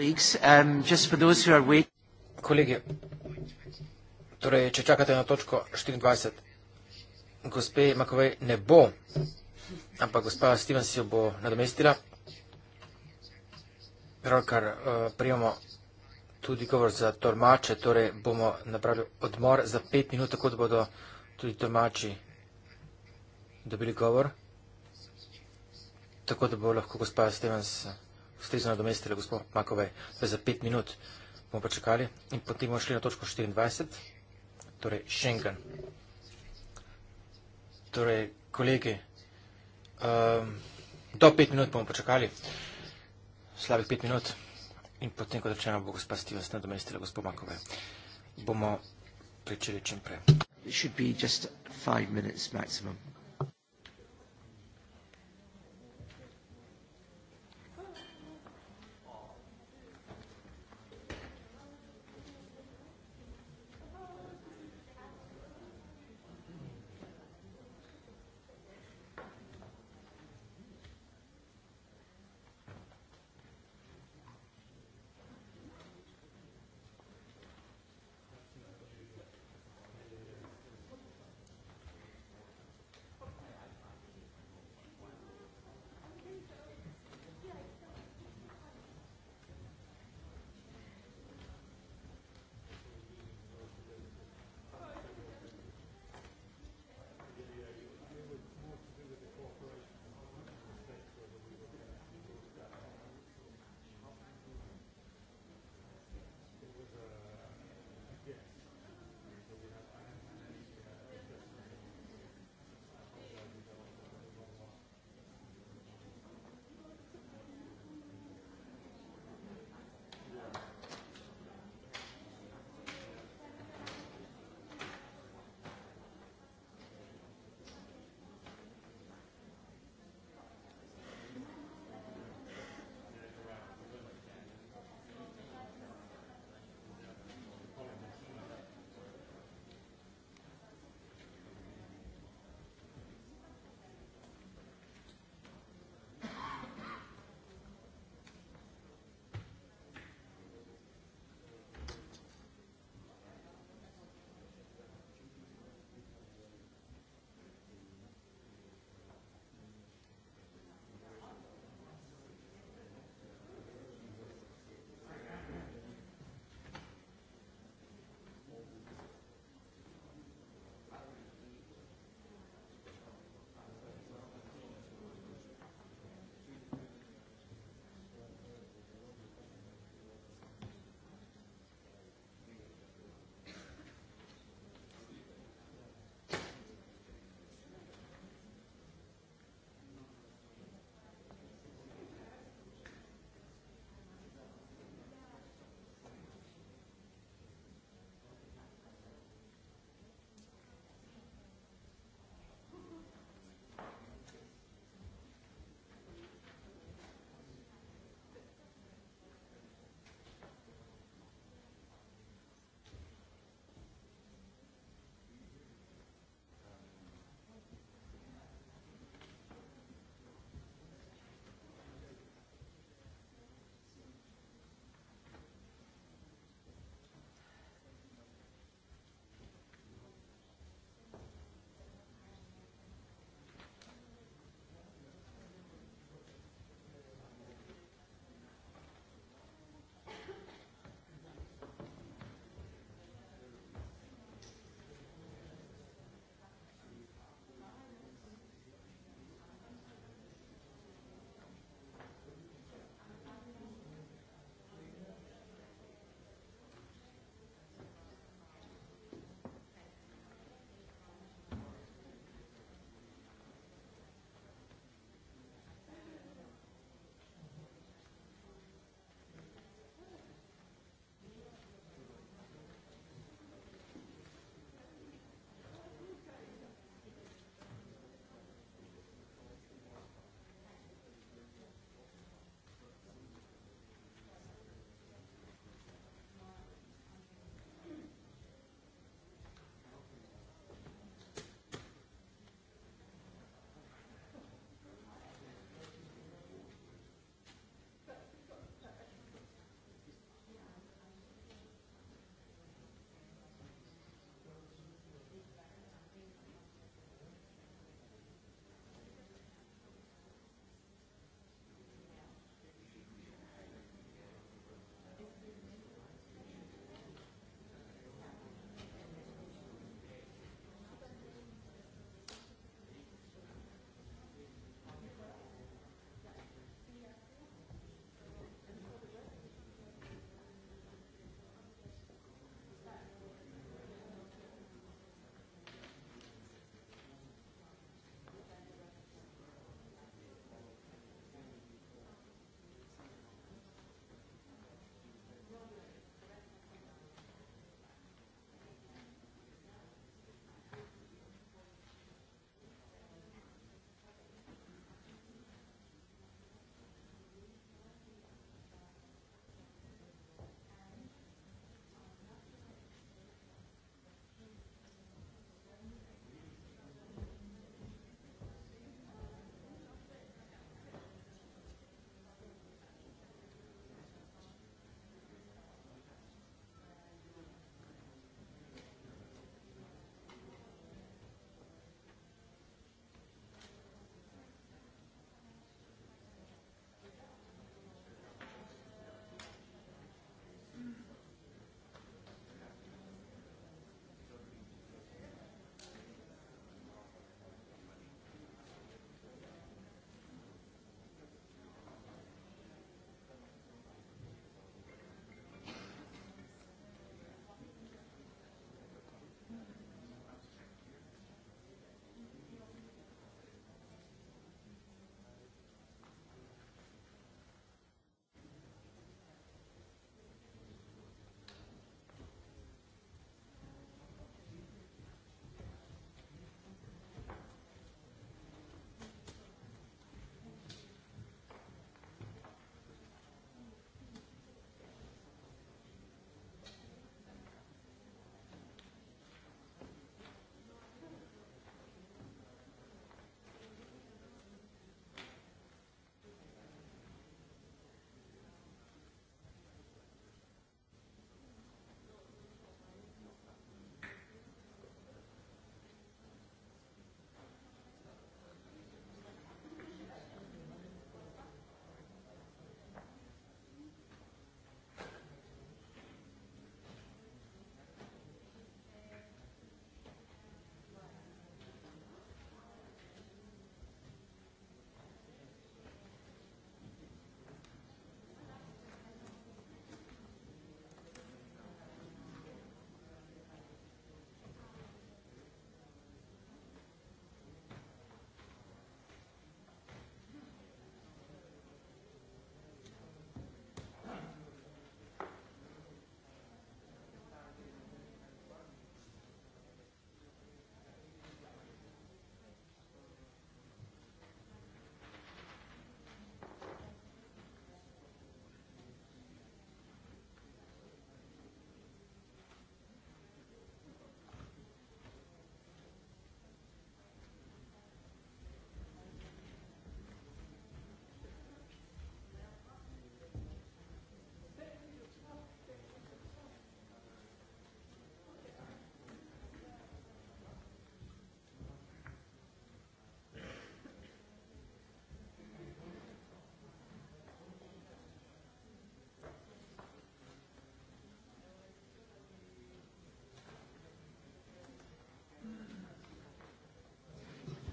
colleagues, um, just for those who are waiting. Kolegi, torej, če čakate na točko 24, gospe Makovej ne bo, ampak gospa Stevens jo bo nadomestila. Prav kar uh, prijemo tudi govor za tormače, torej bomo napravili odmor za pet minut, tako da bodo tudi tormači dobili govor, tako da bo lahko gospa Stevens. Uh, ustrezno nadomestile gospod Makove, da za pet minut bomo počakali in potem bomo šli na točko 24, torej Schengen. Torej, kolegi, ehm, do pet minut bomo počakali, slabih pet minut in potem, kot rečeno, bo gospod Stevens nadomestile gospod Makove, bomo pričeli čim prej. It should be just five minutes maximum.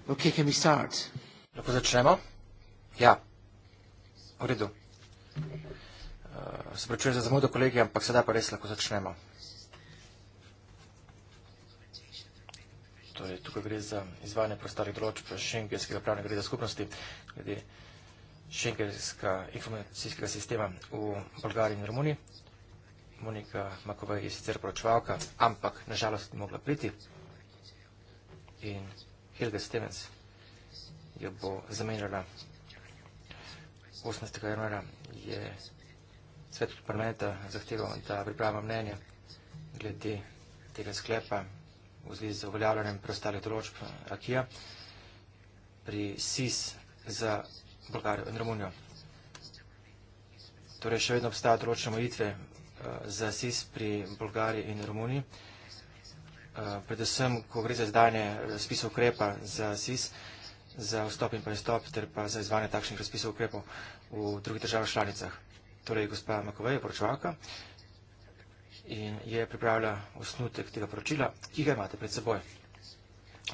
Ok, can we start? Lahko začnemo? Ja. V redu. Uh, Sprečujem za zamudo kolegi, ampak sedaj pa res lahko začnemo. Torej, tukaj gre za izvajanje prostorih določb šengenskega pravnega reda skupnosti glede šengenskega informacijskega sistema v Bolgariji in Romuniji. Monika Makova je sicer poročevalka, ampak nažalost ni mogla priti. In Helga Stevens jo bo zamenjala. 18. januara je svet od parlamenta zahteval, da pripravimo mnenje glede tega sklepa v zvezi z uveljavljanjem preostale določb Akija pri SIS za Bolgarijo in Romunijo. Torej, še vedno obstajajo določene molitve eh, za SIS pri Bolgariji in Romuniji. Eh, predvsem, ko gre za izdanje eh, razpisov ukrepa za SIS, za vstop in prestop ter pa za izvanje takšnih razpisov ukrepov v drugih državah članicah. Torej, gospa Makovej je poročevalka in je pripravila osnutek tega poročila, ki ga imate pred seboj.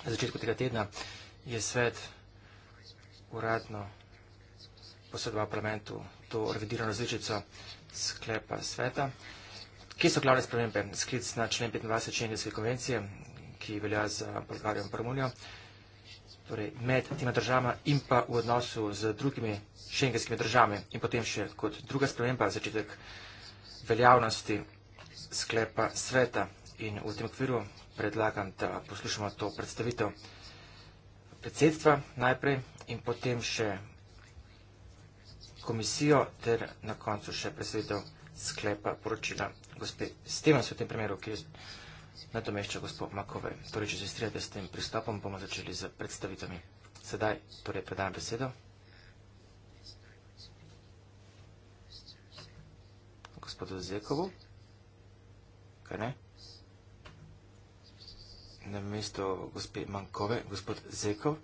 Na začetku tega tedna je svet uradno posredoval parlamentu to revidirano različico sklepa sveta, Kje so glavne spremembe? Sklic na člen 25 Šengenske konvencije, ki velja za Bolgarijo in Prmunijo, torej med tima državama in pa v odnosu z drugimi šengenskimi državami. In potem še kot druga sprememba začetek veljavnosti sklepa sveta. In v tem okviru predlagam, da poslušamo to predstavitev predsedstva najprej in potem še komisijo ter na koncu še predstavitev sklepa poročila gospe Stevens v tem primeru, ki je nadomešča gospod Makove. Torej, če se strijate s tem pristopom, bomo začeli z predstavitami. Sedaj torej predajam besedo. Gospodu Zekovu. Kaj ne? Na mesto gospe Mankove, gospod Zekov,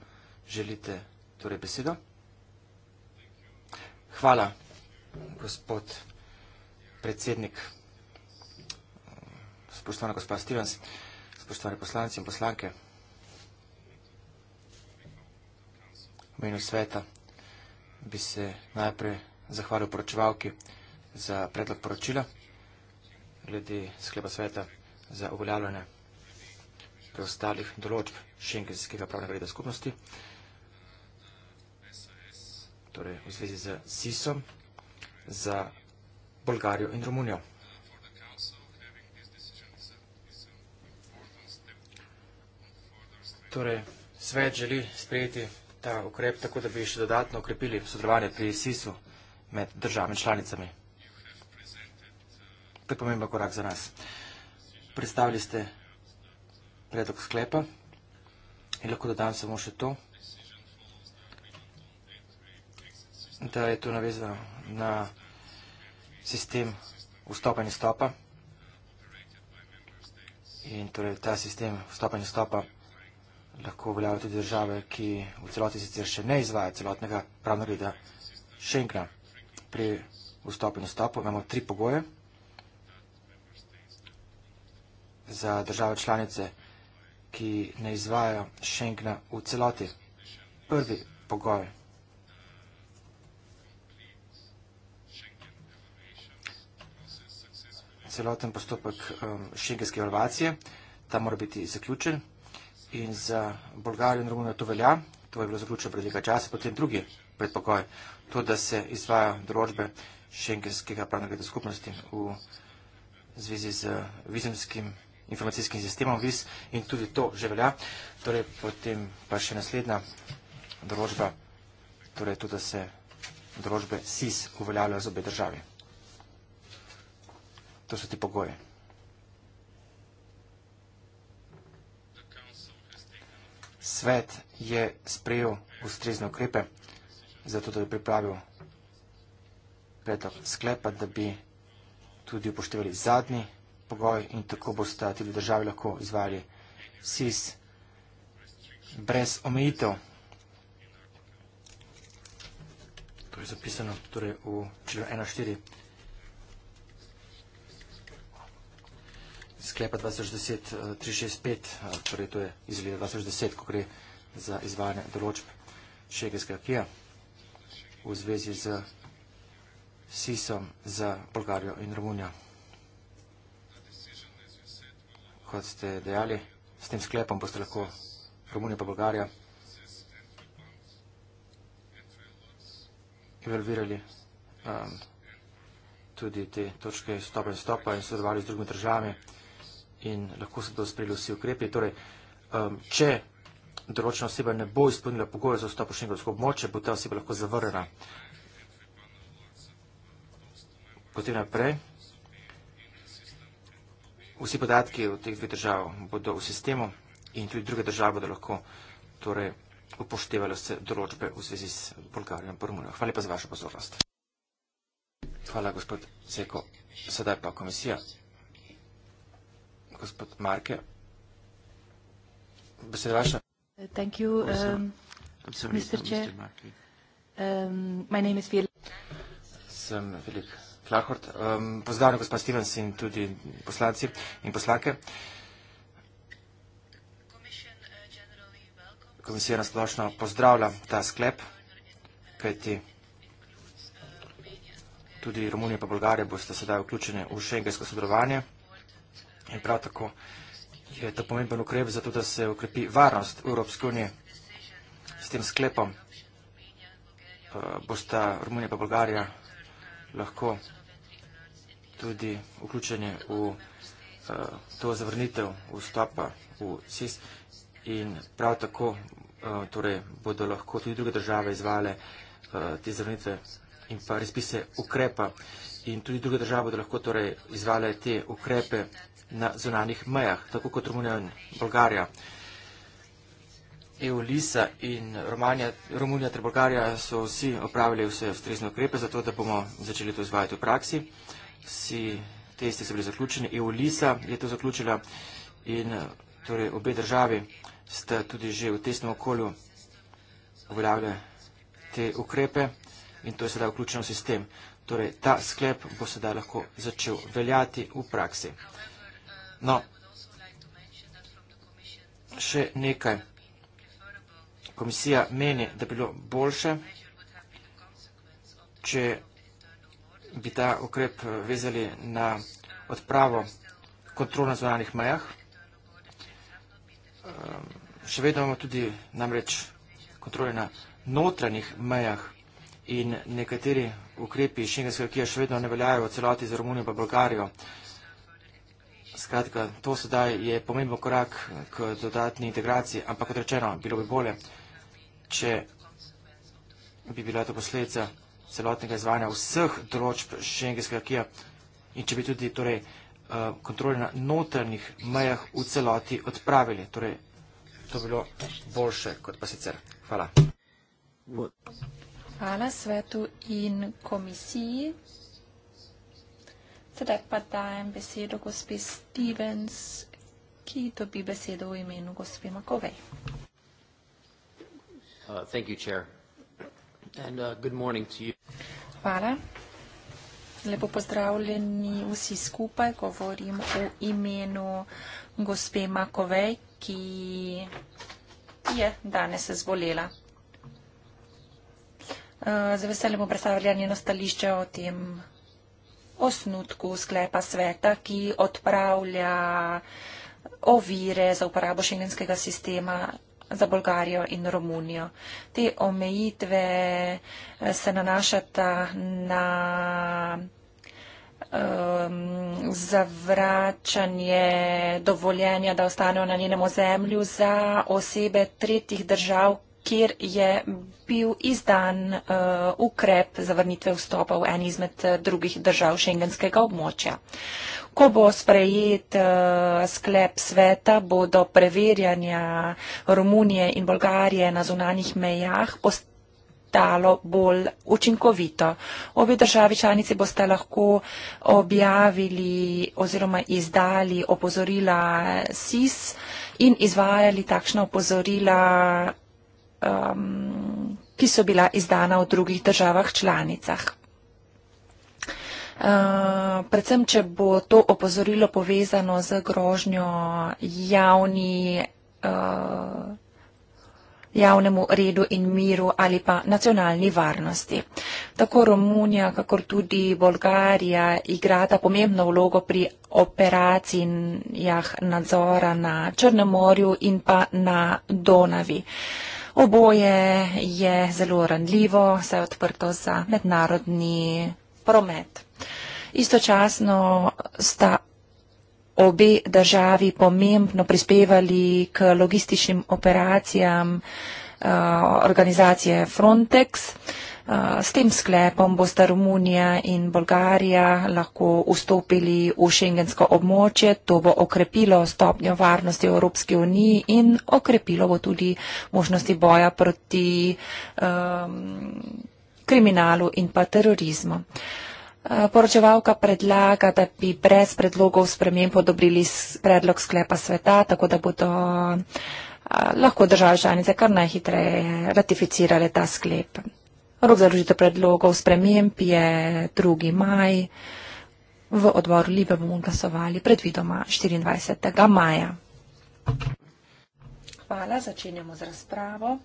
želite torej besedo? Hvala, gospod Zekov predsednik, spoštovana gospod Stevens, spoštovane poslanci in poslanke, v imenu sveta bi se najprej zahvalil poročevalki za predlog poročila glede sklepa sveta za uveljavljanje preostalih določb šengenskega pravnega reda skupnosti, torej v zvezi z SIS-om, za Bolgarijo in Romunijo. Torej, svet želi sprejeti ta ukrep tako, da bi še dodatno ukrepili sodelovanje pri SIS-u med državami članicami. To je pomemben korak za nas. Predstavili ste predlog sklepa in lahko dodam samo še to, da je to navezano na sistem vstopa in izstopa. In torej ta sistem vstopa in izstopa lahko veljajo tudi države, ki v celoti sicer še ne izvaja celotnega pravnega reda Schengna. Pri vstopu in izstopu imamo tri pogoje. za države članice, ki ne izvajajo Schengna v celoti. Prvi pogoj celoten postopek um, šengenske evalvacije. Ta mora biti zaključen in za Bolgarijo in Romunijo to velja. To je bilo zaključeno pred nekaj časa, potem drugi predpokoj. To, da se izvajajo drožbe šengenskega pravnega skupnosti v zvezi z vizumskim informacijskim sistemom viz in tudi to že velja. Torej, potem pa še naslednja drožba, torej to, da se drožbe SIS uveljavljajo z obe državi. To so ti pogoji. Svet je sprejel ustrezne ukrepe, zato da bi pripravil predlog sklepa, da bi tudi upoštevali zadnji pogoj in tako boste tudi državi lahko izvajali SIS brez omejitev. To je zapisano torej v členu 1.4. sklepa 2010-365, eh, eh, torej to je iz leta 2010, ko gre za izvajanje določb Šegeskega Kija v zvezi z SIS-om za Bolgarijo in Romunijo. Kot ste dejali, s tem sklepom boste lahko Romunijo pa Bolgarijo evalvirali eh, tudi te točke stopa in stopa in sodelovali z drugimi državami in lahko se to sprejeli vsi ukrepi. Torej, um, če določena oseba ne bo izpolnila pogoje za vstop v šengensko območje, bo ta oseba lahko zavrnjena. Potem naprej. Vsi podatki v teh dveh držav bodo v sistemu in tudi druge države bodo lahko torej, upoštevali vse določbe v zvezi z Bolgarijo in Romunijo. Hvala pa za vašo pozornost. Hvala, gospod Seko. Sedaj pa komisija gospod Marke. Besed vaša. Thank you, um, Mr. Chair. Um, my name is Filip. Sem Filip Flahort. Um, pozdravljam gospod Stevens in tudi poslanci in poslanke. Komisija nasplošno pozdravlja ta sklep, kajti tudi Romunija pa Bolgarija boste sedaj vključene v šengensko sodelovanje. In prav tako je to pomemben ukrep za to, da se ukrepi varnost Evropske unije. S tem sklepom eh, bosta Romunija pa Bolgarija lahko tudi vključeni v eh, to zavrnitev vstopa v CIS in prav tako eh, torej bodo lahko tudi druge države izvale te zavrnitve in pa razpise ukrepa in tudi druge države bodo lahko torej izvale te ukrepe na zunanih mejah, tako kot Romunija in Bolgarija. EU Lisa in Romanija, Romunija ter Bolgarija so vsi opravili vse ustrezne ukrepe, zato da bomo začeli to izvajati v praksi. Vsi testi so bili zaključeni, EU Lisa je to zaključila in torej obe državi sta tudi že v testnem okolju uveljavljali te ukrepe in to je sedaj vključeno v sistem. Torej, ta sklep bo sedaj lahko začel veljati v praksi. No, še nekaj. Komisija meni, da bi bilo boljše, če bi ta ukrep vezali na odpravo kontrol na zvonanih majah. Ehm, še vedno imamo tudi namreč kontrole na notranjih majah in nekateri ukrepi šengenskega, ki jo še vedno ne veljajo v celoti za Romunijo pa Bolgarijo. Skratka, to sedaj je pomemben korak k dodatni integraciji, ampak kot rečeno, bilo bi bolje, če bi bila to posledica celotnega izvajanja vseh določb šengenskega akija in če bi tudi torej, eh, kontrole na notrnih mejah v celoti odpravili. Torej, to bi bilo boljše kot pa sicer. Hvala. Hvala svetu in komisiji. Torej pa dajem besedo gospe Stevens, ki dobi besedo v imenu gospe Makovej. Uh, uh, Hvala. Lepo pozdravljeni vsi skupaj. Govorim v imenu gospe Makovej, ki je danes zvolela. Uh, z veseljem obrastavljanje na stališče o tem vsega osnutku sklepa sveta, ki odpravlja ovire za uporabo šengenskega sistema za Bolgarijo in Romunijo. Te omejitve eh, se nanašata na um, zavračanje dovoljenja, da ostanejo na njenem ozemlju za osebe tretjih držav, kjer je bil izdan uh, ukrep za vrnitve vstopa v en izmed eh, drugih držav šengenskega območja. Ko bo sprejet uh, sklep sveta, bodo preverjanja Romunije in Bolgarije na zunanjih mejah postalo bolj učinkovito. Obe državi članici boste lahko objavili oziroma izdali opozorila SIS in izvajali takšna opozorila um, ki so bila izdana v drugih državah članicah. Uh, predvsem, če bo to opozorilo povezano z grožnjo javni, uh, javnemu redu in miru ali pa nacionalni varnosti. Tako Romunija, kakor tudi Bolgarija igrata pomembno vlogo pri operacijah nadzora na Črnem morju in pa na Donavi. Uh, Oboje je zelo ranljivo, saj je odprto za mednarodni promet. Istočasno sta obe državi pomembno prispevali k logističnim operacijam uh, organizacije Frontex. Uh, Eh, s tem sklepom bosta Romunija in Bolgarija lahko vstopili v šengensko območje. To bo okrepilo stopnjo varnosti v Evropski uniji in okrepilo bo tudi možnosti boja proti um, kriminalu in pa terorizmu. Eh, poročevalka predlaga, da bi brez predlogov sprememb odobrili predlog sklepa sveta, tako da bodo eh, lahko države članice kar najhitreje ratificirale ta sklep. Rok za vložitev predlogov sprememb je 2. maj. V odboru Libe bomo glasovali predvidoma 24. maja. Hvala, začenjamo z razpravo.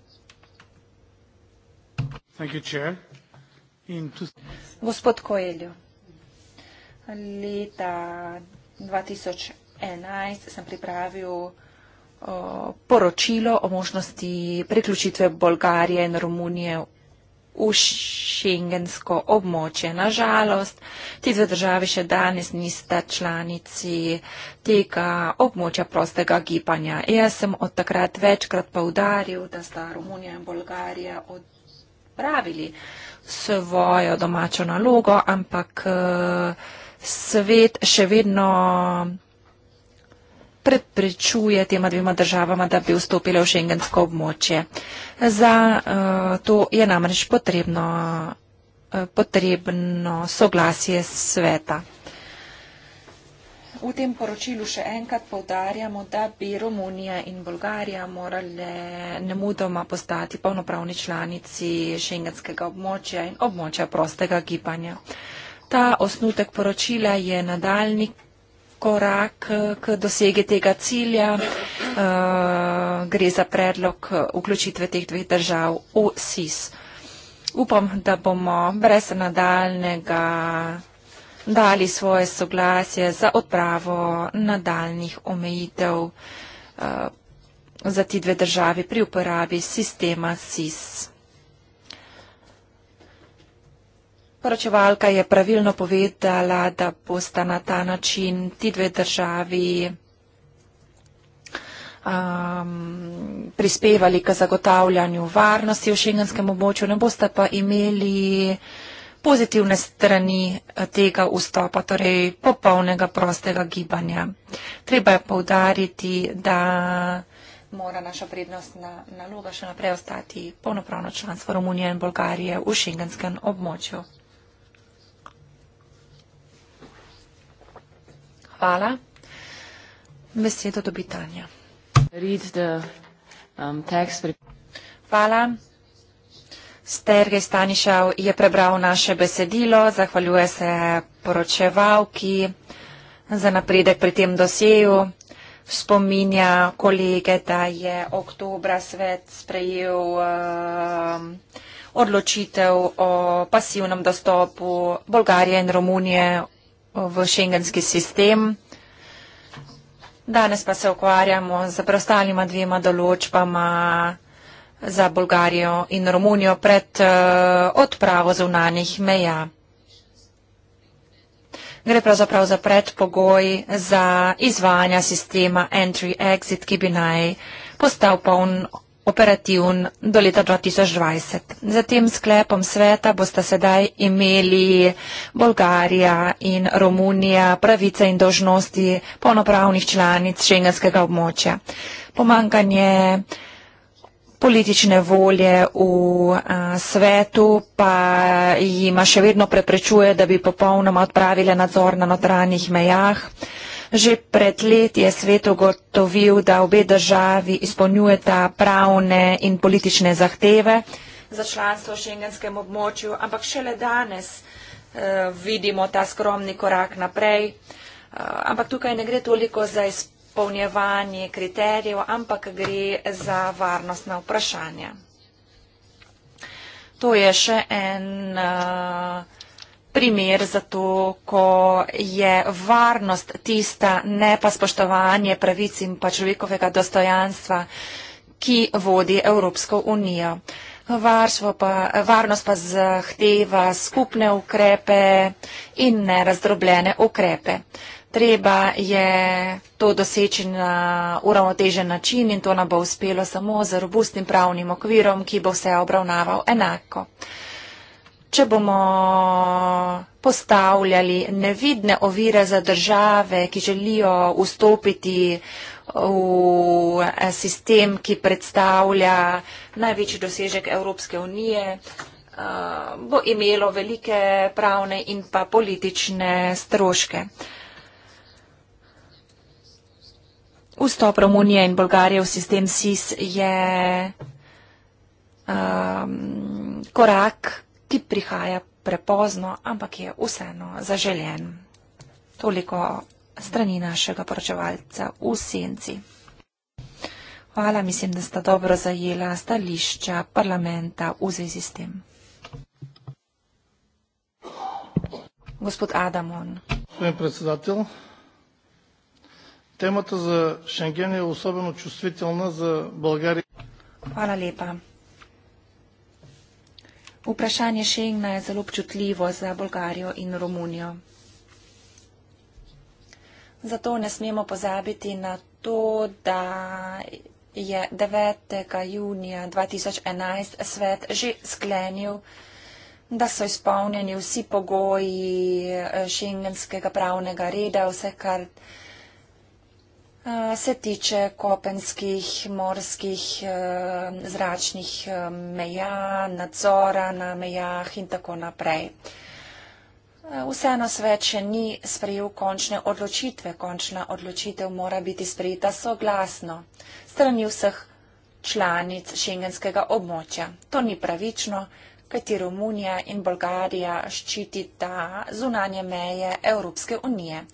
You, to... Gospod Koeljo, leta 2011 sem pripravil o, poročilo o možnosti priključitve Bolgarije in Romunije v šengensko območje. Nažalost, ti dve države še danes nista članici tega območja prostega gibanja. Jaz sem od takrat večkrat povdaril, da sta Romunija in Bolgarija odpravili svojo domačo nalogo, ampak eh, svet še vedno preprečuje tema dvema državama, da bi vstopila v šengensko območje. Za eh, to je namreč potrebno, eh, potrebno soglasje sveta. V tem poročilu še enkrat povdarjamo, da bi Romunija in Bolgarija morale nemudoma postati polnopravni članici šengenskega območja in območja prostega gibanja. Ta osnutek poročila je nadaljnik korak eh, k dosegi tega cilja. Eh, gre za predlog eh, vključitve teh dveh držav v SIS. Upam, da bomo brez nadaljnega dali svoje soglasje za odpravo nadaljnih omejitev za ti dve državi pri uporabi sistema SIS. poročevalka je pravilno povedala, da bosta na ta način ti dve državi um, prispevali k zagotavljanju varnosti v šengenskem območju, ne boste pa imeli pozitivne strani eh, tega vstopa, torej popolnega prostega gibanja. Treba je povdariti, da mora naša prednostna naloga še naprej ostati polnopravno članstvo Romunije in Bolgarije v šengenskem območju. Hvala. Besedo dobi Tanja. Um, Hvala. Sterge Stanišav je prebral naše besedilo, zahvaljuje se poročevalki za napredek pri tem dosjeju. Spominja kolege, da je oktobra svet sprejel uh, odločitev o pasivnem dostopu Bolgarije in Romunije v šengenski sistem. Danes pa se ukvarjamo z preostalima dvema določbama za Bolgarijo in Romunijo pred eh, odpravo zunanih meja. Gre pravzaprav za predpogoj za izvajanja sistema entry-exit, ki bi naj postal poln operativen do leta 2020. Za tem sklepom sveta bosta sedaj imeli Bolgarija in Romunija pravice in dožnosti polnopravnih članic šengenskega območja. Pomankanje politične volje v a, svetu pa jima še vedno preprečuje, da bi popolnoma odpravile nadzor na notranjih mejah. Že pred leti je svet ugotovil, da obe državi izpolnjujeta pravne in politične zahteve za članstvo v šengenskem območju, ampak šele danes eh, vidimo ta skromni korak naprej. Eh, ampak tukaj ne gre toliko za izpolnjevanje kriterijev, ampak gre za varnostna vprašanja. To je še en. Eh, primer za to, ko je varnost tista, ne pa spoštovanje pravic in pa človekovega dostojanstva, ki vodi Evropsko unijo. Pa, varnost pa zahteva skupne ukrepe in nerazdrobljene ukrepe. Treba je to doseči na uravnotežen način in to nam bo uspelo samo z robustnim pravnim okvirom, ki bo vse obravnaval enako če bomo postavljali nevidne ovire za države, ki želijo vstopiti v sistem, ki predstavlja največji dosežek Evropske unije, eh, bo imelo velike pravne in pa politične stroške. Vstop Romunije in Bolgarije v sistem SIS je um, korak, ki prihaja prepozno, ampak je vseeno zaželjen. Toliko strani našega poročevalca v senci. Hvala, mislim, da sta dobro zajela stališča parlamenta v zvezi s tem. Gospod Adamon. Gospod predsedatelj, temata za Schengen je osebno čustvena za Bolgarijo. Hvala lepa. Vprašanje Šengna je zelo občutljivo za Bolgarijo in Romunijo. Zato ne smemo pozabiti na to, da je 9. junija 2011 svet že sklenil, da so izpolnjeni vsi pogoji šengenskega eh, pravnega reda, vse kar Eh, se tiče kopenskih, morskih, eh, zračnih eh, meja, nadzora na mejah in tako naprej. Vseeno svet še ni sprejel končne odločitve. Končna odločitev mora biti sprejeta soglasno strani vseh članic šengenskega območja. To ni pravično, kajti Romunija in Bolgarija ščiti ta zunanje meje Evropske unije.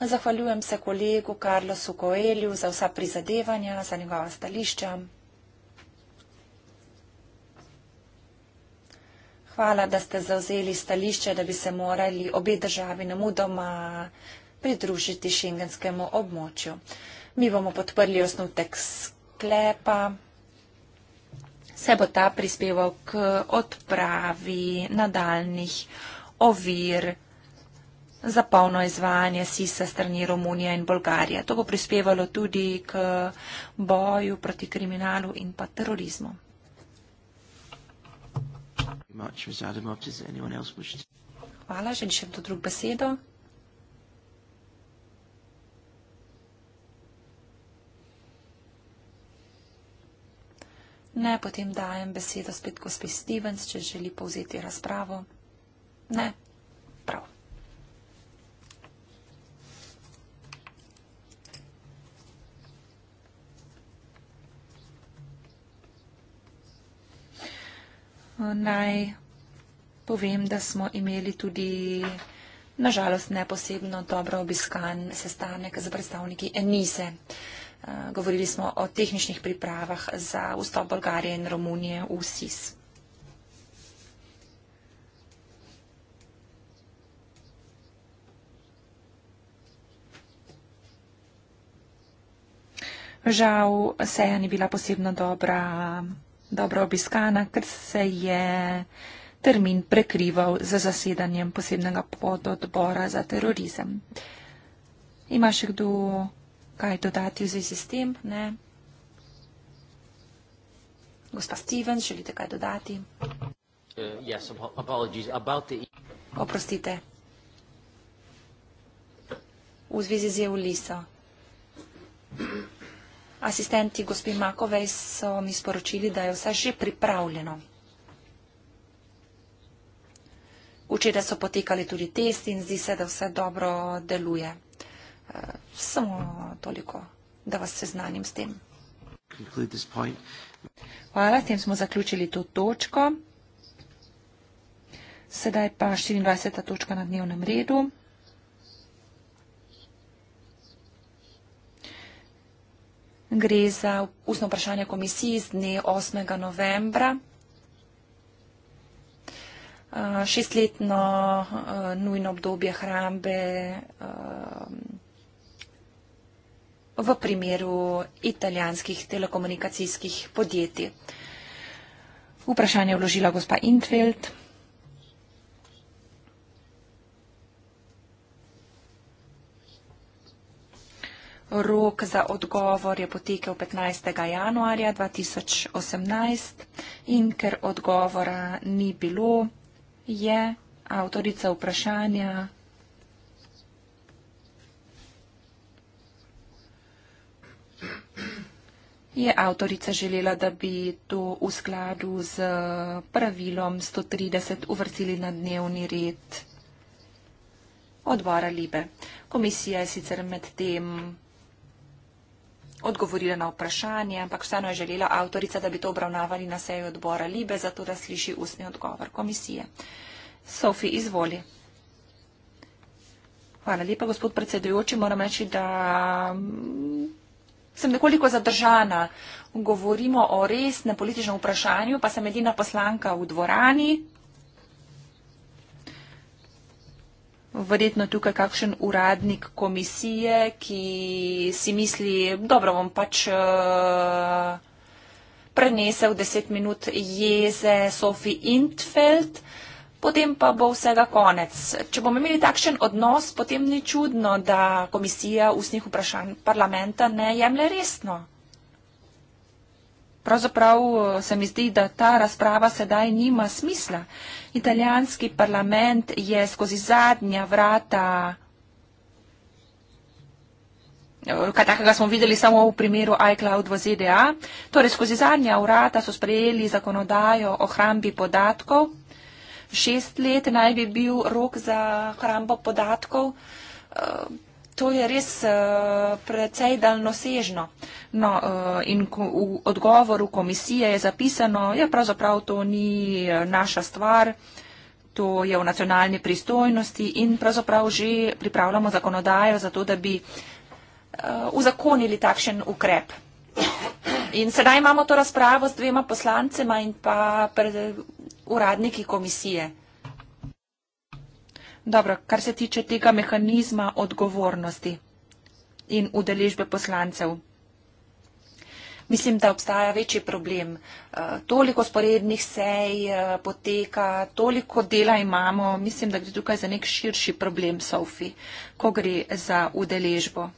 Zahvaljujem se kolegu Carlosu Coelju za vsa prizadevanja, za njegova stališča. Hvala, da ste zauzeli stališče, da bi se morali obe državi na mudoma pridružiti šengenskemu območju. Mi bomo podprli osnutek sklepa, se bo ta prispeval k odpravi nadaljnih ovir za polno izvajanje SIS-a strani Romunija in Bolgarija. To bo prispevalo tudi k boju proti kriminalu in pa terorizmu. Hvala, želi še kdo drug besedo? Ne, potem dajem besedo spet gospe Stevens, če želi povzeti razpravo. Ne, prav. naj povem, da smo imeli tudi nažalost neposebno dobro obiskan sestanek z predstavniki Enise. Eh, govorili smo o tehničnih pripravah za vstop Bolgarije in Romunije v SIS. Žal, seja ni bila posebno dobra dobro obiskana, ker se je termin prekrival z zasedanjem posebnega pododbora za terorizem. Ima še kdo kaj dodati v zvezi s tem? Ne? Gospa Steven, želite kaj dodati? Uh, yes, apologies. About the... Oprostite. V zvezi z Eulisa. Asistenti gospi Makovej so mi sporočili, da je vse že pripravljeno. Včeraj so potekali tudi testi in zdi se, da vse dobro deluje. Eh, samo toliko, da vas seznanim s tem. Hvala, s tem smo zaključili to točko. Sedaj pa 24. točka na dnevnem redu. Gre za ustno vprašanje komisiji z dne 8. novembra. Eh, šestletno eh, nujno obdobje hrambe eh, v primeru italijanskih telekomunikacijskih podjetij. Vprašanje je vložila gospa Intfeld. Rok za odgovor je potekel 15. januarja 2018 in ker odgovora ni bilo, je avtorica vprašanja je avtorica želela, da bi to v skladu z pravilom 130 uvrstili na dnevni red odbora Libe. Komisija je sicer med tem vprašanja odgovorila na vprašanje, ampak vseeno je želela avtorica, da bi to obravnavali na seji odbora Libe, zato da sliši ustni odgovor komisije. Sofi, izvoli. Hvala lepa, gospod predsedujoči. Moram reči, da mm, sem nekoliko zadržana. Govorimo o resnem političnem vprašanju, pa sem edina poslanka v dvorani, verjetno tukaj kakšen uradnik komisije, ki si misli, dobro bom pač uh, prenesel deset minut jeze Sofi Intfeld, potem pa bo vsega konec. Če bomo imeli takšen odnos, potem ni čudno, da komisija ustnih vprašanj parlamenta ne jemlje resno. Pravzaprav eh, se mi zdi, da ta razprava sedaj nima smisla. Italijanski parlament je skozi zadnja vrata, kaj takega smo videli samo v primeru iCloud v ZDA, torej skozi zadnja vrata so sprejeli zakonodajo o hrambi podatkov. Šest let naj bi bil rok za hrambo podatkov. Eh, to je res uh, precej daljnosežno. No, uh, in ko, v odgovoru komisije je zapisano, da ja, pravzaprav to ni eh, naša stvar, to je v nacionalni pristojnosti in pravzaprav že pripravljamo zakonodajo za to, da bi uzakonili uh, takšen ukrep. In sedaj imamo to razpravo z dvema poslancema in pa pred uradniki komisije. Dobro, kar se tiče tega mehanizma odgovornosti in udeležbe poslancev. Mislim, da obstaja večji problem. Eh, toliko sporednih sej eh, poteka, toliko dela imamo. Mislim, da gre tukaj za nek širši problem, Sofi, ko gre za udeležbo.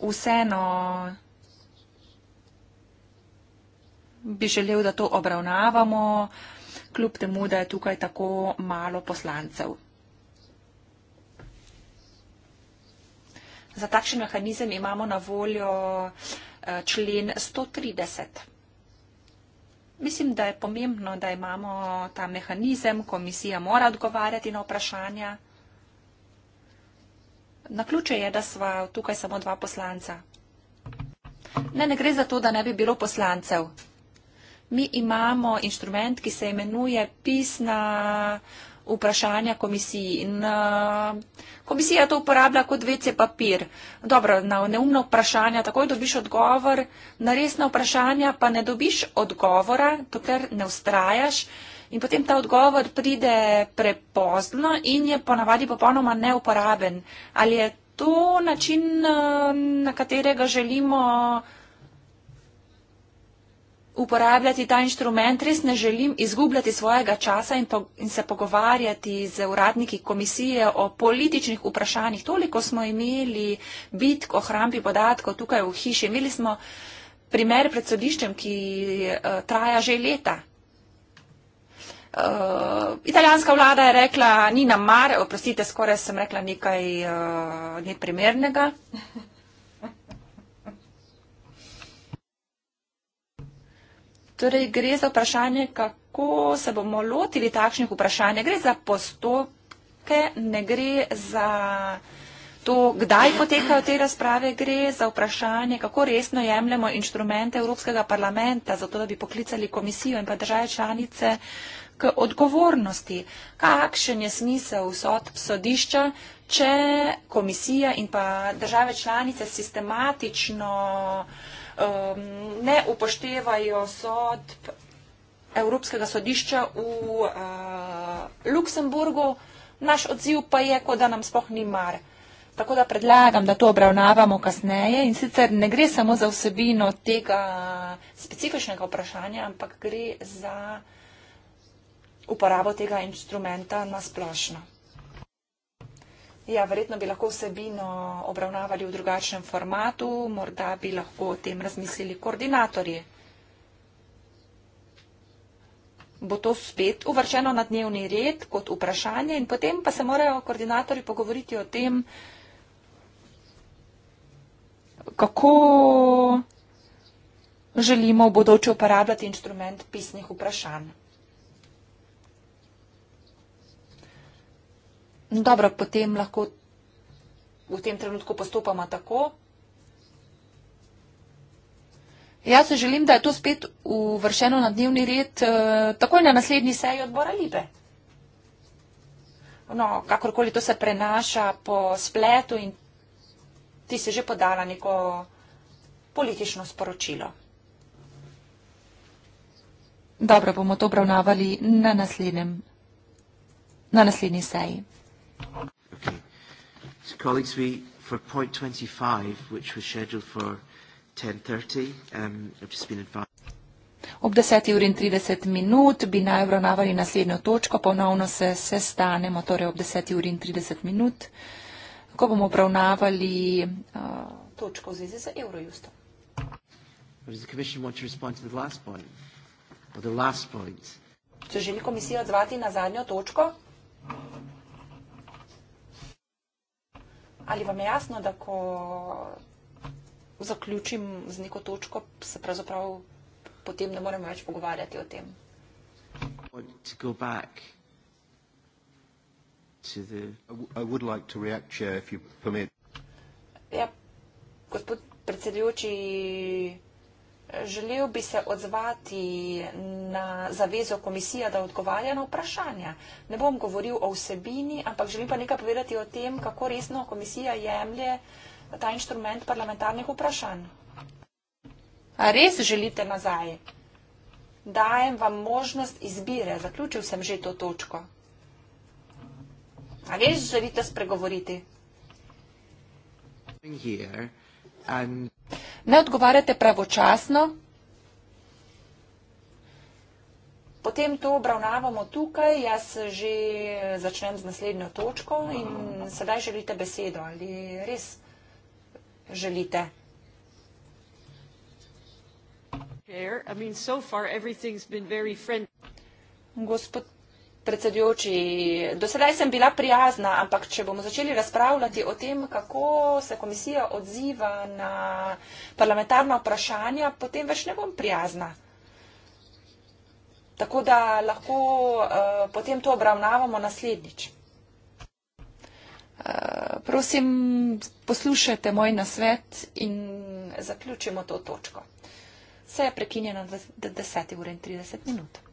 Vseeno bi želel, da to obravnavamo, kljub temu, da je tukaj tako malo poslancev. Za takšen mehanizem imamo na voljo eh, člen 130. Mislim, da je pomembno, da imamo ta mehanizem, komisija mora odgovarjati na vprašanja. Naključe je, da sva tukaj samo dva poslanca. Ne, ne gre za to, da ne bi bilo poslancev mi imamo inštrument, ki se imenuje pisna vprašanja komisiji. In, uh, komisija to uporablja kot vece papir. Dobro, na neumno vprašanje takoj dobiš odgovor, na resna vprašanja pa ne dobiš odgovora, dokler ne ustrajaš. In potem ta odgovor pride prepozno in je ponavadi popolnoma neuporaben. Ali je to način, uh, na katerega želimo uporabljati ta inštrument. Res ne želim izgubljati svojega časa in, po, in se pogovarjati z uradniki komisije o političnih vprašanjih. Toliko smo imeli bitk o hrambi podatkov tukaj v hiši. Imeli smo primer pred sodiščem, ki uh, traja že leta. Uh, italijanska vlada je rekla, ni nam mare, oprostite, skoraj sem rekla nekaj uh, neprimernega. Torej, gre za vprašanje, kako se bomo lotili takšnih vprašanj. Gre za postopke, ne gre za to, kdaj potekajo te razprave, gre za vprašanje, kako resno jemljemo inštrumente Evropskega parlamenta, zato da bi poklicali komisijo in pa države članice k odgovornosti. Kakšen je smisel sodb sodišča, če komisija in pa države članice sistematično um, ne upoštevajo sodb Evropskega sodišča v uh, Luksemburgu, naš odziv pa je, kot da nam sploh ni mar. Tako da predlagam, da to obravnavamo kasneje in sicer ne gre samo za vsebino tega specifičnega vprašanja, ampak gre za uporabo tega instrumenta na splošno. Ja, verjetno bi lahko vsebino obravnavali v drugačnem formatu, morda bi lahko o tem razmislili koordinatorje. Bo to spet uvršeno na dnevni red kot vprašanje in potem pa se morajo koordinatorji pogovoriti o tem, kako želimo v bodoče uporabljati inštrument pisnih vprašanj. No, dobro, potem lahko v tem trenutku postopamo tako. Jaz se želim, da je to spet uvršeno na dnevni red eh, takoj na naslednji seji odbora Libe. No, kakorkoli to se prenaša po spletu in ti si že podala neko politično sporočilo. Dobro, bomo to obravnavali na, na naslednji seji. Okay. So colleagues, we for point 25, which was scheduled for 10.30, um, have just been advised. Ob 10. uri in 30 minut bi naj obravnavali naslednjo točko, ponovno se sestanemo, torej ob 10. uri in 30 minut, ko bomo obravnavali uh, točko v zvezi z Eurojustom. Se želi komisija odzvati na zadnjo točko? Ali vam je jasno, da ko zaključim z neko točko, se pravzaprav potem ne moremo več pogovarjati o tem? Ja, gospod predsedujoči. Želel bi se odzvati na zavezo komisija, da odgovarja na vprašanja. Ne bom govoril o vsebini, ampak želim pa nekaj povedati o tem, kako resno komisija jemlje ta inštrument parlamentarnih vprašanj. A res želite nazaj? Dajem vam možnost izbire. Zaključil sem že to točko. A res želite spregovoriti? Here. Ne odgovarjate pravočasno, potem to obravnavamo tukaj, jaz že začnem z naslednjo točko in sedaj želite besedo, ali res želite? Gospod predsedujoči, dosedaj sem bila prijazna, ampak če bomo začeli razpravljati o tem, kako se komisija odziva na parlamentarna vprašanja, potem več ne bom prijazna. Tako da lahko uh, potem to obravnavamo naslednjič. Uh, prosim, poslušajte moj nasvet in zaključimo to točko. Vse je prekinjeno 10 ur in 30 minut.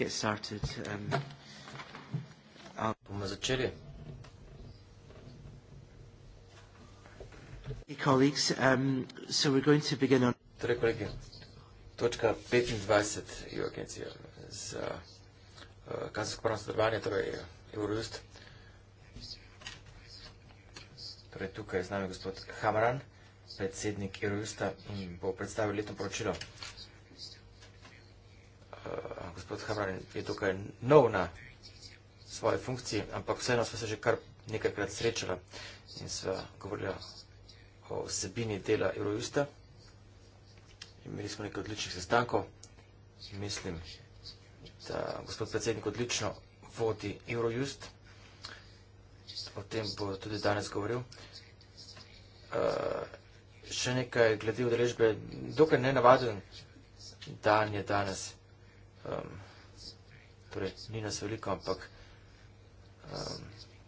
we'll get started. Um, bomo začeli. Colleagues, um, so we're going to begin on... Torej, kolegi, točka 25 EU agencije za uh, kazansko pravno sodelovanje, torej Eurojust. Torej, tukaj je z nami gospod Hamaran, predsednik Eurojusta in bo predstavil letno poročilo gospod Hamran je tukaj nov na svoji funkciji, ampak vseeno smo se že kar nekajkrat srečala in sva govorila o vsebini dela Eurojusta. Imeli smo nekaj odličnih sestankov. Mislim, da gospod predsednik odlično vodi Eurojust. O tem bo tudi danes govoril. Še nekaj glede odrežbe. Dokaj nenavaden dan je danes. Um, torej, ni nas veliko, ampak um,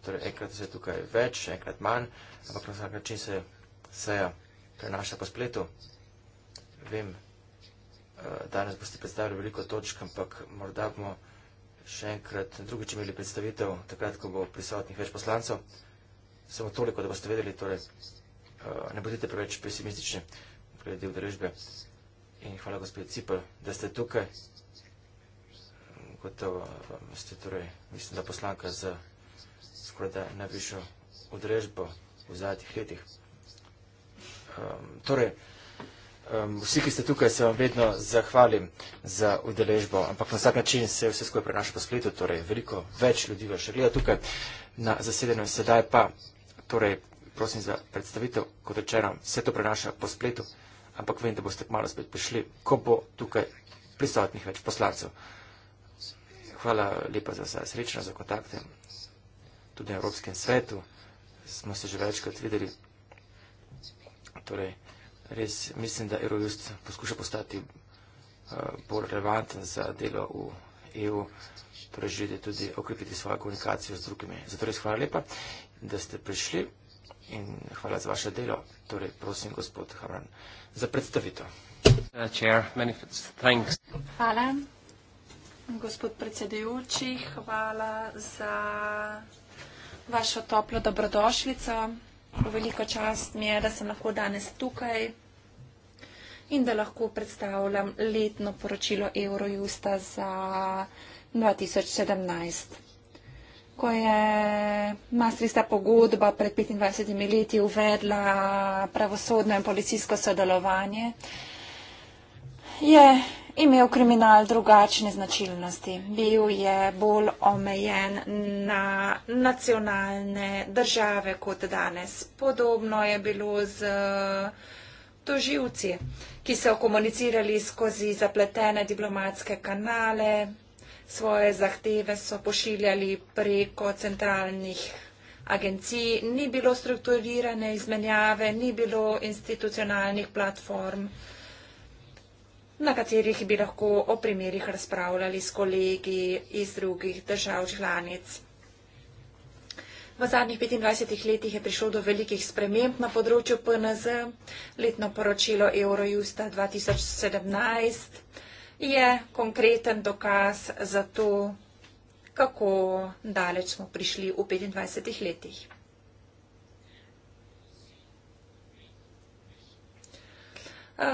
torej, enkrat se tukaj več, enkrat manj, ampak na vsak način se seja prenaša po spletu. Vem, uh, danes boste predstavili veliko točk, ampak morda bomo še enkrat drugič imeli predstavitev, takrat, ko bo prisotnih več poslancev. Samo toliko, da boste vedeli, torej, uh, ne bodite preveč pesimistični glede udeležbe. In hvala, gospod Cipr, da ste tukaj gotovo um, ste torej, mislim, da poslanka z skoraj da najvišjo odrežbo v zadnjih letih. Um, torej, um, vsi, ki ste tukaj, se vam vedno zahvalim za udeležbo, ampak na vsak način se vse skupaj prenaša po spletu, torej veliko več ljudi vas želijo tukaj na zasedenju. Sedaj pa, torej, prosim za predstavitev, kot rečeno, vse to prenaša po spletu, ampak vem, da boste kmalo spet prišli, ko bo tukaj prisotnih več poslancev hvala lepa za vse srečno, za kontakte. Tudi na Evropskem svetu smo se že večkrat videli. Torej, res mislim, da Eurojust poskuša postati eh, bolj relevanten za delo v EU, torej želite tudi okrepiti svojo komunikacijo z drugimi. Zato res hvala lepa, da ste prišli in hvala za vaše delo. Torej, prosim, gospod Hamran, za predstavitev. Uh, chair, many thanks. Hvala. Gospod predsedujoči, hvala za vašo toplo dobrodošljico. Veliko čast mi je, da sem lahko danes tukaj in da lahko predstavljam letno poročilo Eurojusta za 2017. Ko je Maastrichtska pogodba pred 25 leti uvedla pravosodno in policijsko sodelovanje, je imel kriminal drugačne značilnosti. Bil je bolj omejen na nacionalne države kot danes. Podobno je bilo z eh, toživci, ki so komunicirali skozi zapletene diplomatske kanale, svoje zahteve so pošiljali preko centralnih agencij, ni bilo strukturirane izmenjave, ni bilo institucionalnih platform na katerih bi lahko o primerjih razpravljali s kolegi iz drugih držav članic. V zadnjih 25 letih je prišlo do velikih sprememb na področju PNZ. Letno poročilo Eurojusta 2017 je konkreten dokaz za to, kako daleč smo prišli v 25 letih. Eh,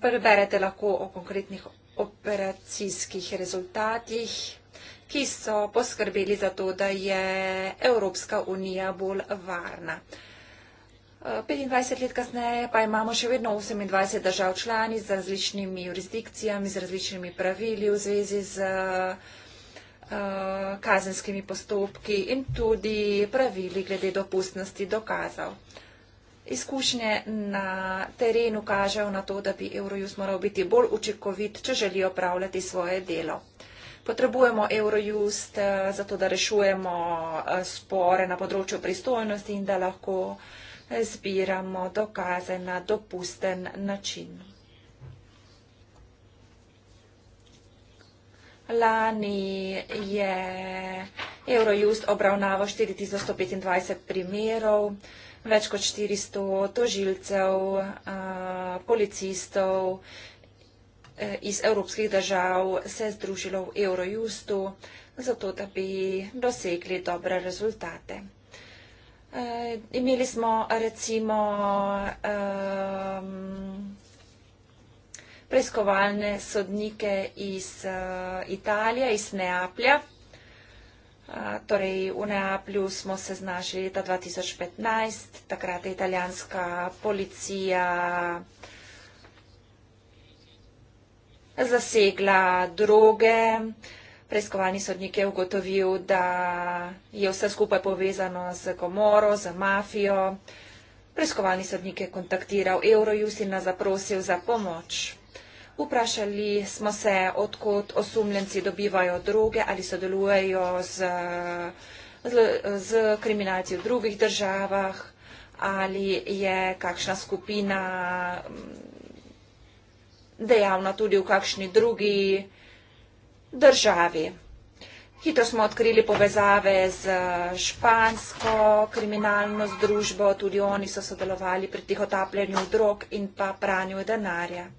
preberete lahko o konkretnih operacijskih rezultatih, ki so poskrbeli za to, da je Evropska unija bolj varna. 25 eh, let kasneje pa imamo še vedno 28 držav člani z različnimi jurisdikcijami, z različnimi pravili v zvezi z eh, kazenskimi postopki in tudi pravili glede dopustnosti dokazov. Izkušnje na terenu kažejo na to, da bi Eurojust moral biti bolj učinkovit, če želi opravljati svoje delo. Potrebujemo Eurojust eh, zato, da rešujemo eh, spore na področju pristojnosti in da lahko zbiramo dokaze na dopusten način. Lani je Eurojust obravnaval 4125 primerov več kot 400 tožilcev, policistov e, iz evropskih držav se je združilo v Eurojustu, zato da bi dosegli dobre rezultate. E, imeli smo recimo e, preiskovalne sodnike iz Italije, iz Neaplja, Torej, v Neaplju smo se znašli leta 2015, takrat je italijanska policija zasegla droge. Preiskovalni sodnik je ugotovil, da je vse skupaj povezano z komoro, z mafijo. Preiskovalni sodnik je kontaktiral Eurojust in nas zaprosil za pomoč. Vprašali smo se, odkot osumljenci dobivajo droge ali sodelujejo z, z, z kriminalci v drugih državah ali je kakšna skupina mm, dejavna tudi v kakšni drugi državi. Hitro smo odkrili povezave z špansko kriminalno združbo, tudi oni so sodelovali pri tih otapljanju drog in pa pranju denarja.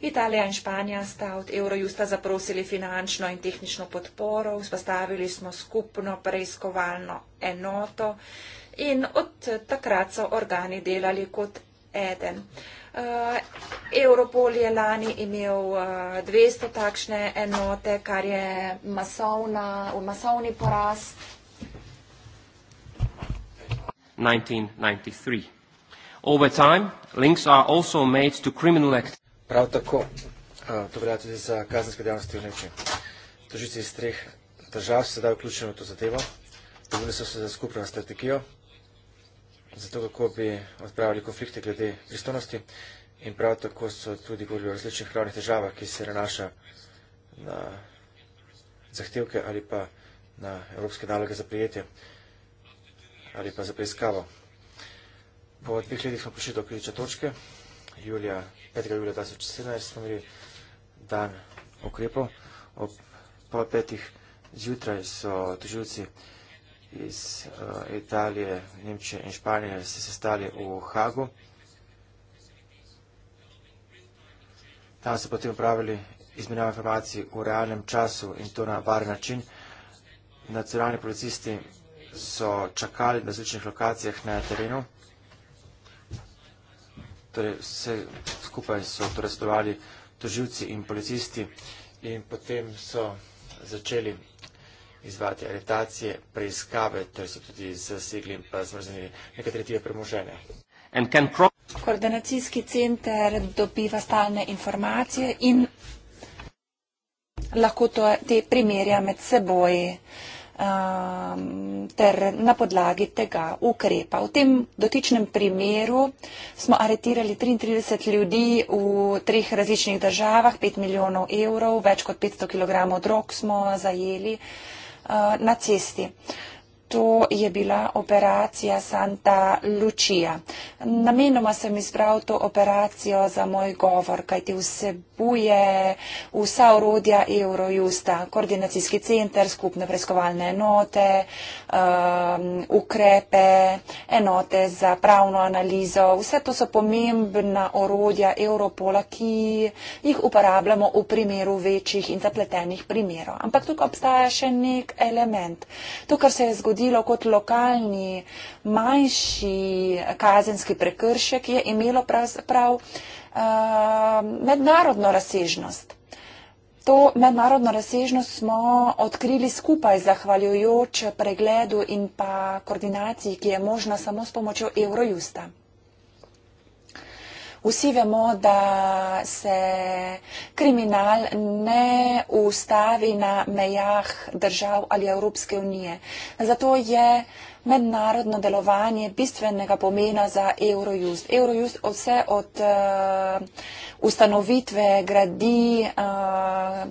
Italija in Španija sta od Eurojusta zaprosili finančno in tehnično podporo, vzpostavili smo skupno preiskovalno enoto in od takrat so organi delali kot eden. Eh, Europol je lani imel 200 eh, takšne enote, kar je masovna, masovni porast. 1993. Over time, links are also made to criminal activity. Prav tako, to velja tudi za kazenske dejavnosti v Nemčiji. Tožici iz treh držav so sedaj vključeni v to zadevo. Dobili so se za skupno strategijo, zato kako bi odpravili konflikte glede pristojnosti. In prav tako so tudi govorili o različnih pravnih težavah, ki se nanaša na zahtevke ali pa na evropske naloge za prijetje ali pa za preiskavo. Po dveh letih smo prišli do ključne točke julija, 5. julija 2017 smo imeli dan ukrepov. Ob pol petih zjutraj so tožilci iz uh, Italije, Nemčije in Španije se sestali v Hagu. Tam so potem upravili izmenjavo informacij v realnem času in to na bar način. Nacionalni policisti so čakali na različnih lokacijah na terenu torej vse skupaj so torestovali toživci in policisti in potem so začeli izvati aretacije, preiskave, torej so tudi zasegli in pa zmrznili nekatere tive premožene. Koordinacijski center dobiva stalne informacije in lahko to, te primerja med seboj. Um, ter na podlagi tega ukrepa. V tem dotičnem primeru smo aretirali 33 ljudi v treh različnih državah, 5 milijonov evrov, več kot 500 kg drog smo zajeli uh, na cesti. To je bila operacija Santa Lucia. Namenoma sem izbral to operacijo za moj govor, kajti vsebuje vsa urodja Eurojusta, koordinacijski center, skupne preiskovalne enote, um, ukrepe, enote za pravno analizo. Vse to so pomembna urodja Europola, ki jih uporabljamo v primeru večjih in zapletenih primerov. Ampak tukaj obstaja še nek element. To, kar se je zgodilo, zgodilo kot lokalni manjši kazenski prekršek, je imelo pravzaprav uh, eh, mednarodno razsežnost. To mednarodno razsežnost smo odkrili skupaj zahvaljujoč pregledu in pa koordinaciji, ki je možna samo s pomočjo Eurojusta. Vsi vemo, da se kriminal ne ustavi na mejah držav ali Evropske unije. Zato je mednarodno delovanje bistvenega pomena za Eurojust. Eurojust vse od uh, ustanovitve gradi uh,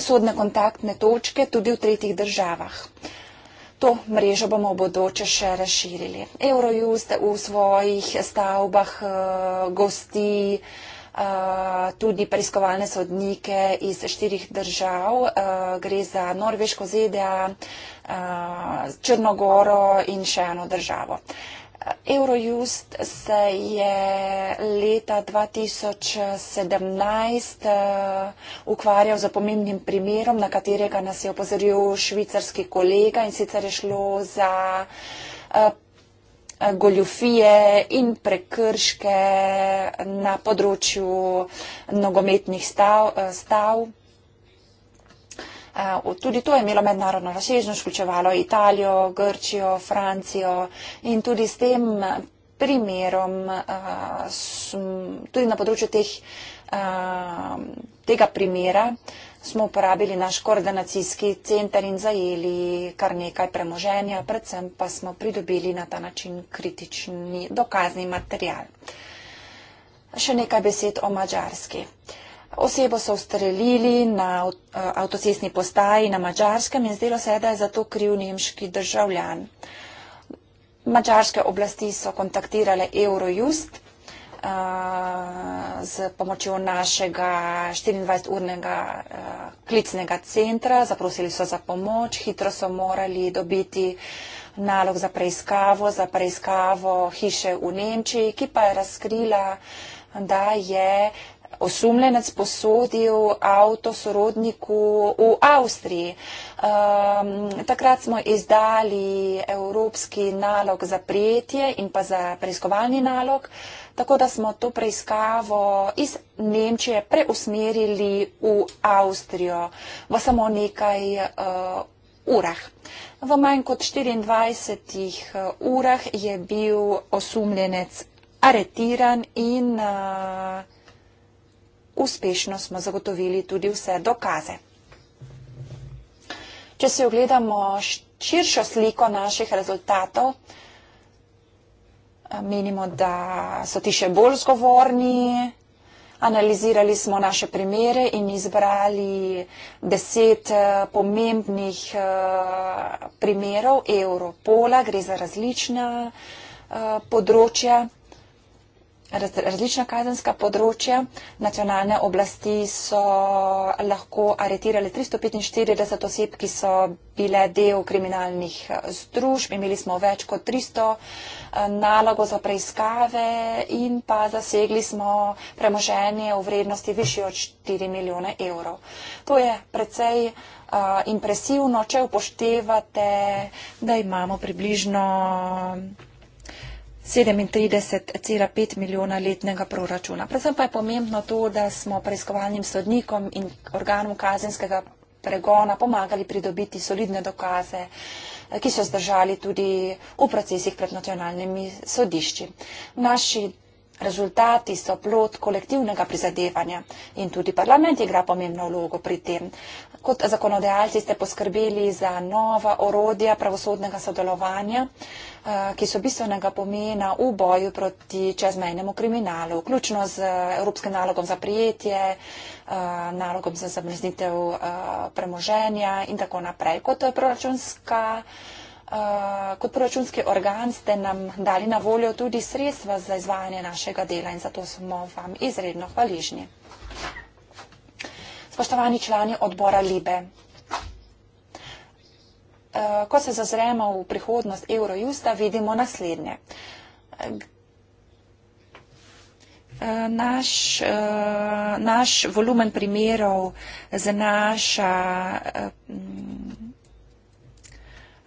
sodne kontaktne točke tudi v tretjih državah. Uh, To mrežo bomo v bodoče še razširili. Eurojust v svojih stavbah eh, gosti eh, tudi preiskovalne sodnike iz štirih držav. Eh, gre za Norveško, ZDA, Črnogoro in še eno državo. Eurojust se je leta 2017 eh, ukvarjal z pomembnim primerom, na katerega nas je opozoril švicarski kolega in sicer je šlo za eh, goljufije in prekrške na področju nogometnih stav. Eh, stav. Eh, tudi to je imelo mednarodno razsežnost, vključevalo Italijo, Grčijo, Francijo in tudi s tem primerom, eh, tudi na področju teh, eh, tega primera smo uporabili naš koordinacijski center in zajeli kar nekaj premoženja, predvsem pa smo pridobili na ta način kritični dokazni material. Še nekaj besed o Mačarski. Uh, Osebo so ustrelili na eh, avtocestni postaji na Mačarskem in zdelo se, da je za to kriv nemški državljan. Mačarske oblasti so kontaktirale Eurojust z eh, pomočjo našega 24-urnega eh, klicnega centra. Zaprosili so za pomoč, hitro so morali dobiti nalog za preiskavo, za preiskavo hiše v Nemčiji, ki pa je razkrila, da je osumljenec posodil avto sorodniku v Avstriji. Um, takrat smo izdali evropski nalog za prijetje in pa za preiskovalni nalog, tako da smo to preiskavo iz Nemčije preusmerili v Avstrijo v samo nekaj uh, urah. V manj kot 24 eh, urah je bil osumljenec aretiran in uh, uspešno smo zagotovili tudi vse dokaze. Če si ogledamo širšo sliko naših rezultatov, eh, menimo, da so ti še bolj zgovorni. Analizirali smo naše primere in izbrali deset eh, pomembnih eh, primerov Evropola. Gre za različna področja različna kazenska področja. Nacionalne oblasti so lahko aretirali 345 oseb, ki so bile del kriminalnih eh, združb. Imeli smo več kot 300 eh, nalogo za preiskave in pa zasegli smo premoženje v vrednosti višji od 4 milijone evrov. To je precej uh, impresivno, če upoštevate, da imamo približno 37,5 milijona letnega proračuna. Predvsem pa je pomembno to, da smo preiskovalnim sodnikom in organom kazenskega pregona pomagali pridobiti solidne dokaze, ki so zdržali tudi v procesih pred nacionalnimi sodišči. Naši rezultati so plot kolektivnega prizadevanja in tudi parlament igra pomembno vlogo pri tem. Kot zakonodajalci ste poskrbeli za nova orodja pravosodnega sodelovanja. Eh, ki so bistvenega pomena v boju proti čezmejnemu kriminalu, vključno z evropskim nalogom za prijetje, eh, nalogom za zamrznitev eh, premoženja in tako naprej. Kot, kot proračunski organ ste nam dali na voljo tudi sredstva za izvajanje našega dela in zato smo vam izredno hvaližni. Spoštovani člani odbora Libe, Eh, ko se zazremo v prihodnost Eurojusta, vidimo naslednje. Eh, naš, eh, naš volumen primerov zanaša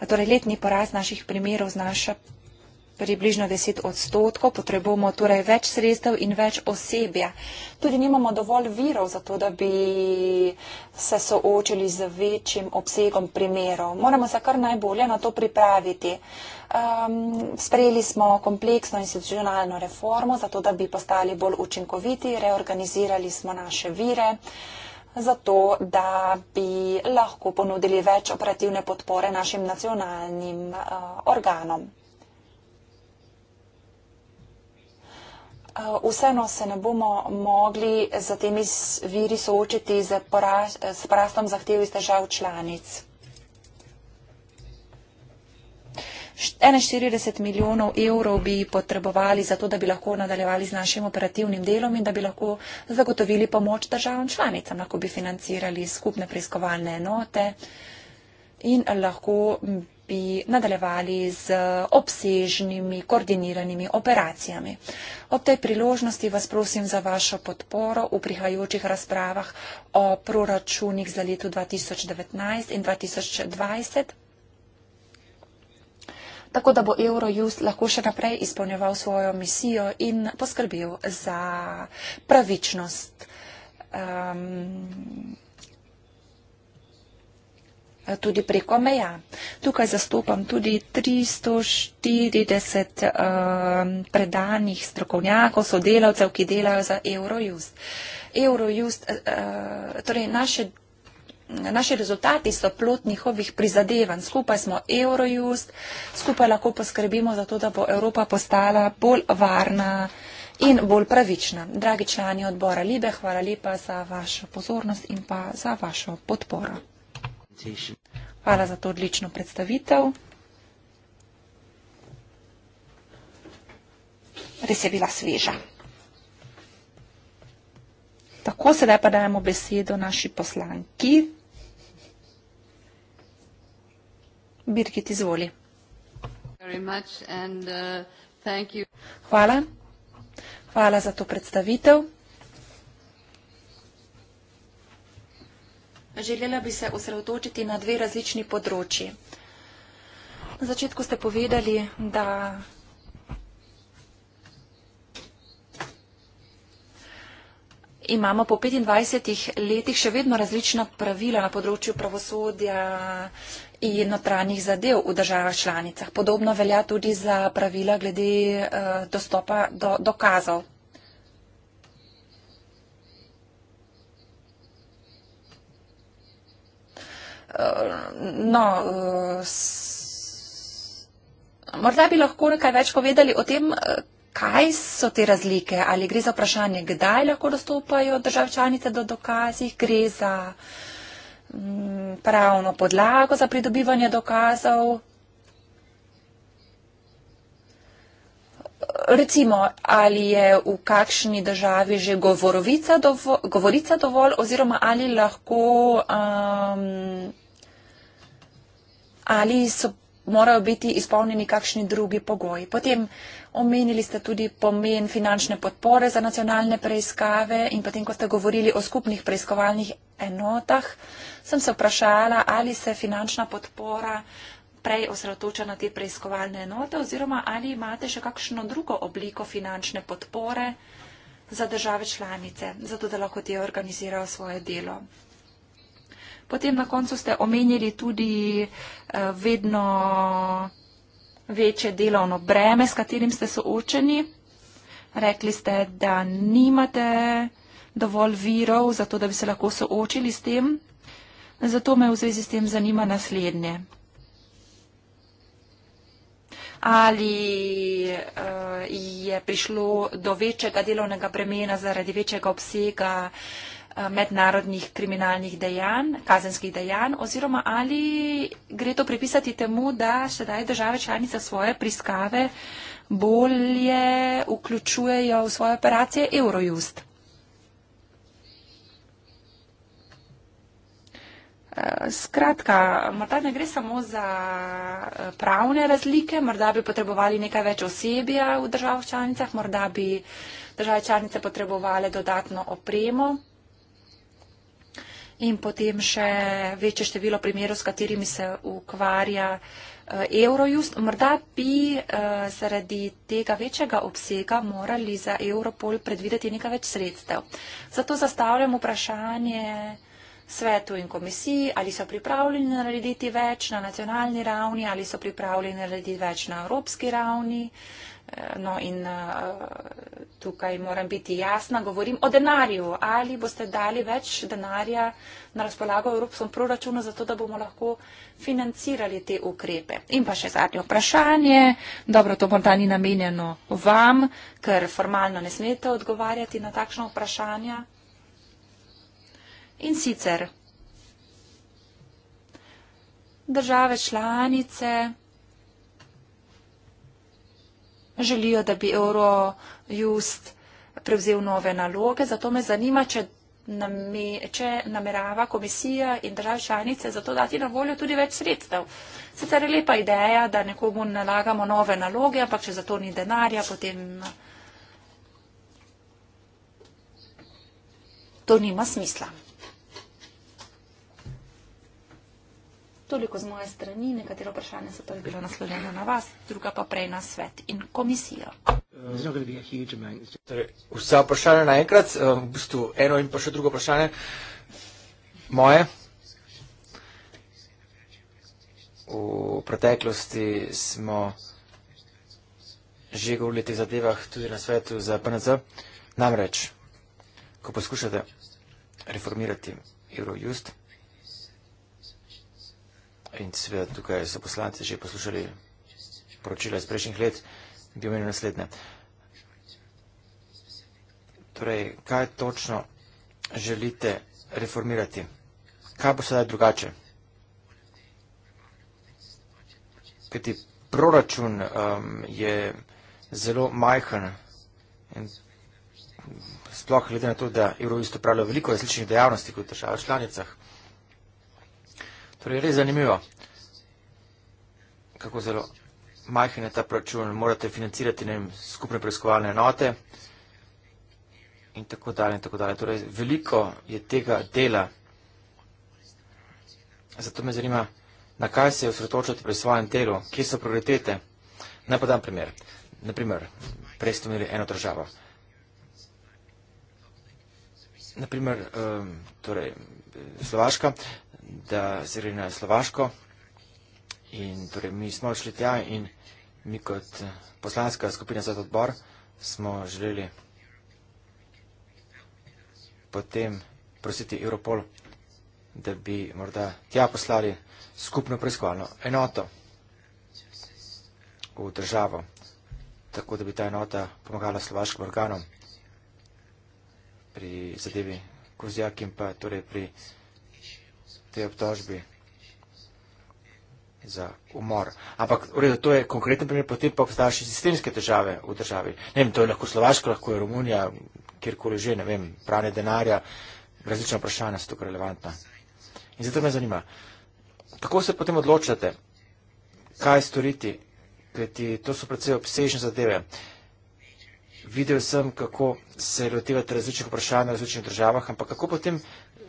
torej letni porast naših primerov znaša približno 10 odstotkov, potrebujemo torej več sredstev in več osebja. Tudi nimamo dovolj virov za to, da bi se soočili z večjim obsegom primerov. Moramo se kar najbolje na to pripraviti. Um, sprejeli smo kompleksno institucionalno reformo, zato da bi postali bolj učinkoviti, reorganizirali smo naše vire, zato da bi lahko ponudili več operativne podpore našim nacionalnim uh, organom. Eh, vseeno se ne bomo mogli z temi viri soočiti z, poraz, z prastom zahtev iz držav članic. 41 milijonov evrov bi potrebovali za to, da bi lahko nadaljevali z našim operativnim delom in da bi lahko zagotovili pomoč državam članicam, lahko bi financirali skupne preiskovalne enote in lahko bi nadaljevali z obsežnimi koordiniranimi operacijami. Ob tej priložnosti vas prosim za vašo podporo v prihajajočih razpravah o proračunih za leto 2019 in 2020 tako da bo Eurojust lahko še naprej izpolnjeval svojo misijo in poskrbel za pravičnost. Um, tudi preko meja. Tukaj zastopam tudi 340 eh, predanih strokovnjakov, sodelavcev, ki delajo za Eurojust. Eurojust, eh, eh, torej naše. Naši rezultati so plot njihovih prizadevanj. Skupaj smo Eurojust, skupaj lahko poskrbimo za to, da bo Evropa postala bolj varna in bolj pravična. Dragi člani odbora Libe, hvala lepa za vašo pozornost in pa za vašo podporo. Association. Hvala za to odlično predstavitev. Res je bila sveža. Tako sedaj pa dajemo besedo naši poslanki. Birgit, izvoli. Uh, Hvala. Hvala za to predstavitev. Želela bi se osredotočiti na dve različni področji. Na začetku ste povedali, da imamo po 25 letih še vedno različna pravila na področju pravosodja in notranjih zadev v državah članicah. Podobno velja tudi za pravila glede eh, dostopa do dokazov. no, morda bi lahko nekaj več povedali o tem, eh, kaj so te razlike, ali gre za vprašanje, kdaj lahko dostopajo državčanice do dokazih, gre za mm, pravno podlago za pridobivanje dokazov. Recimo, ali je v kakšni državi že govorovica dovo, govorica dovolj oziroma ali lahko um, ali so morajo biti izpolnjeni kakšni drugi pogoji. Potem omenili ste tudi pomen finančne podpore za nacionalne preiskave in potem, ko ste govorili o skupnih preiskovalnih enotah, sem se vprašala, ali se finančna podpora prej osredotoča na te preiskovalne enote oziroma ali imate še kakšno drugo obliko finančne podpore za države članice, zato da lahko te organizirajo svoje delo. Potem na koncu ste omenili tudi eh, vedno večje delovno breme, s katerim ste soočeni. Rekli ste, da nimate dovolj virov za to, da bi se lahko soočili s tem. Zato me v zvezi s tem zanima naslednje. Ali uh, je prišlo do večjega delovnega bremena zaradi večjega obsega uh, Eh, mednarodnih kriminalnih dejanj, kazenskih dejanj, oziroma ali gre to pripisati temu, da sedaj države članice svoje priskave bolje vključujejo v svoje operacije Eurojust. Eh, skratka, morda ne gre samo za eh, pravne razlike, morda bi potrebovali nekaj več osebja v državah članicah, morda bi države članice potrebovali dodatno opremo in potem še večje število primerov, s katerimi se ukvarja eh, Eurojust. Morda bi eh, zaradi tega večjega obsega morali za Europol predvideti nekaj več sredstev. Zato zastavljam vprašanje svetu in komisiji, ali so pripravljeni narediti več na nacionalni ravni, ali so pripravljeni narediti več na evropski ravni. No, in eh, tukaj moram biti jasna, govorim o denarju. Ali boste dali več denarja na razpolago v Evropskem proračunu, zato da bomo lahko financirali te ukrepe? In pa še zadnje vprašanje. Dobro, to morda ni namenjeno vam, ker formalno ne smete odgovarjati na takšno vprašanje. In sicer države članice želijo, da bi Eurojust prevzel nove naloge. Zato me zanima, če, name, če namerava komisija in države članice za to dati na voljo tudi več sredstev. Sicer je lepa ideja, da nekomu nalagamo nove naloge, ampak če za to ni denarja, potem eh, to nima smisla. Toliko z moje strani, nekatero vprašanje so torej bilo naslovljeno na vas, druga pa prej na svet in komisijo. Torej, vsa vprašanja naenkrat, eh, v bistvu eno in pa še drugo vprašanje. Moje. V preteklosti smo že govorili o teh zadevah tudi na svetu za PNZ. Namreč, ko poskušate reformirati Eurojust, in seveda tukaj so poslanci že poslušali poročila iz prejšnjih let, bi omenil naslednje. Torej, kaj točno želite reformirati? Kaj bo sedaj drugače? Kajti proračun um, je zelo majhen in sploh glede na to, da Evropi isto pravijo veliko različnih dejavnosti kot v državah članicah. Torej, res zanimivo, kako zelo majhen je ta pračun. Morate financirati vem, skupne preiskovalne enote in tako dalje in tako dalje. Torej, veliko je tega dela. Zato me zanima, na kaj se osredotočate pri svojem delu, kje so prioritete. Naj pa dam primer. Naprimer, prej ste imeli eno državo. Naprimer, um, ehm, torej, Slovaška da zre na Slovaško. In torej mi smo šli tja in mi kot eh, poslanska skupina za odbor smo želeli potem prositi Europol, da bi morda tja poslali skupno preiskovalno enoto v državo, tako da bi ta enota pomagala slovaškim organom pri zadevi Kozjak in pa torej pri Slovaškem te obtožbe za umor. Ampak v redu, to je konkreten primer, potem pa obstajajo še sistemske težave v državi. Ne vem, to je lahko Slovaška, lahko je Romunija, kjerkoli že, ne vem, pranje denarja, različna vprašanja so tukaj relevantna. In zato me zanima, kako se potem odločate, kaj storiti, kajti to so predvsej obsežne zadeve. Videl sem, kako se lotevate različnih vprašanj v različnih državah, ampak kako potem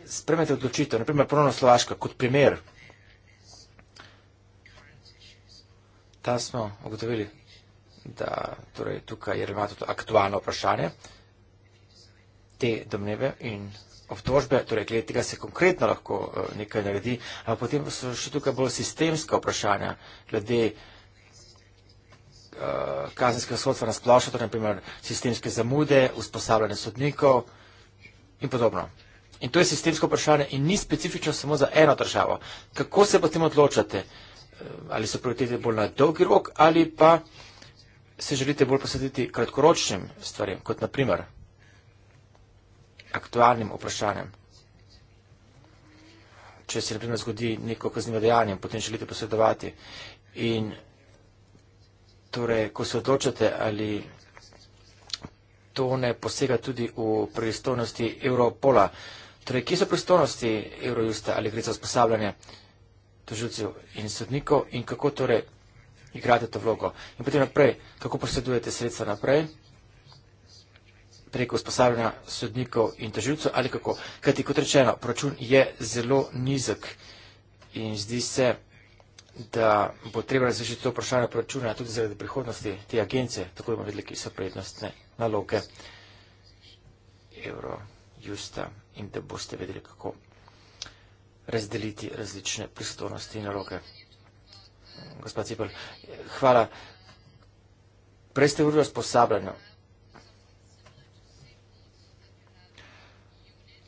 spremete odločitev, naprimer ponovno Slovaška, kot primer. Tam smo ugotovili, da torej, tukaj je imate to aktualno vprašanje, te domneve in obtožbe, torej glede tega se konkretno lahko eh, nekaj naredi, ampak potem so še tukaj bolj sistemska vprašanja glede eh, kazenskega sodstva na splošno, torej naprimer sistemske zamude, usposabljanje sodnikov in podobno. In to je sistemsko vprašanje in ni specifično samo za eno državo. Kako se potem odločate? Ehm, ali so prioritete bolj na dolgi rok ali pa se želite bolj posvetiti kratkoročnim stvarem, kot naprimer aktualnim vprašanjem? Če se naprimer zgodi neko kaznivo dejanje, potem želite posredovati. In torej, ko se odločate, ali to ne posega tudi v pristojnosti Europola, Torej, kje so pristojnosti Eurojusta ali gre za usposabljanje tožilcev in sodnikov in kako torej igrate to vlogo? In potem naprej, kako posredujete sredstva naprej preko usposabljanja sodnikov in tožilcev ali kako? Kajti, kot rečeno, proračun je zelo nizek in zdi se, da bo treba razrešiti to vprašanje proračuna tudi zaradi prihodnosti te agencije, tako da bomo vedeli, ki so prednostne naloge Eurojusta in da boste vedeli, kako razdeliti različne pristojnosti in naloge. Gospa Cipel, hvala. Prej ste govorili o sposabljanju.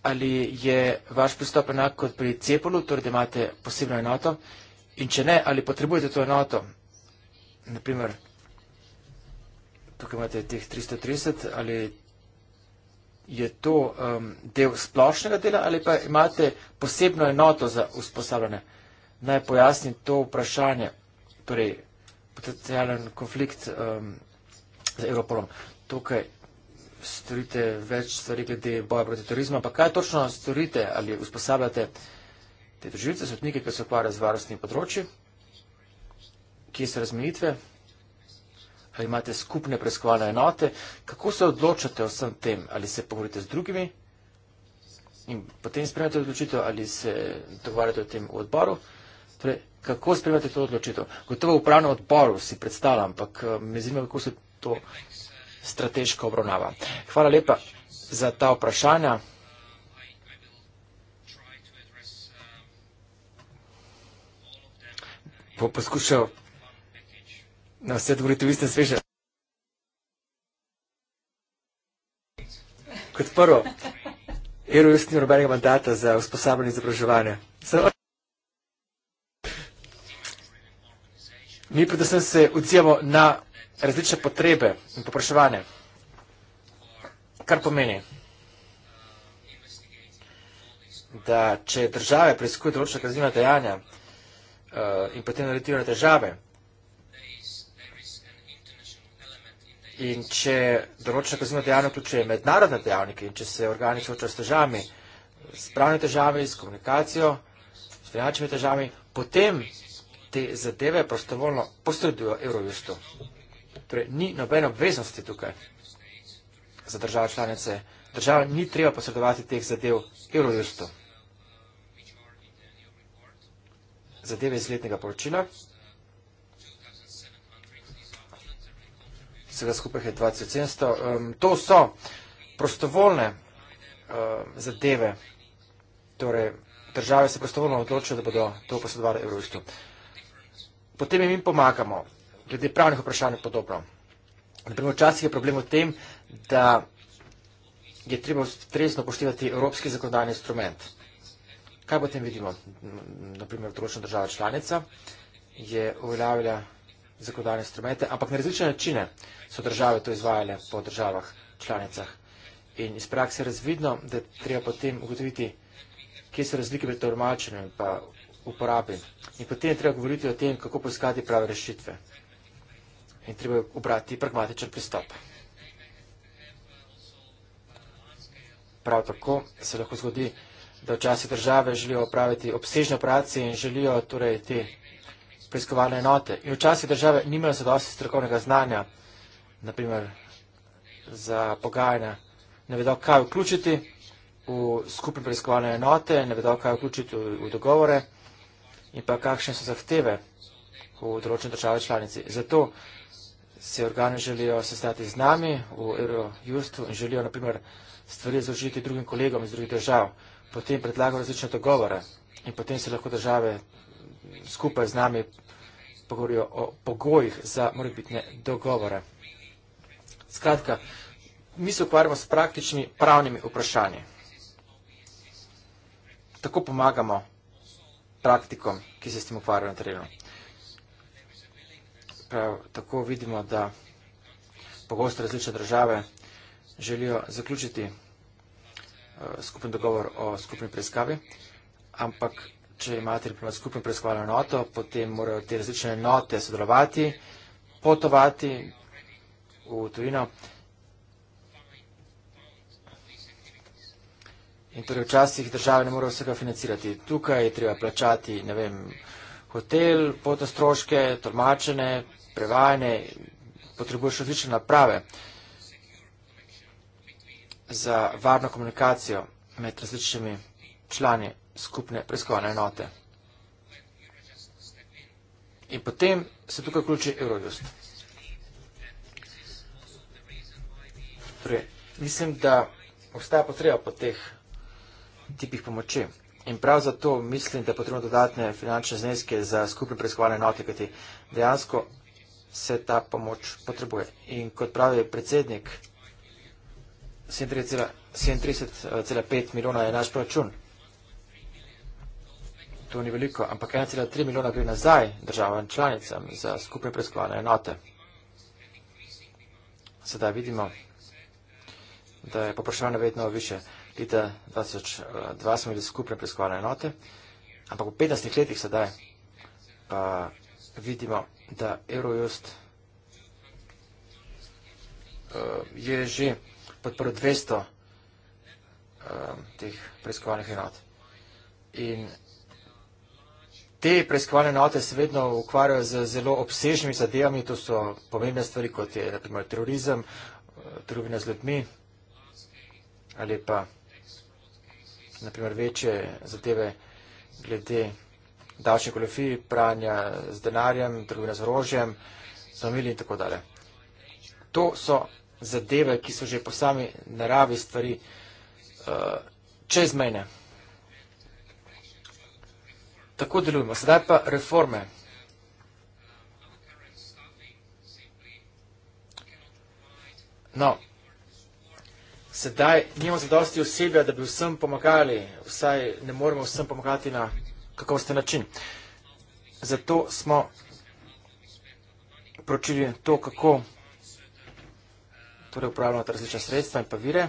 Ali je vaš pristop enak kot pri Cepolu, torej da imate posebno enoto? In če ne, ali potrebujete to enoto? Naprimer, tukaj imate teh 330 ali 330 je to um, del splošnega dela ali pa imate posebno enoto za usposabljanje? Naj pojasnim to vprašanje, torej potencijalen konflikt um, z Evropolom. Tukaj storite več stvari glede boja proti terorizmu, pa kaj točno storite ali usposabljate te doživljice, sotnike, ki se ukvarjajo z varnostnimi področji, kje so razmenitve? ali imate skupne preiskovalne enote, kako se odločate o vsem tem, ali se pogovorite z drugimi in potem sprejmete odločitev, ali se dogovarjate o tem v odboru. Torej, kako sprejmete to odločitev? Gotovo v upravnem odboru si predstavljam, ampak eh, me zanima, kako se to strateško obravnava. Hvala lepa za ta vprašanja. Bo poskušal na vse odgovorite v istem sveže. Kot prvo, Eru, jaz nimam nobenega mandata za usposabljanje izobraževanja. Samo... Mi predvsem se odzivamo na različne potrebe in popraševanje. Kar pomeni, da če države preizkujejo določena kazniva dejanja uh, in potem naletijo na težave, In če določena kaznivo dejanja vključuje mednarodne dejavnike in če se organi soočajo s težavami, s pravnimi težavami, s komunikacijo, s finančnimi težavami, potem te zadeve prostovoljno posredujo Eurojustu. Torej, ni nobene obveznosti tukaj za države članice. Država ni treba posredovati teh zadev Eurojustu. Zadeve iz letnega poročila. vsega skupaj je 2700. Um, to so prostovoljne um, zadeve, torej države se prostovoljno odločijo, da bodo to posodovali Evroistu. Potem jim pomagamo, glede pravnih vprašanj podobno. Naprimer, včasih je problem v tem, da je treba ustrezno poštevati evropski zakonodajni instrument. Kaj potem vidimo? Naprimer, v določeno država članica je uveljavila zakonodajne instrumente, ampak na različne načine so države to izvajale po državah članicah. In iz prakse je razvidno, da treba potem ugotoviti, kje so razlike pred tolmačenjem in uporabi. In potem je treba govoriti o tem, kako poiskati prave rešitve. In treba je obrati pragmatičen pristop. Prav tako se lahko zgodi, da včasih države želijo opraviti obsežne operacije in želijo torej te preiskovalne enote. In včasih države nimajo zadosti strokovnega znanja, naprimer za pogajanja, ne vedo, kaj vključiti v skupne preiskovalne enote, ne vedo, kaj vključiti v, v dogovore in pa kakšne so zahteve v določene države članici. Zato se organi želijo sestati z nami v Eurojustu in želijo, naprimer, stvari zložiti drugim kolegom iz drugih držav, potem predlagajo različne dogovore in potem se lahko države skupaj z nami pogovorijo o pogojih za morebitne dogovore. Skratka, mi se ukvarjamo s praktičnimi pravnimi vprašanji. Tako pomagamo praktikom, ki se s tem ukvarjajo na terenu. Prav tako vidimo, da pogosto različne države želijo zaključiti eh, skupen dogovor o skupni preiskavi, ampak če imate naprimer skupno preiskovalno enoto, potem morajo te različne enote sodelovati, potovati v tujino. In torej včasih države ne morajo vsega financirati. Tukaj je treba plačati, ne vem, hotel, potostroške, tolmačene, prevajene, potrebuješ različne naprave za varno komunikacijo med različnimi člani skupne preiskovalne enote. In potem se tukaj vključi Eurojust. Torej, mislim, da obstaja potreba po teh tipih pomoči. In prav zato mislim, da je potrebno dodatne finančne zneske za skupne preiskovalne enote, kajti dejansko se ta pomoč potrebuje. In kot pravi predsednik, 37,5 eh, milijona je naš proračun to ni veliko, ampak 1,3 milijona gre nazaj državam članicam za skupne preiskovalne enote. Sedaj vidimo, da je popraševanje vedno više. Leta 2002 smo imeli skupne preiskovalne enote, ampak v 15 letih sedaj pa vidimo, da Eurojust eh, je že podprl 200 eh, teh preiskovalnih enot. In Te preiskovalne enote se vedno ukvarjajo z zelo obsežnimi zadevami, to so pomembne stvari, kot je naprimer terorizem, eh, trgovina z ljudmi ali pa naprimer večje zadeve glede davčnih goljofij, pranja z denarjem, trgovina z orožjem, zomili in tako dalje. To so zadeve, ki so že po sami naravi stvari uh, čezmejne. Tako delujemo. Sedaj pa reforme. No, sedaj nimamo zadosti osebja, da bi vsem pomagali, vsaj ne moremo vsem pomagati na kakovosten način. Zato smo pročili to, kako torej upravljamo različne sredstva in pa vire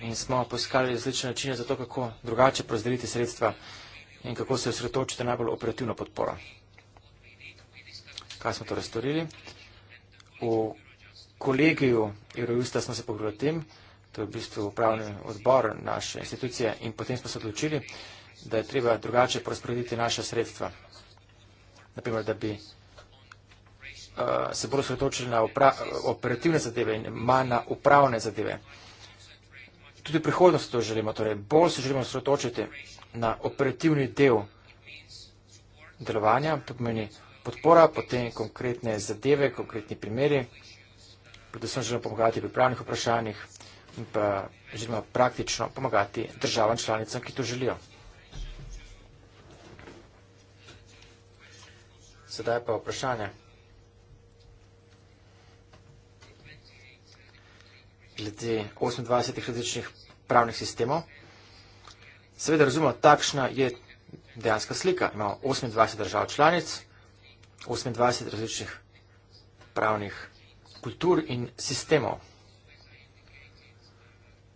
in smo poiskali različne načine za to, kako drugače prozdeliti sredstva in kako se osredotočite najbolj operativno podporo. Kaj smo torej storili? V kolegiju Eurojusta smo se pogledali tem, to je v bistvu upravni odbor naše institucije in potem smo se odločili, da je treba drugače porazporediti naše sredstva. Naprimer, da bi uh, se bolj osredotočili na operativne zadeve in manj na upravne zadeve. Tudi prihodnost to želimo, torej bolj se želimo osredotočiti na operativni del delovanja, to pomeni podpora, potem konkretne zadeve, konkretni primeri, predvsem želimo pomagati pri pravnih vprašanjih in pa želimo praktično pomagati državam članicam, ki to želijo. Sedaj pa vprašanje. Glede 28 različnih pravnih sistemov, Seveda razumemo, takšna je dejanska slika. Imamo 28 držav članic, 28 različnih pravnih kultur in sistemov.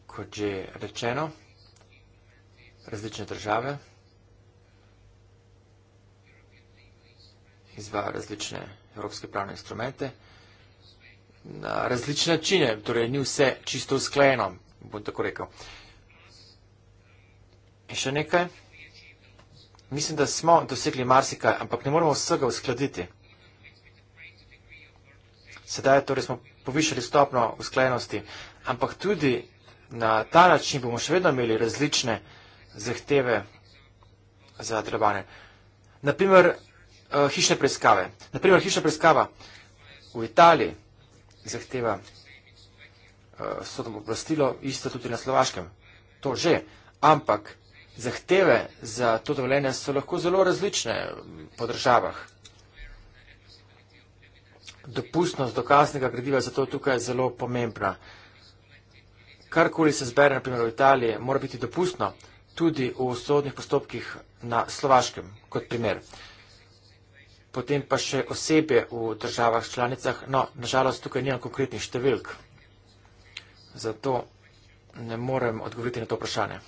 Kot že rečeno, različne države izvajo različne evropske pravne instrumente na različne načine, torej ni vse čisto usklajeno, bom tako rekel. In še nekaj. Mislim, da smo dosegli marsikaj, ampak ne moramo vsega uskladiti. Sedaj torej smo povišali stopno usklajenosti, ampak tudi na ta način bomo še vedno imeli različne zahteve za trebane. Naprimer, eh, hišne preiskave. Naprimer, hišna preiskava v Italiji zahteva eh, sodno oblastilo, isto tudi na Slovaškem. To že, ampak zahteve za to dovoljenje so lahko zelo različne po državah. Dopustnost dokaznega gradiva zato je tukaj zelo pomembna. Karkoli se zbere, na primer v Italiji, mora biti dopustno tudi v sodnih postopkih na Slovaškem, kot primer. Potem pa še osebje v državah članicah, no, nažalost, tukaj nimam konkretnih številk. Zato ne morem odgovoriti na to vprašanje.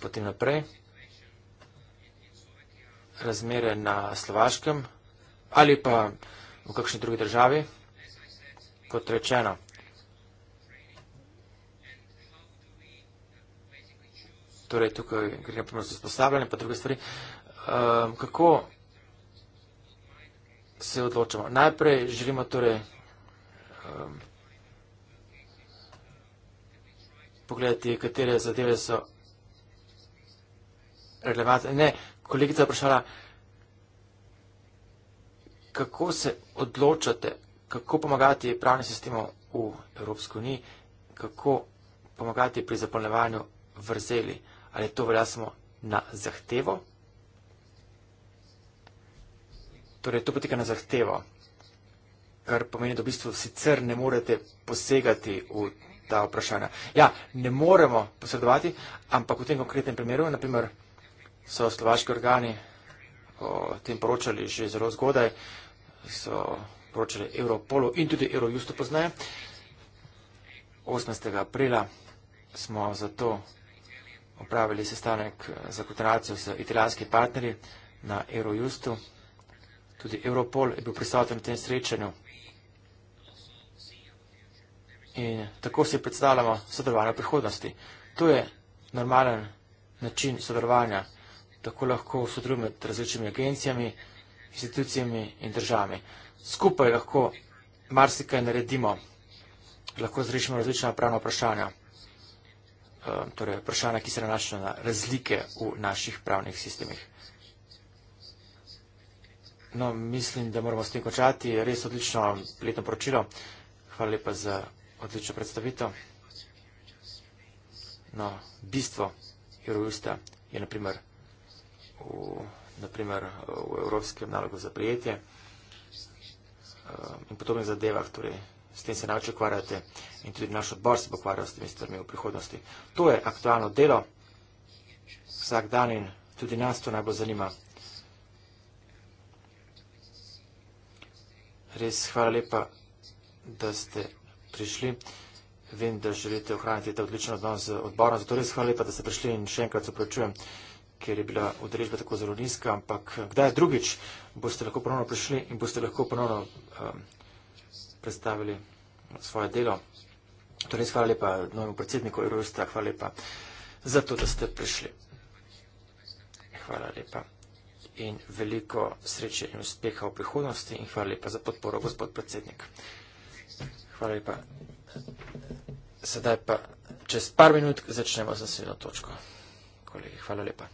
Potem naprej. Razmere na Slovaškem ali pa v kakšni drugi državi. Kot rečeno. Torej, tukaj gre pa za spostavljanje, pa druge stvari. Um, kako se odločamo? Najprej želimo torej, um, pogledati, katere zadeve so relevantno. Ne, kolegica je vprašala, kako se odločate, kako pomagati pravni sistemu v Evropsko uniji, kako pomagati pri zapolnevanju vrzeli. Ali to velja samo na zahtevo? Torej, to poteka na zahtevo, kar pomeni, da v bistvu sicer ne morete posegati v ta vprašanja. Ja, ne moremo posredovati, ampak v tem konkretnem primeru, naprimer, so slovaški organi o tem poročali že zelo zgodaj, so poročali Europolu in tudi Eurojustu poznaje. 18. aprila smo zato opravili sestanek za koordinacijo s italijanski partnerji na Eurojustu. Tudi Europol je bil prisoten v tem srečanju. In tako si predstavljamo sodelovanje v prihodnosti. To je normalen način sodelovanja tako lahko sodeluje med različnimi agencijami, institucijami in državami. Skupaj lahko marsikaj naredimo, lahko zrešimo različna pravna vprašanja, eh, torej vprašanja, ki se nanašajo na razlike v naših pravnih sistemih. No, mislim, da moramo s tem končati. Res odlično letno poročilo. Hvala lepa za odlično predstavitev. No, bistvo Eurojusta je naprimer u, naprimer, v Evropskem nalogu za prijetje eh, in podobnih zadevah, torej s tem se najče ukvarjate in tudi naš odbor se bo ukvarjal s temi stvarmi v prihodnosti. To je aktualno delo, vsak dan in tudi nas to najbolj zanima. Res hvala lepa, da ste prišli. Vem, da želite ohraniti ta odličen odnos z odborom, zato res hvala lepa, da ste prišli in še enkrat se prečujem ker je bila odrežba tako zelo nizka, ampak kdaj drugič boste lahko ponovno prišli in boste lahko ponovno um, predstavili svoje delo. Torej, hvala lepa novemu predsedniku Eurosta, hvala lepa za to, da ste prišli. Hvala lepa in veliko sreče in uspeha v prihodnosti in hvala lepa za podporo, gospod predsednik. Hvala lepa. Sedaj pa čez par minut začnemo z naslednjo točko kolegi. Hvala lepa.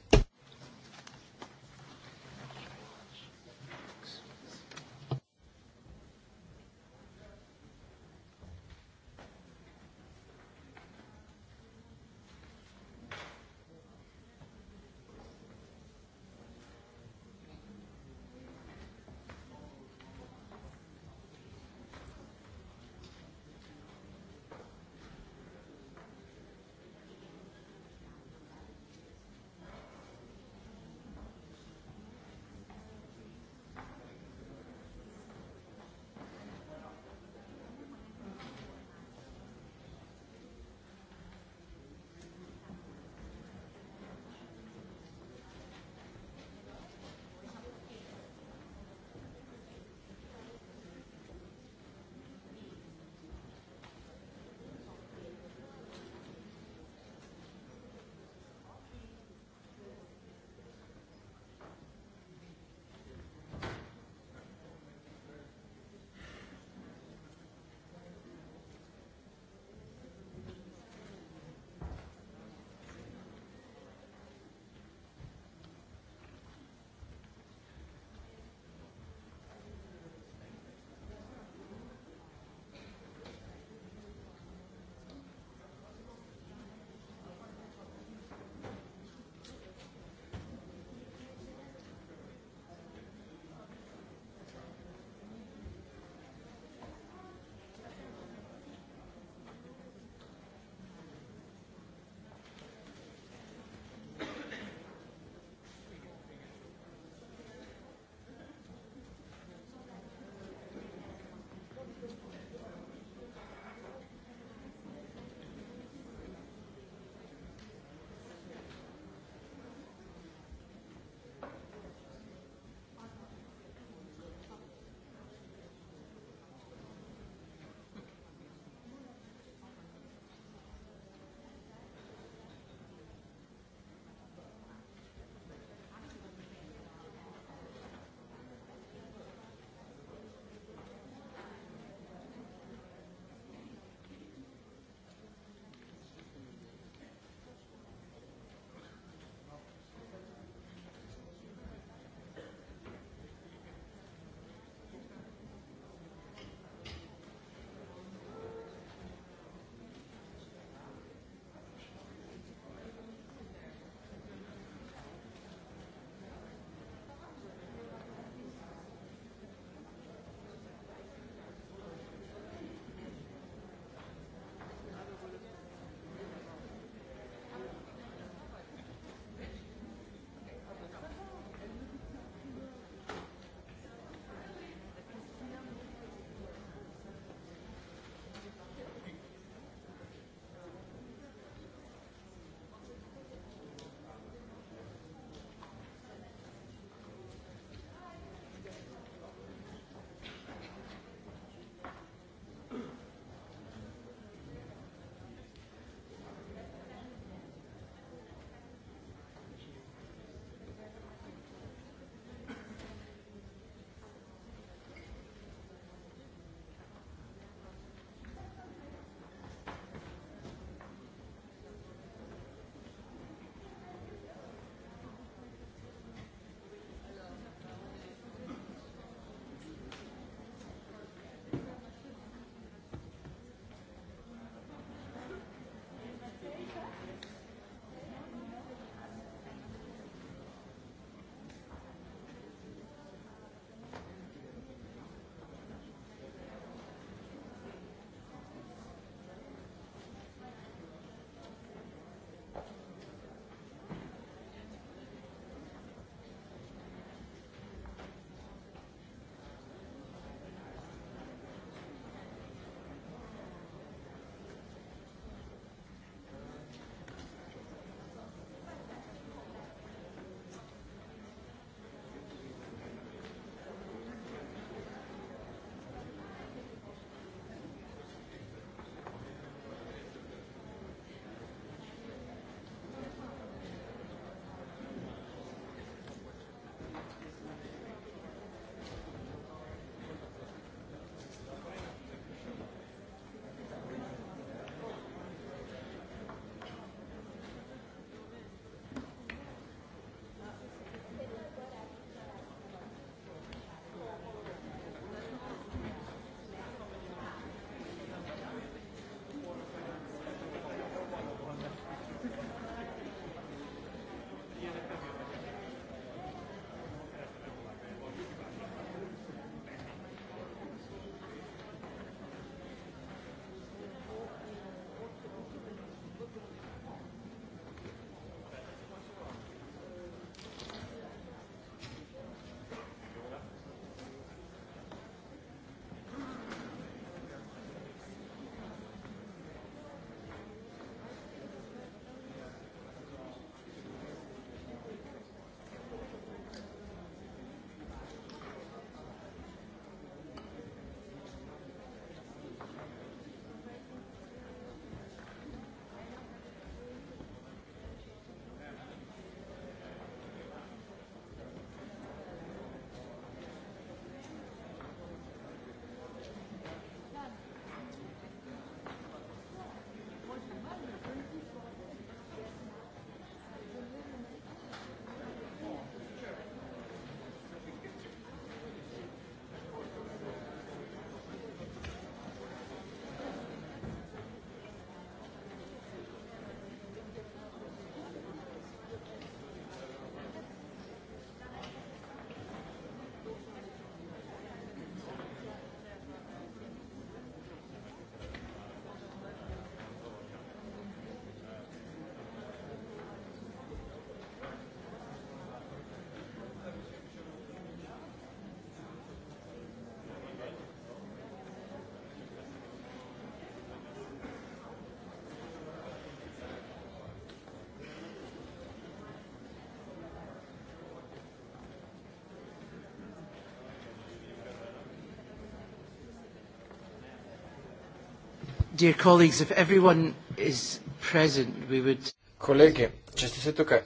dear colleagues, if everyone is present, we would... Kolegi, če ste vse tukaj,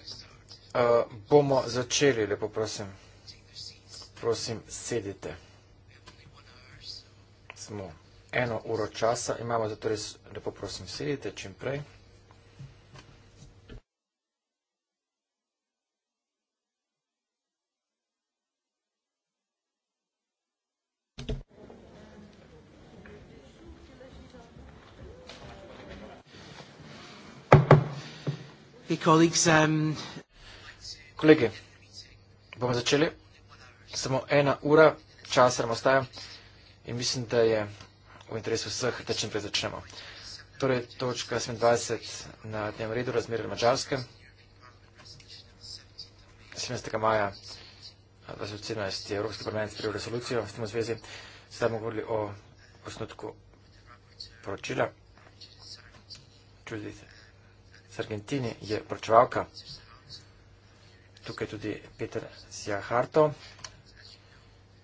eh, bomo začeli, lepo prosim. Prosim, sedite. Smo eno uro časa, imamo zato res, lepo prosim, sedite čim prej. Prosim. colleagues, um... Kolegi, bomo začeli. Samo ena ura, čas nam ostaja in mislim, da je v interesu vseh, da čim prej začnemo. Torej, točka 27 na dnevnem redu razmer na Mačarske. 17. maja 2017 je Evropski parlament sprejel resolucijo v tem zvezi. Sedaj bomo govorili o osnutku poročila. Čudite z Argentini je pročevalka. Tukaj tudi Peter Sjaharto,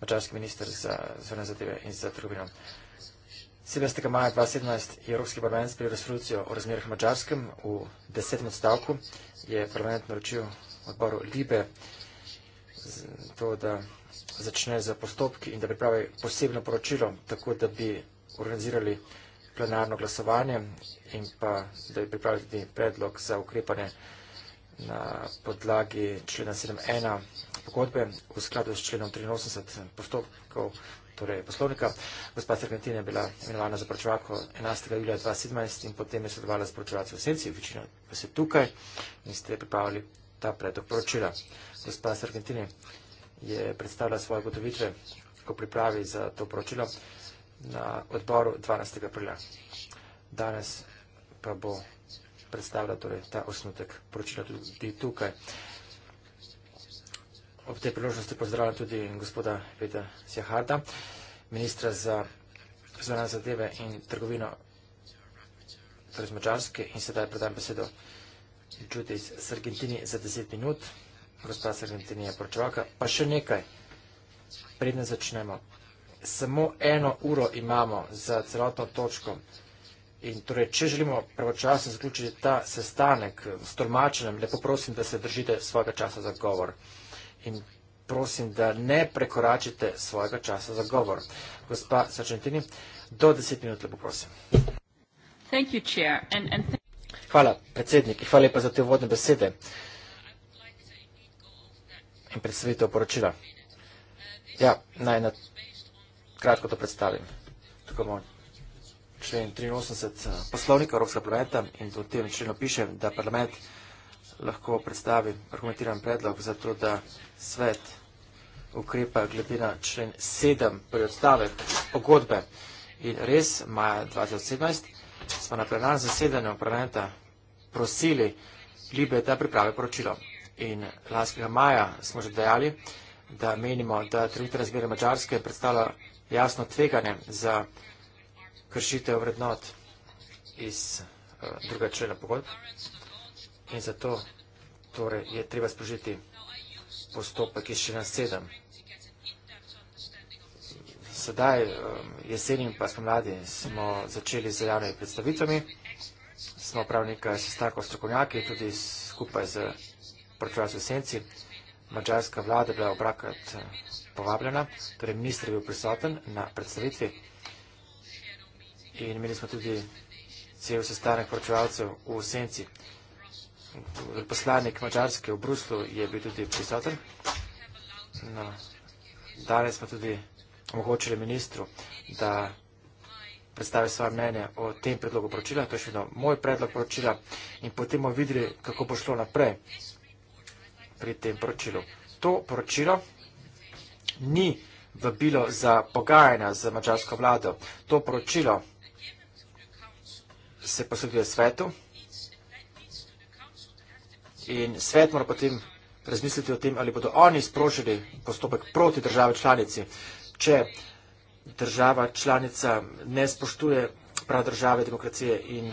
mačarski minister za zvrne zadeve in za trgovino. 17. maja 2017 je Evropski parlament sprejel resolucijo o razmerah mačarskem v desetem odstavku. Je parlament naročil odboru Libe to, da začne za postopki in da pripravi posebno poročilo, tako da bi organizirali vsega, plenarno glasovanje in pa da bi pripravili predlog za ukrepanje na podlagi člena 7.1 pogodbe v skladu s členom 83 postopkov, torej poslovnika. Gospa Serpentina je bila imenovana za pročevako 11. julija 2017 in potem je sodelovala s pročevacijo v Senci, večina pa se tukaj in ste pripravili ta predlog poročila. Gospa Serpentina je predstavila svoje gotovitve, ko pripravi za to poročilo na odboru 12. aprila. Danes pa bo predstavila torej ta osnutek poročila tudi tukaj. Ob tej priložnosti pozdravljam tudi gospoda Peta Sjaharda, ministra za zvonan zadeve in trgovino torej z Mačarske in sedaj predam besedo Judy iz Sargentini za 10 minut. Gospoda Sargentini je poročevalka. Pa še nekaj, predne začnemo samo eno uro imamo za celotno točko. In torej, če želimo pravočasno zaključiti ta sestanek s tolmačenjem, lepo prosim, da se držite svojega časa za govor. In prosim, da ne prekoračite svojega časa za govor. Gospa Sačentini, do deset minut lepo prosim. Thank you, chair, and, and thank hvala, predsednik, in hvala lepa za te uvodne besede in predstavitev poročila. Ja, naj na kratko to predstavim. Tukaj imamo člen 83 eh, poslovnika Evropskega parlamenta in v tem členu piše, da parlament lahko predstavi argumentiran predlog za to, da svet ukrepa glede na člen 7 pri torej odstavek pogodbe. In res, maja 2017 smo na plenarnem zasedanju parlamenta prosili Libe, da priprave poročilo. In lanskega maja smo že dejali, da menimo, da trenutne razmere Mačarske predstavlja jasno tveganje za kršitev vrednot iz eh, druga člena pogodb in zato torej, je treba sprožiti postopek iz člena sedem. Sedaj, eh, jeseni pa smo mladi, smo začeli z javnimi predstavitvami, smo pravnika s stako strokovnjaki, tudi skupaj z pročevalci v senci. Mačarska vlada je bila obrakrat eh, povabljena, torej ministr je bil prisoten na predstavitvi in imeli smo tudi cel sestanek poročevalcev v Senci. Torej, poslanik Mačarske v Bruslu je bil tudi prisoten. No, danes smo tudi omogočili ministru, da predstavi svoje mnenje o tem predlogu poročila, to je še vedno moj predlog poročila in potem bomo videli, kako bo šlo naprej pri tem poročilu. To poročilo ni vabilo za pogajanja z mačarsko vlado. To poročilo se posreduje svetu in svet mora potem razmisliti o tem, ali bodo oni sprožili postopek proti državi članici. Če država članica ne spoštuje prav države, demokracije in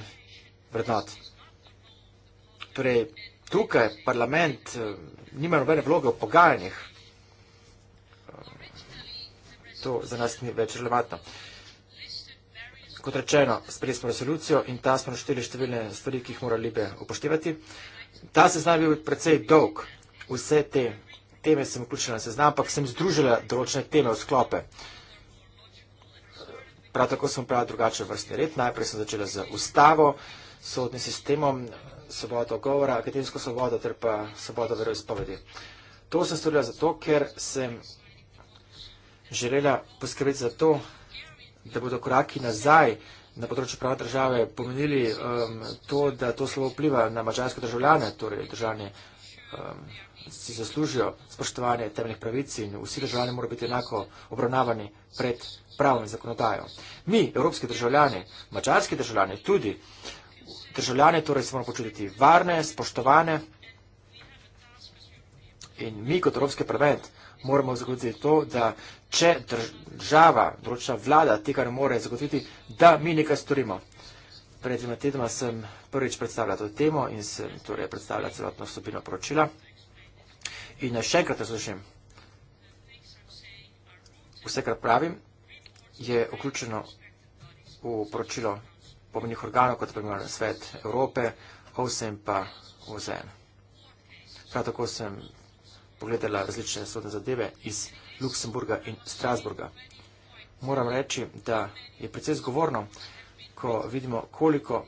vrednot. Torej, tukaj parlament eh, nima nobene vloge v pogajanjih to za nas ni več relevantno. Kot rečeno, sprejeli smo resolucijo in ta smo našteli številne stvari, ki jih mora Libe upoštevati. Ta seznam je bil precej dolg. Vse te teme sem vključila na seznam, ampak sem združila določene teme v sklope. Prav tako sem pravila drugačen vrstni red. Najprej sem začela z ustavo, sodnim sistemom, svobodo govora, akademsko svobodo ter pa svobodo veroizpovedi. To sem storila zato, ker sem želela poskrbeti za to, da bodo koraki nazaj na področju prava države pomenili um, to, da to slovo vpliva na mačarske državljane, torej državljane um, si zaslužijo spoštovanje temeljnih pravic in vsi državljani morajo biti enako obravnavani pred pravom in zakonodajo. Mi, evropski državljani, mačarski državljani, tudi državljane, torej se moramo počutiti varne, spoštovane in mi kot Evropski parlament moramo zagotoviti to, da če država, vročna vlada, tega ne more zagotoviti, da mi nekaj storimo. Pred dvima tedoma sem prvič predstavljal to temo in sem torej predstavljal celotno vsebino poročila. In še enkrat razložim, vse, kar pravim, je vključeno v poročilo pomenih organov, kot primer na svet Evrope, OSEM pa OZN. Prav tako sem pogledala različne sodne zadeve iz Luksemburga in Strasburga. Moram reči, da je precej zgovorno, ko vidimo, koliko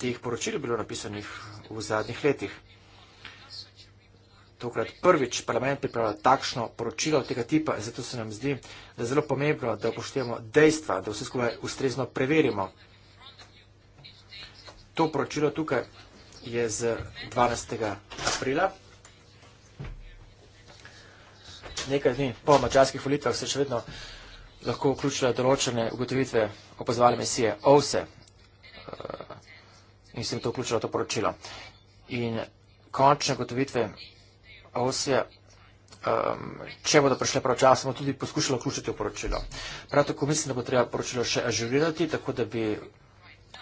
teh poročil bilo napisanih v zadnjih letih. Tokrat prvič parlament pripravlja takšno poročilo tega tipa, zato se nam zdi, da je zelo pomembno, da upoštevamo dejstva, da vse skupaj ustrezno preverimo. To poročilo tukaj je z 12. aprila nekaj dni po mačarskih volitvah se še vedno lahko vključile določene ugotovitve opozvale misije OVSE eh, in sem to vključila to poročilo. In končne ugotovitve OVSE, ehm, če bodo prišle pravčas, smo tudi poskušali vključiti v poročilo. Prav tako mislim, da bo treba poročilo še ažurirati, tako da bi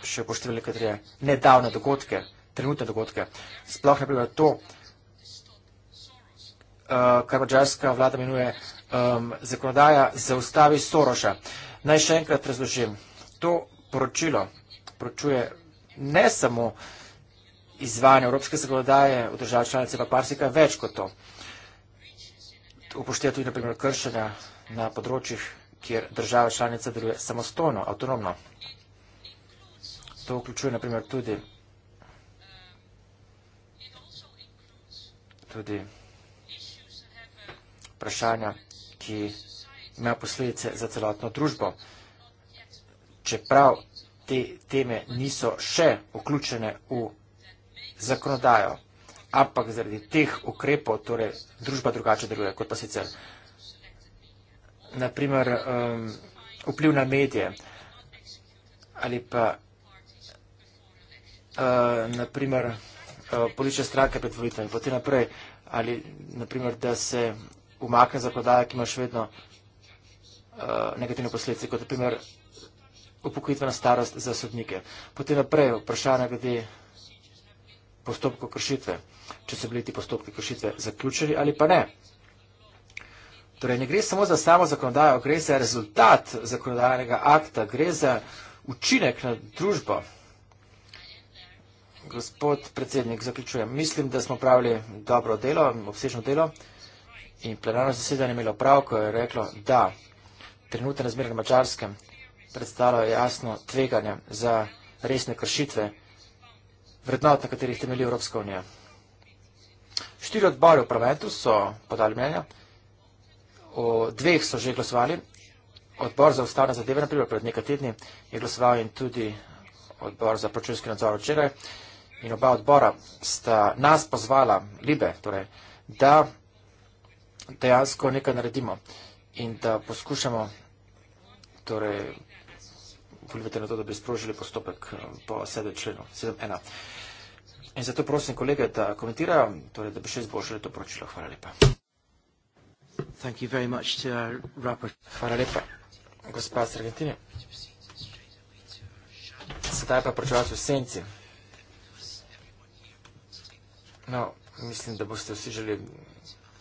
še upoštevali nekatere nedavne dogodke, trenutne dogodke. Sploh ne prebila to, da bi uh, kar mađarska vlada imenuje um, zakonodaja, zaustavi Soroša. Naj še enkrat razložim. To poročilo poročuje ne samo izvajanje evropske zakonodaje v državi članice, pa parsika več kot to. Upošteva tudi, na primer, kršenja na področjih, kjer država članica deluje samostojno, avtonomno. To vključuje, na primer, tudi, tudi vprašanja, ki ima posledice za celotno družbo. Čeprav te teme niso še vključene v zakonodajo, ampak zaradi teh ukrepov torej družba drugače deluje kot pa sicer. Naprimer, um, vpliv na medije ali pa uh, naprimer uh, politične stranke pred volitvami, potem naprej ali naprimer, da se umakne zakladaje, ki ima še vedno uh, negativne posledice, kot je primer upokojitvena starost za sodnike. Potem naprej vprašanje glede postopkov kršitve, če so bili ti postopki kršitve zaključeni ali pa ne. Torej, ne gre samo za samo zakonodajo, gre za rezultat zakonodajnega akta, gre za učinek na družbo. Gospod predsednik, zaključujem. Mislim, da smo pravili dobro delo, obsežno delo. In plenarno zasedanje je imelo prav, ko je reklo, da trenutne razmere na mačarskem predstavljajo jasno tveganje za resne kršitve vrednot, na katerih temelji Evropska unija. Štiri odbore v parlamentu so podali mnenja, o dveh so že glasovali, odbor za ustavne zadeve, naprimer pred nekaj tedni, je glasoval in tudi odbor za pročunski nadzor včeraj. In oba odbora sta nas pozvala, Libe, torej, da dejansko nekaj naredimo in da poskušamo torej volivati na to, da bi sprožili postopek eh, po sedem členu, sedem ena. In zato prosim kolege, da komentirajo, torej da bi še izboljšali to poročilo. Hvala lepa. Thank you very much to our rapper. Hvala lepa, gospa z Argentine. Sedaj pa pročevac v senci. No, mislim, da boste vsi želi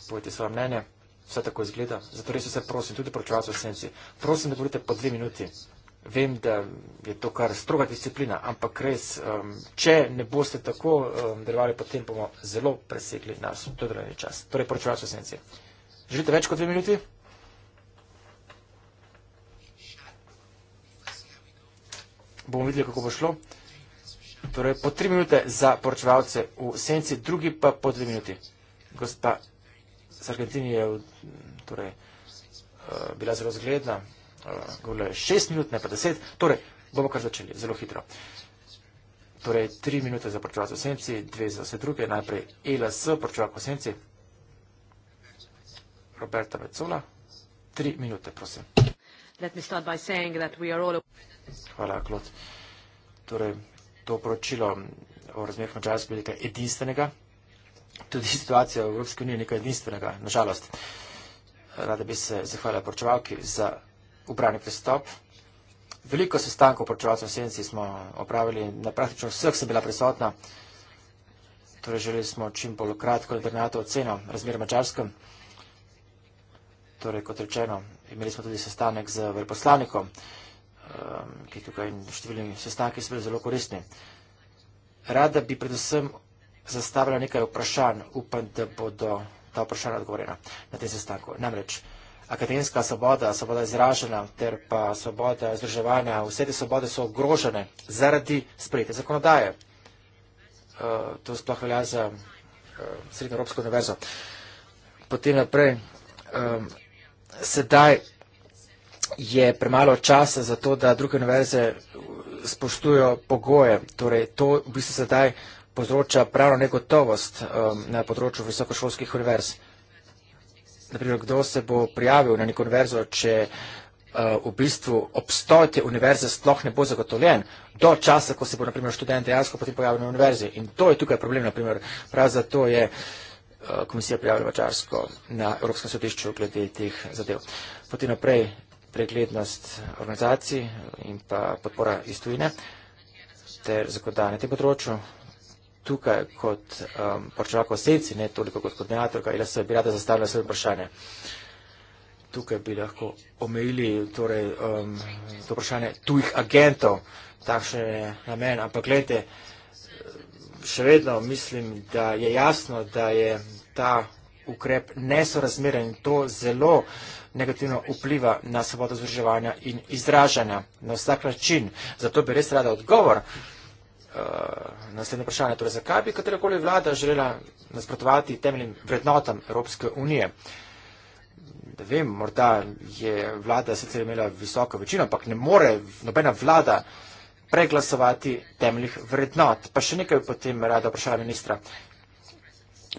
povete svoje mnenje, vse tako izgleda. Zato res vse prosim, tudi pročevalce v senci, prosim, da govorite po dve minuti. Vem, da je to kar stroga disciplina, ampak res, um, če ne boste tako um, delovali, potem bomo zelo presegli nas v to drevni čas. Torej, pročevalce v senci. Želite več kot dve minuti? Bomo videli, kako bo šlo. Torej, po tri minute za poročevalce v senci, drugi pa po dve minuti. Gospa z Argentini je torej, eh, bila zelo zgledna, eh, govorila je šest minut, ne pa deset, torej bomo kar začeli, zelo hitro. Torej, tri minute za porčevalce v senci, dve za vse druge, najprej ELS, porčevalce v senci, Roberta Vecola, tri minute, prosim. Let me start by saying that we are all... Hvala, Klot. Torej, to poročilo o razmerah na džajstvu je nekaj edinstvenega tudi situacija v Evropski uniji nekaj jedinstvenega, nažalost. Rada bi se zahvalila poročevalki za upravni pristop. Veliko sestankov poročevalcev v Senci smo opravili, na praktično vseh sem bila prisotna, torej želeli smo čim bolj kratko internato oceno razmer mačarskem. Torej, kot rečeno, imeli smo tudi sestanek z veljeposlanikom, um, ki tukaj in številni sestanki so bili zelo koristni. Rada bi predvsem zastavila nekaj vprašanj, upam, da bodo ta vprašanja odgovorjena na tem sestanku. Namreč akademska svoboda, svoboda izražena ter pa svoboda izraževanja, vse te svobode so ogrožene zaradi sprejete zakonodaje. Eh, to sploh velja za eh, Srednjo Evropsko univerzo. Potem naprej, eh, sedaj je premalo časa za to, da druge univerze spoštujo pogoje. Torej, to v bistvu sedaj povzroča pravno negotovost um, na področju visokošolskih univerz. Naprimer, kdo se bo prijavil na neko univerzo, če uh, v bistvu obstoj te univerze sploh ne bo zagotovljen do časa, ko se bo, naprimer, študent dejansko potem pojavil na univerzi. In to je tukaj problem, naprimer, prav zato je uh, komisija prijavila Mačarsko na Evropskem sodišču glede teh zadev. Potem naprej preglednost organizacij in pa podpora iz tujine ter zakodanje tem področju tukaj kot um, poročevalka osebci, ne toliko kot koordinatorka, ali se bi rada zastavila svoje vprašanje. Tukaj bi lahko omejili torej, um, to vprašanje tujih agentov, takšen je namen, ampak gledajte, še vedno mislim, da je jasno, da je ta ukrep nesorazmeren in to zelo negativno vpliva na svobodo združevanja in izražanja na vsak način. Zato bi res rada odgovor. Uh, uh, naslednje vprašanje. Torej, zakaj bi katerakoli vlada želela nasprotovati temeljnim vrednotam Evropske unije? Da vem, morda je vlada sicer imela visoko večino, ampak ne more nobena vlada preglasovati temeljnih vrednot. Pa še nekaj potem rada vprašala ministra.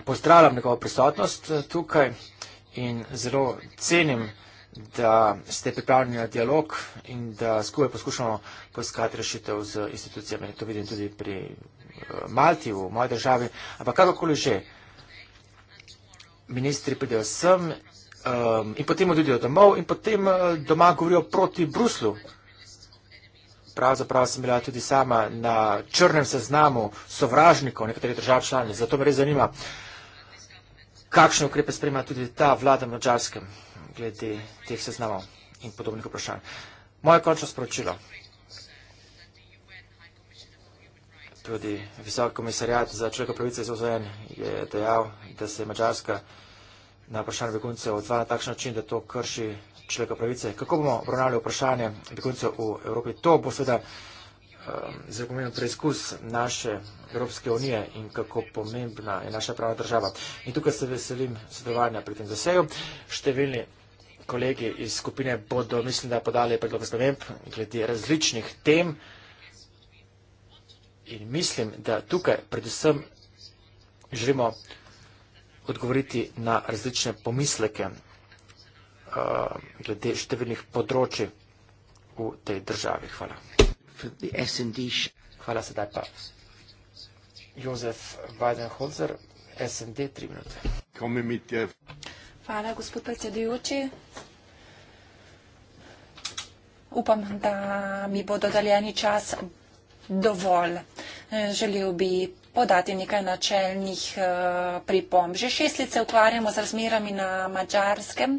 Pozdravljam njegovo prisotnost eh, tukaj in zelo cenim da ste pripravljeni na dialog in da skupaj poskušamo poiskati rešitev z institucijami. To vidim tudi pri eh, Malti, v moji državi. Ampak kakorkoli že, ministri pridejo sem um, in potem odidejo domov in potem eh, doma govorijo proti Bruslu. Pravzaprav sem bila tudi sama na črnem seznamu sovražnikov nekaterih držav članic. Zato me res zanima, kakšne ukrepe sprema tudi ta vlada na Mačarskem glede teh seznamov in podobnih vprašanj. Moje končno sporočilo, tudi visok komisarjat za človeka pravice iz OZN je dejal, da se je Mačarska na vprašanje begunce odzva na takšen način, da to krši človeka pravice. Kako bomo obravnali vprašanje begunce v Evropi? To bo seveda um, zelo pomembno preizkus naše Evropske unije in kako pomembna je naša pravna država. In tukaj se veselim sodelovanja pri tem zasejo. Številni kolegi iz skupine bodo, mislim, da podali predlog spremenb glede različnih tem in mislim, da tukaj predvsem želimo odgovoriti na različne pomisleke uh, glede številnih področji v tej državi. Hvala. Hvala sedaj pa. Jozef Weidenholzer, SND, tri minute. Komi mit je... Hvala, gospod predsedujoči. Upam, da mi bo dodaljeni čas dovolj. Želel bi podati nekaj načelnih eh, pripomb. Že šest let se ukvarjamo z razmerami na mačarskem.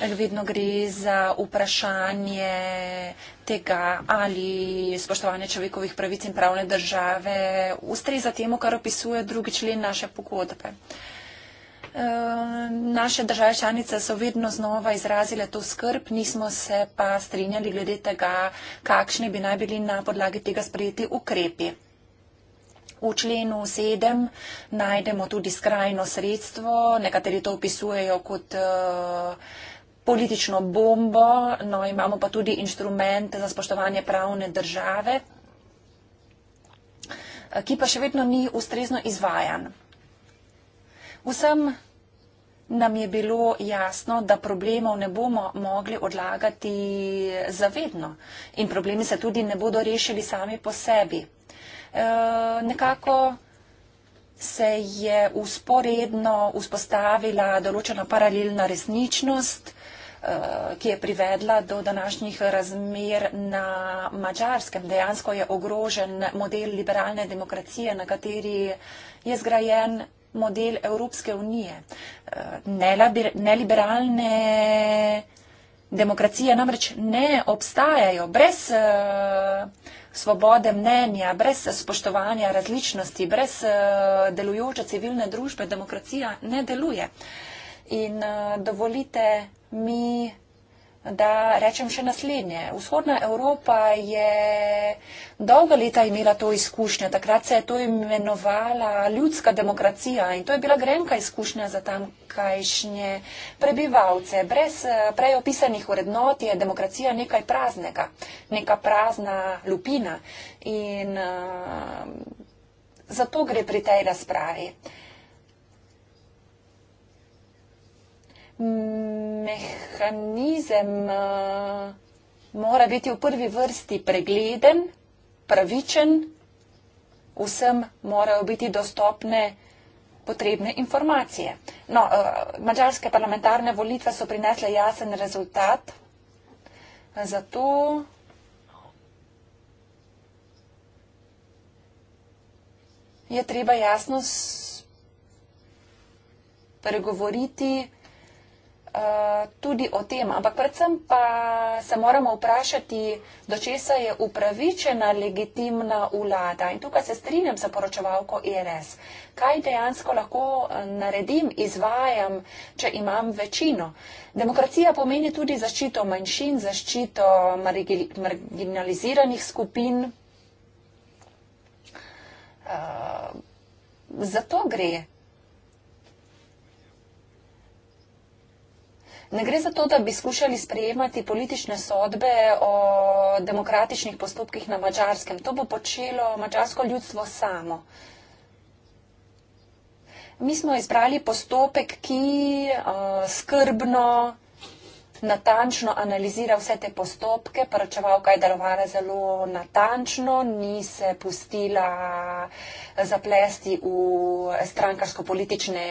Vedno gre za vprašanje tega, ali spoštovanje človekovih pravic in pravne države ustreza temu, kar opisuje drugi člen naše pogodbe. Eh, naše države članice so vedno znova izrazile to skrb, nismo se pa strinjali glede tega, kakšni bi naj bili na podlagi tega sprejeti ukrepi. V členu 7 najdemo tudi skrajno sredstvo, nekateri to opisujejo kot eh, politično bombo, no imamo pa tudi inštrument za spoštovanje pravne države, eh, ki pa še vedno ni ustrezno izvajan. Vsem nam je bilo jasno, da problemov ne bomo mogli odlagati zavedno in problemi se tudi ne bodo rešili sami po sebi. E, nekako se je usporedno vzpostavila določena paralelna resničnost, e, ki je privedla do današnjih razmer na mačarskem. Dejansko je ogrožen model liberalne demokracije, na kateri je zgrajen model Evropske unije. Eh, Neliberalne demokracije namreč ne obstajajo brez eh, svobode mnenja, brez spoštovanja različnosti, brez eh, delujoče civilne družbe demokracija ne deluje. In dovolite mi da rečem še naslednje. Vzhodna Evropa je dolga leta imela to izkušnjo, takrat se je to imenovala ljudska demokracija in to je bila grenka izkušnja za tamkajšnje prebivalce. Brez eh, prej opisanih urednot je demokracija nekaj praznega, neka prazna lupina in uh, zato gre pri tej razpravi. Uh, mehanizem eh, mora biti v prvi vrsti pregleden, pravičen, vsem morajo biti dostopne potrebne informacije. No, eh, mađarske parlamentarne volitve so prinesle jasen rezultat, zato je treba jasno spregovoriti, uh, tudi o tem. Ampak predvsem pa se moramo vprašati, do česa je upravičena legitimna vlada. In tukaj se strinjam sa poročevalko ERS. Kaj dejansko lahko eh, naredim, izvajam, če imam večino? Demokracija pomeni tudi zaščito manjšin, zaščito marginaliziranih skupin. Uh, za to gre. Ne gre za to, da bi skušali sprejemati politične sodbe o demokratičnih postopkih na mačarskem. To bo počelo mačarsko ljudstvo samo. Mi smo izbrali postopek, ki uh, skrbno natančno analizira vse te postopke, poročevalka je darovala zelo natančno, ni se pustila zaplesti v strankarsko-politične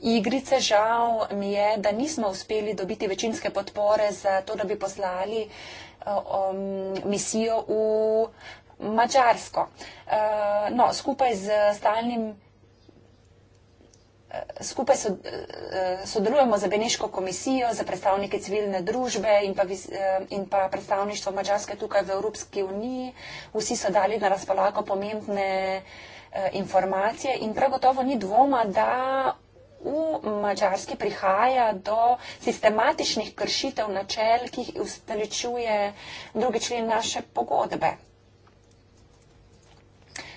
igrice. Žal mi je, da nismo uspeli dobiti večinske podpore za to, da bi poslali um, misijo v Mačarsko. Uh, no, skupaj z stalnim skupaj eh, sodelujemo z Beneško komisijo, z predstavniki civilne družbe in pa, eh, in pa predstavništvo Mačarske tukaj v Evropski uniji. Vsi so dali na razpolago pomembne eh, informacije in prav gotovo ni dvoma, da v Mačarski prihaja do sistematičnih kršitev načel, ki jih ustaličuje drugi člen naše pogodbe.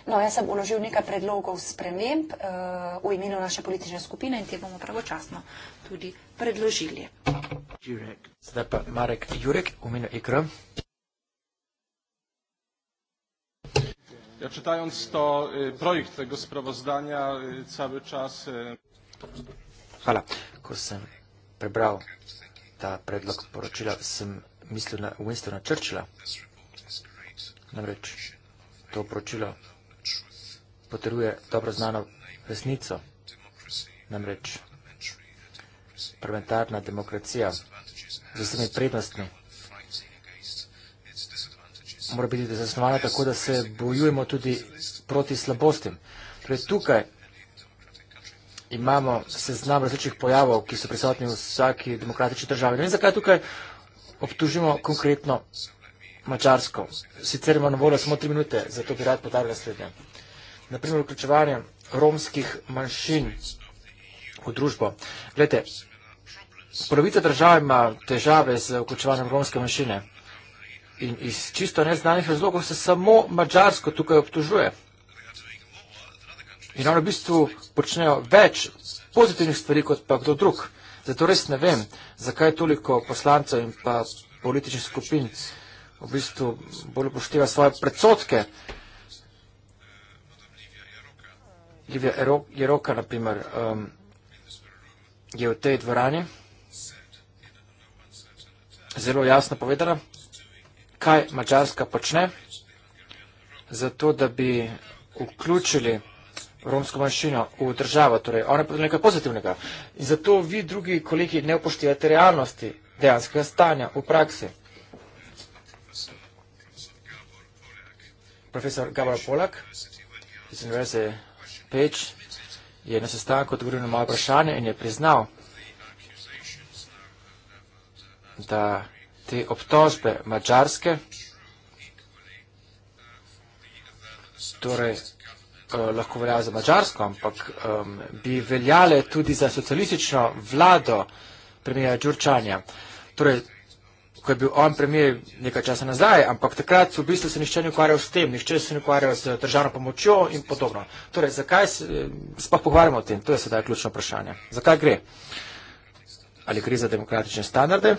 No, jaz sem uložil nekaj predlogov sprememb uh, v imenu naše politične skupine in te bomo pravočasno tudi predložili. Jurek. Zdaj pa Marek Jurek, v imenu IKR. Ja, čitajoč to projekt tega sprovozdanja, cel čas. Hvala. Ko sem prebral ta predlog poročila, sem mislil na Winstona Churchilla. Namreč to poročilo potrjuje dobro znano resnico, namreč parlamentarna demokracija z vsemi prednostmi mora biti zasnovana tako, da se bojujemo tudi proti slabostim. Torej tukaj imamo seznam različnih pojavov, ki so prisotni v vsaki demokratični državi. Ne vem, zakaj tukaj obtužimo konkretno Mačarsko. Sicer imamo na voljo samo tri minute, zato bi rad podaril naslednje naprimer vključevanje romskih manjšin v družbo. Glede, polovica država ima težave z vključevanjem romske manjšine in iz čisto neznanih razlogov se samo Mačarsko tukaj obtožuje. In oni v bistvu počnejo več pozitivnih stvari kot pa kdo drug. Zato res ne vem, zakaj toliko poslancev in pa političnih skupin v bistvu bolj upošteva svoje predsotke Livija Jeroka, na primer, um, je v tej dvorani zelo jasno povedala, kaj Mačarska počne, zato da bi vključili romsko manjšino v državo. Torej, ona je nekaj pozitivnega. In zato vi, drugi kolegi, ne upoštevate realnosti dejanskega stanja v praksi. Profesor Gabor Polak iz Univerze Peč je na sestanku odgovoril na moje vprašanje in je priznal, da te obtožbe mačarske, torej eh, lahko velja za mačarsko, ampak eh, bi veljale tudi za socialistično vlado premijera Đurčanja. Torej, ko je bil on premijer nekaj časa nazaj, ampak takrat v bistvu se nišče ne ukvarjal s tem, nišče se ne ukvarjal z državno pomočjo in podobno. Torej, zakaj se eh, sploh pogovarjamo o tem? To je sedaj ključno vprašanje. Zakaj gre? Ali gre za demokratične standarde?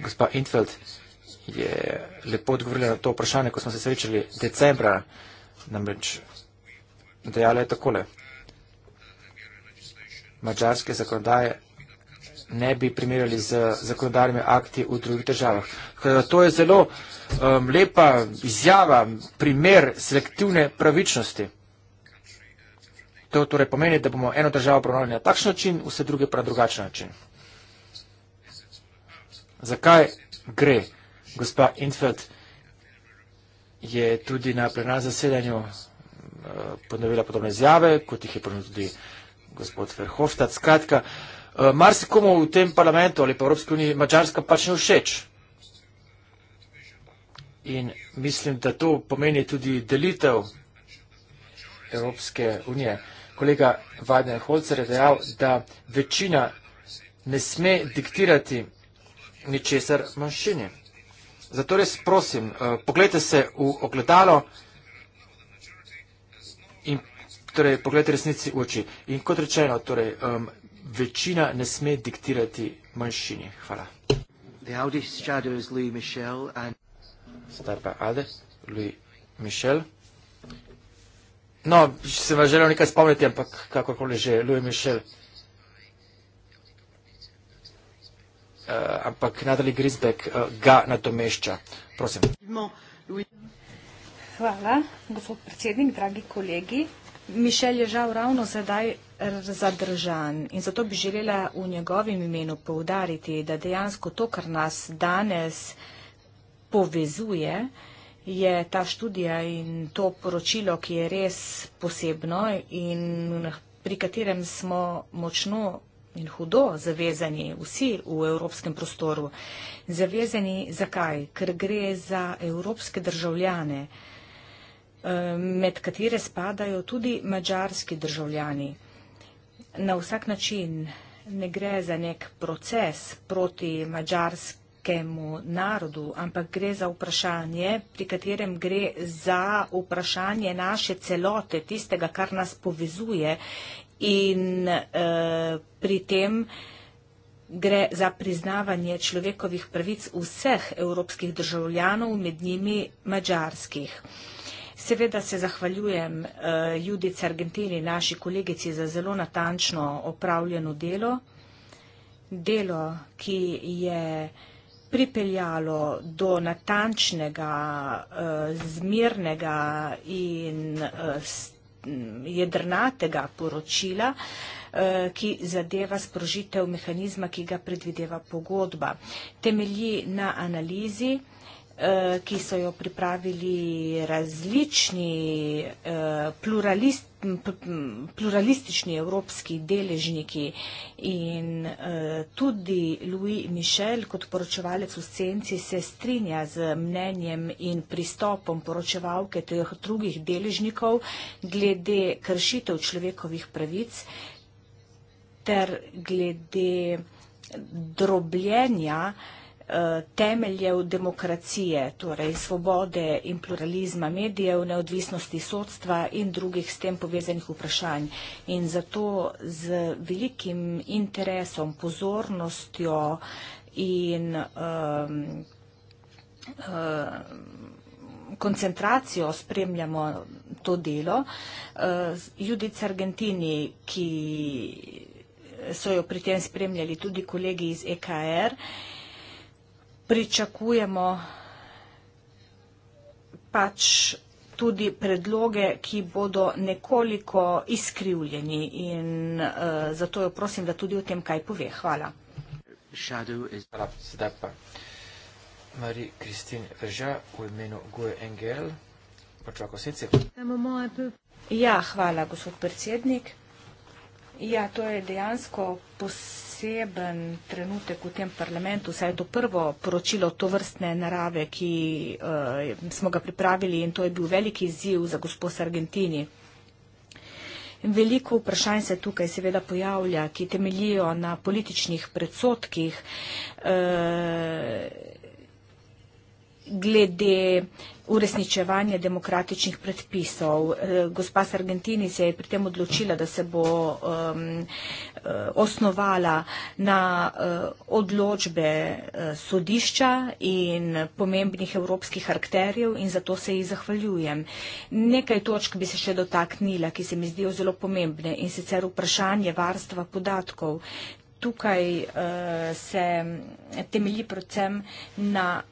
Gospa Intfeld je lepo odgovorila na to vprašanje, ko smo se srečali decembra, namreč dejala je takole. Mačarske zakonodaje ne bi primerjali z zakonodarnimi akti v drugih državah. To je zelo um, lepa izjava, primer selektivne pravičnosti. To torej pomeni, da bomo eno državo obravnavali na takšen način, vse druge pa na drugačen način. Zakaj gre? Gospa Infeld je tudi na plenarnem zasedanju uh, ponovila podobne izjave, kot jih je ponudil tudi gospod Verhofstadt. Skratka, Eh, marsikomu v tem parlamentu ali pa Evropske unije Mačarska pač ne všeč. In mislim, da to pomeni tudi delitev Evropske unije. Kolega Vajden Holzer je dejal, da večina ne sme diktirati ničesar manjšini. Zato res prosim, eh, pogledajte se v ogledalo in torej, pogledajte resnici v oči. In kot rečeno, torej, večina ne sme diktirati manjšini. Hvala. Star pa Ade, Louis Michel. No, sem vas želel nekaj spomniti, ampak kakorkoli že, Louis Michel. Uh, ampak Natalie Grisbeck uh, ga nadomešča. Prosim. Hvala, gospod predsednik, dragi kolegi. Mišel je žal ravno sedaj zadržan in zato bi želela v njegovim imenu povdariti, da dejansko to, kar nas danes povezuje, je ta študija in to poročilo, ki je res posebno in pri katerem smo močno in hudo zavezani vsi v evropskem prostoru. Zavezani zakaj? Ker gre za evropske državljane, eh, med katere spadajo tudi mađarski državljani na vsak način ne gre za nek proces proti mađarskemu narodu, ampak gre za vprašanje, pri katerem gre za vprašanje naše celote, tistega, kar nas povezuje in eh, pri tem gre za priznavanje človekovih pravic vseh evropskih državljanov, med njimi mađarskih. Seveda se zahvaljujem uh, eh, Judic Argentini, naši kolegici, za zelo natančno opravljeno delo. Delo, ki je pripeljalo do natančnega, uh, eh, zmirnega in uh, jedrnatega poročila, uh, ki zadeva sprožitev mehanizma, ki ga predvideva pogodba. Temelji na analizi, Eh, ki so jo pripravili različni eh, pluralist, pluralistični evropski deležniki in eh, tudi Louis Michel kot poročevalec v senci se strinja z mnenjem in pristopom poročevalke teh drugih deležnikov glede kršitev človekovih pravic ter glede drobljenja temeljev demokracije, torej svobode in pluralizma medijev, neodvisnosti sodstva in drugih s tem povezanih vprašanj. In zato z velikim interesom, pozornostjo in um, um, koncentracijo spremljamo to delo. Uh, Judic Argentini, ki so jo pri tem spremljali tudi kolegi iz EKR, uh, pričakujemo pač tudi predloge, ki bodo nekoliko izkrivljeni in uh, zato jo prosim, da tudi o tem kaj pove. Hvala. Hvala, sedaj pa. Marie Kristin Vrža v imenu Goje Engel, počakaj osece. Ja, hvala, gospod predsednik. Ja, to je dejansko posebno poseben trenutek v tem parlamentu, saj je to prvo poročilo to vrstne narave, ki uh, smo ga pripravili in to je bil veliki izziv za gospod Argentini. Veliko vprašanj se tukaj seveda pojavlja, ki temelijo na političnih predsotkih. Uh, glede uresničevanja demokratičnih predpisov. Eh, gospa Sargentini se je pri tem odločila, da se bo um, osnovala na uh, odločbe sodišča in pomembnih evropskih akterjev in zato se ji zahvaljujem. Nekaj točk bi se še dotaknila, ki se mi zdijo zelo pomembne in sicer vprašanje varstva podatkov. Tukaj uh, se temelji predvsem na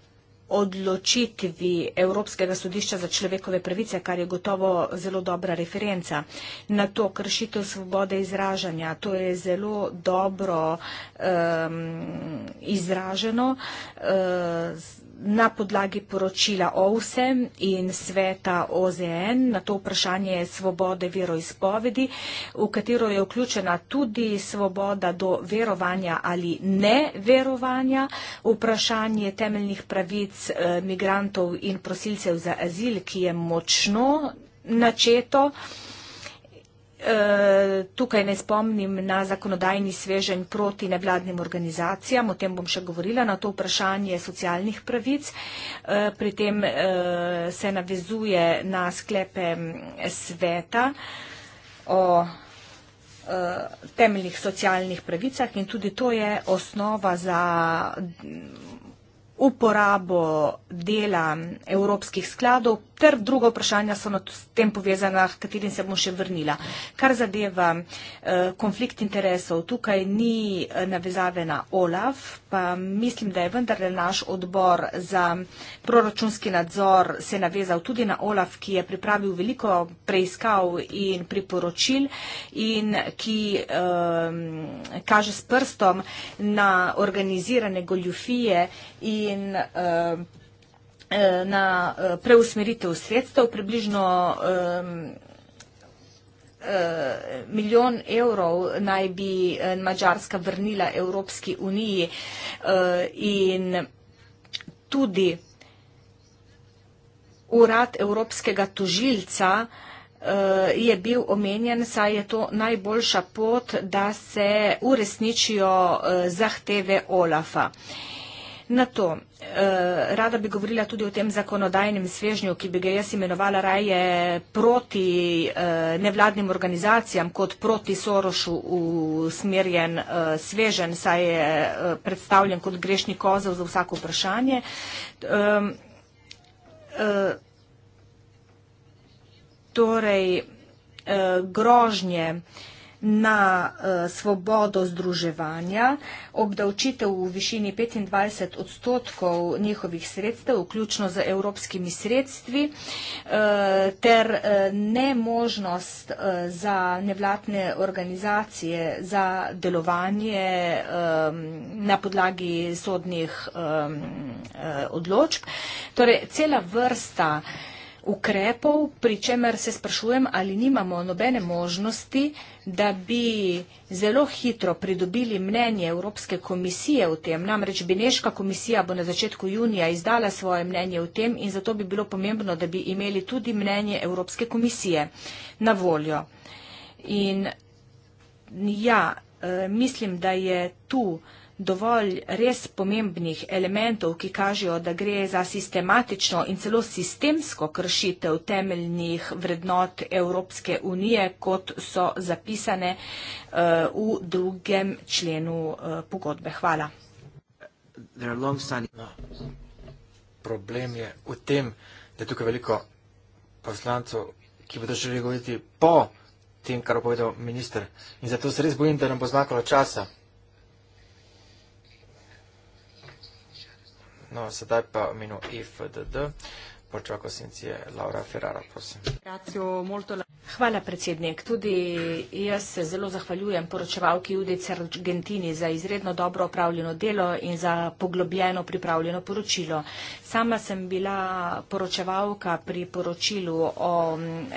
odločitvi Evropskega sodišča za človekove pravice, kar je gotovo zelo dobra referenca. Na to kršitev svobode izražanja, to je zelo dobro um, izraženo. Uh, na podlagi poročila OVSE in sveta OZN na to vprašanje svobode veroizpovedi, v katero je vključena tudi svoboda do verovanja ali ne verovanja, vprašanje temeljnih pravic eh, migrantov in prosilcev za azil, ki je močno načeto. Eh, tukaj ne spomnim na zakonodajni svežen proti nevladnim organizacijam, o tem bom še govorila, na to vprašanje socialnih pravic. Eh, pri tem eh, se navezuje na sklepe mm, sveta o temeljnih socialnih pravicah in tudi to je osnova za mm, uporabo dela evropskih skladov ter druga vprašanja so na tem povezana, katerim se bom še vrnila. Kar zadeva eh, konflikt interesov, tukaj ni eh, navezave na OLAF, pa mislim, da je vendar le naš odbor za proračunski nadzor se navezal tudi na OLAF, ki je pripravil veliko preiskav in priporočil in ki ehm, kaže s prstom na organizirane goljufije in ehm, Eh, na eh, preusmeritev sredstev, približno eh, milijon evrov naj bi Mačarska vrnila Evropski uniji in tudi urad Evropskega tožilca je bil omenjen, saj je to najboljša pot, da se uresničijo zahteve Olafa. Na to, eh, rada bi govorila tudi o tem zakonodajnem svežnju, ki bi ga jaz imenovala raje proti eh, nevladnim organizacijam kot proti Sorošu usmerjen eh, svežen, saj je predstavljen kot grešni kozel za vsako vprašanje. Ehm, torej, grožnje, na eh, svobodo združevanja, obdavčitev v višini 25 odstotkov njihovih sredstev, vključno z evropskimi sredstvi, eh, ter eh, nemožnost za nevlatne organizacije za delovanje na podlagi sodnih odločb. Torej, cela vrsta ukrepov, pri čemer se sprašujem, ali nimamo nobene možnosti, da bi zelo hitro pridobili mnenje Evropske komisije o tem. Namreč Beneška komisija bo na začetku junija izdala svoje mnenje o tem in zato bi bilo pomembno, da bi imeli tudi mnenje Evropske komisije na voljo. In ja, eh, mislim, da je tu nekaj, dovolj res pomembnih elementov, ki kažejo, da gre za sistematično in celo sistemsko kršitev temeljnih vrednot Evropske unije, kot so zapisane eh, v drugem členu eh, pogodbe. Hvala. No, problem je v tem, da je tukaj veliko poslancov, ki bodo želeli govoriti po tem, kar bo povedal minister. In zato se res bojim, da nam bo zmakalo časa. No, sedaj pa omenil e FDD. Počako sincije Laura Ferrara, prosim. Hvala, predsednik. Tudi jaz se zelo zahvaljujem poročevalki Judic Argentini za izredno dobro opravljeno delo in za poglobljeno pripravljeno poročilo. Sama sem bila poročevalka pri poročilu o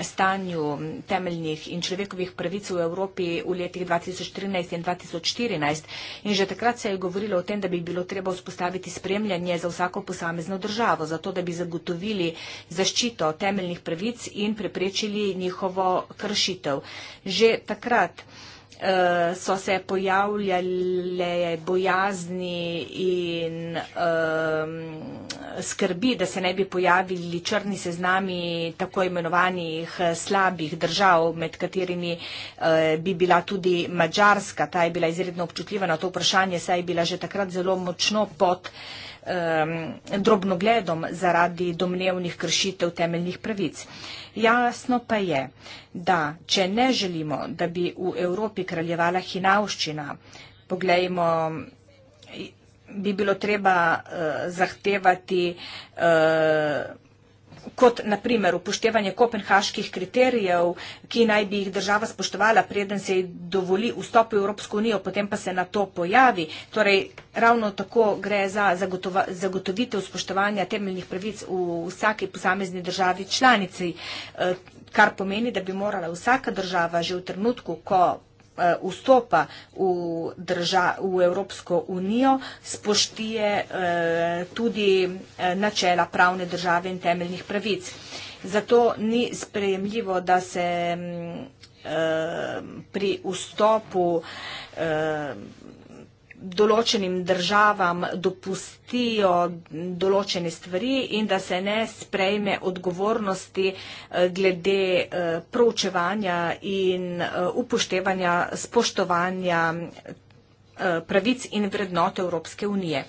stanju temeljnih in človekovih pravic v Evropi v letih 2013 in 2014 in že takrat se je govorilo o tem, da bi bilo treba vzpostaviti spremljanje za vsako posamezno državo, zato da bi zagotovili zaščito temeljnih pravic in preprečili njihovo kršitev. Že takrat uh, so se pojavljale bojazni in um, skrbi, da se ne bi pojavili črni seznami tako imenovanih eh, slabih držav, med katerimi uh, bi bila tudi Mačarska. Ta je bila izredno občutljiva na to vprašanje, saj je bila že takrat zelo močno pod um, drobnogledom zaradi domnevnih kršitev temeljnih pravic. Uh, Jasno pa je, da če ne želimo, da bi v Evropi kraljevala hinavščina, poglejmo, bi bilo treba eh, zahtevati vsega, eh, kot naprimer upoštevanje kopenhaških kriterijev, ki naj bi jih država spoštovala, preden se ji dovoli vstop v Evropsko unijo, potem pa se na to pojavi. Torej, ravno tako gre za zagotova, zagotovitev spoštovanja temeljnih pravic v vsaki posamezni državi članici, eh, kar pomeni, da bi morala vsaka država že v trenutku, ko Eh, vstopa v, drža, v Evropsko unijo spoštije eh, tudi eh, načela pravne države in temeljnih pravic. Zato ni sprejemljivo, da se mm, pri vstopu določenim državam dopustijo določene stvari in da se ne sprejme odgovornosti eh, glede eh, proučevanja in eh, upoštevanja spoštovanja pravic in vrednot Evropske unije.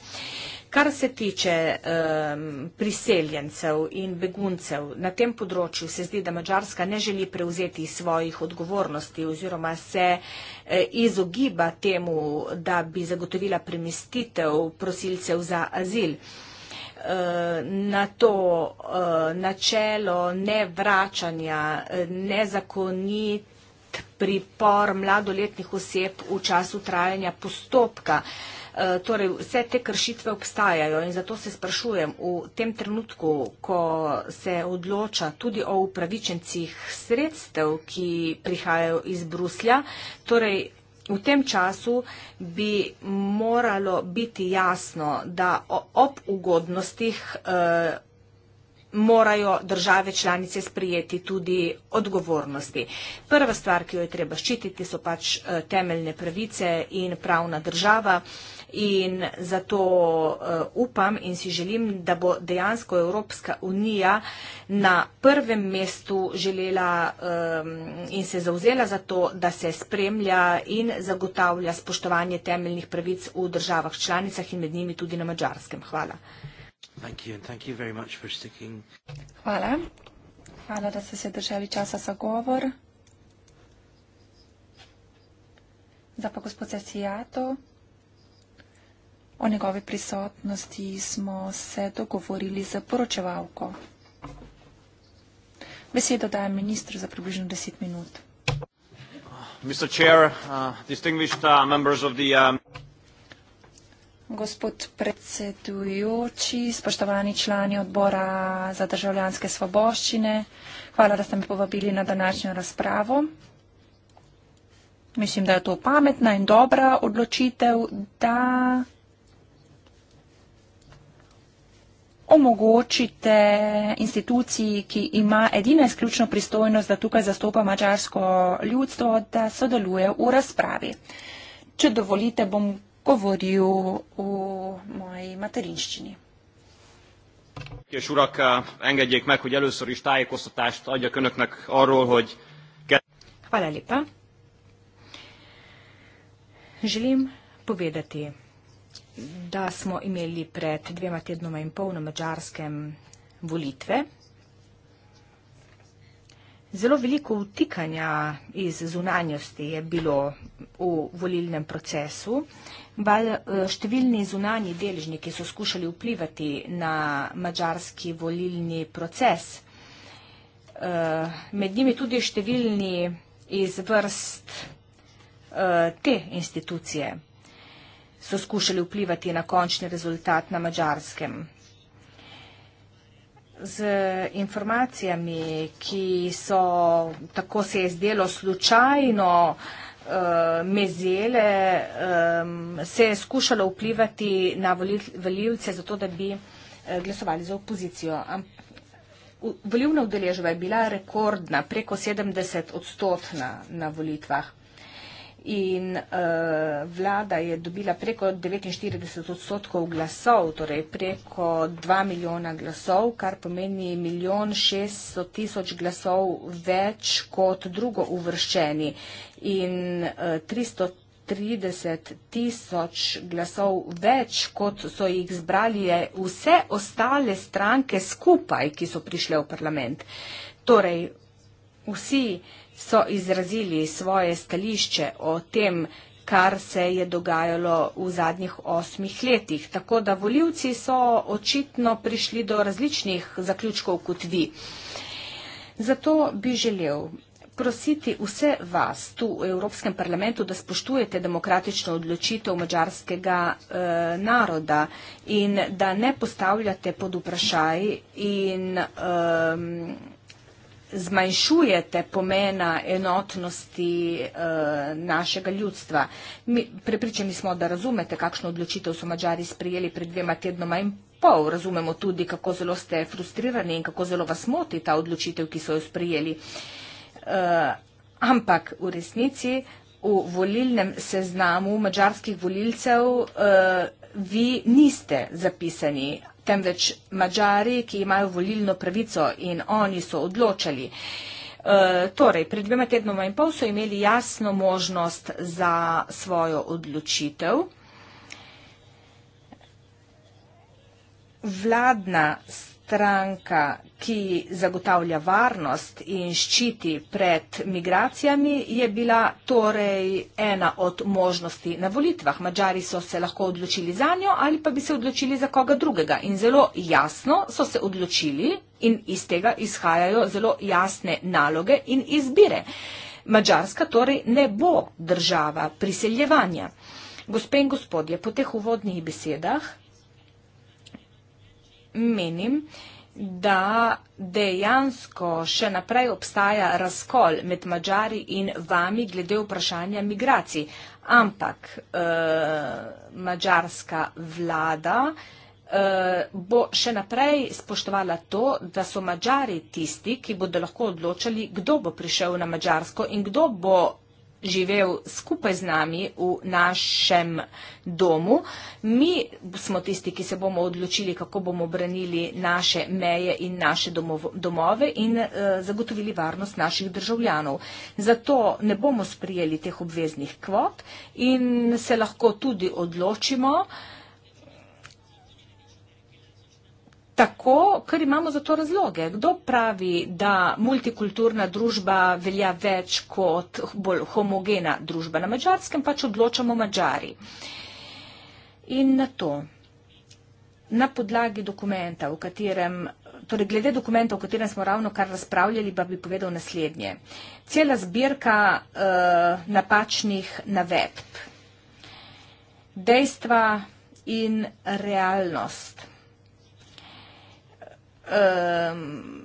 Kar se tiče um, priseljencev in beguncev, na tem področju se zdi, da Mačarska ne želi prevzeti svojih odgovornosti oziroma se eh, izogiba temu, da bi zagotovila premestitev prosilcev za azil. E, na to e, načelo nevračanja, e, nezakonit pripor mladoletnih oseb v času trajanja postopka. Eh, torej, vse te kršitve obstajajo in zato se sprašujem, v tem trenutku, ko se odloča tudi o upravičencih sredstev, ki prihajajo iz Bruslja, torej, V tem času bi moralo biti jasno, da ob ugodnostih eh, morajo države članice sprijeti tudi odgovornosti. Prva stvar, ki jo je treba ščititi, so pač eh, temeljne pravice in pravna država. Eh, In zato eh, upam in si želim, da bo dejansko Evropska unija na prvem mestu želela ehm, in se zauzela za to, da se spremlja in zagotavlja spoštovanje temeljnih pravic v državah članicah in med njimi tudi na Mačarskem. Hvala. Thank you and thank you very much for sticking. Hvala. Hvala, da ste se držali časa za govor. Zdaj pa gospod Sijato. O njegovi prisotnosti smo se dogovorili za poročevalko. Besedo dajem ministru za približno 10 minut. Mr. Chair, uh, uh, the, um... Gospod predsedujoči, spoštovani člani odbora za državljanske svoboščine, hvala, da ste me povabili na današnjo razpravo. Mislim, da je to pametna in dobra odločitev, da omogočite instituciji, ki ima edino izključno pristojnost, da tukaj zastopa mačarsko ljudstvo, da sodeluje v razpravi. Če dovolite, bom govoril v moji materinščini. Urak, eh, engedjék meg, hogy először is tájékoztatást adjak önöknek arról, hogy... Hvala lepa. Želim povedati, da smo imeli pred dvema tednoma in pol na mačarskem volitve. Zelo veliko vtikanja iz zunanjosti je bilo v volilnem procesu. Eh, številni zunanji deležniki so skušali vplivati na mačarski volilni proces. Eh, med njimi tudi številni iz vrst eh, te institucije so skušali vplivati na končni rezultat na Mačarskem. Z informacijami, ki so tako se je zdelo slučajno eh, mezele, se je skušalo vplivati na voljivce zato, da bi eh, glasovali za opozicijo. Voljivna udeležba je bila rekordna, preko 70 odstotna na volitvah in uh, vlada je dobila preko 49 odstotkov glasov, torej preko 2 milijona glasov, kar pomeni milijon 600 tisoč glasov več kot drugo uvrščeni in uh, 300 30 tisoč glasov več, kot so jih zbrali vse ostale stranke skupaj, ki so prišle v parlament. Torej, vsi uh, so izrazili svoje stališče o tem, kar se je dogajalo v zadnjih osmih letih. Tako da voljivci so očitno prišli do različnih zaključkov kot vi. Zato bi želel prositi vse vas tu v Evropskem parlamentu, da spoštujete demokratično odločitev mađarskega e, eh, naroda in da ne postavljate pod vprašaj in e, zmanjšujete pomena enotnosti eh, našega ljudstva. Prepričani smo, da razumete, kakšno odločitev so Mađari sprijeli pred dvema tednoma in pol. Razumemo tudi, kako zelo ste frustrirani in kako zelo vas moti ta odločitev, ki so jo sprijeli. Eh, ampak v resnici v volilnem seznamu mađarskih volilcev eh, vi niste zapisani temveč mačari, ki imajo volilno pravico in oni so odločali. E, torej, pred dvema tednoma in pol so imeli jasno možnost za svojo odločitev. Vladna stranka, ki zagotavlja varnost in ščiti pred migracijami, je bila torej ena od možnosti na volitvah. Mačari so se lahko odločili za njo ali pa bi se odločili za koga drugega. In zelo jasno so se odločili in iz tega izhajajo zelo jasne naloge in izbire. Mačarska torej ne bo država priseljevanja. Gospe in gospodje, po teh uvodnih besedah menim, da dejansko še naprej obstaja razkol med Mačari in vami glede vprašanja migracij. Ampak eh, mačarska vlada eh, bo še naprej spoštovala to, da so Mačari tisti, ki bodo lahko odločali, kdo bo prišel na Mačarsko in kdo bo živel skupaj z nami v našem domu. Mi smo tisti, ki se bomo odločili, kako bomo branili naše meje in naše domove in eh, zagotovili varnost naših državljanov. Zato ne bomo sprijeli teh obveznih kvot in se lahko tudi odločimo, Tako, ker imamo za to razloge. Kdo pravi, da multikulturna družba velja več kot bolj homogena družba? Na mačarskem pač odločamo mačari. In na to, na podlagi dokumenta, v katerem. Torej, glede dokumenta, o katerem smo ravno kar razpravljali, pa bi povedal naslednje. Cela zbirka uh, napačnih navedb, dejstva in realnost um, ehm,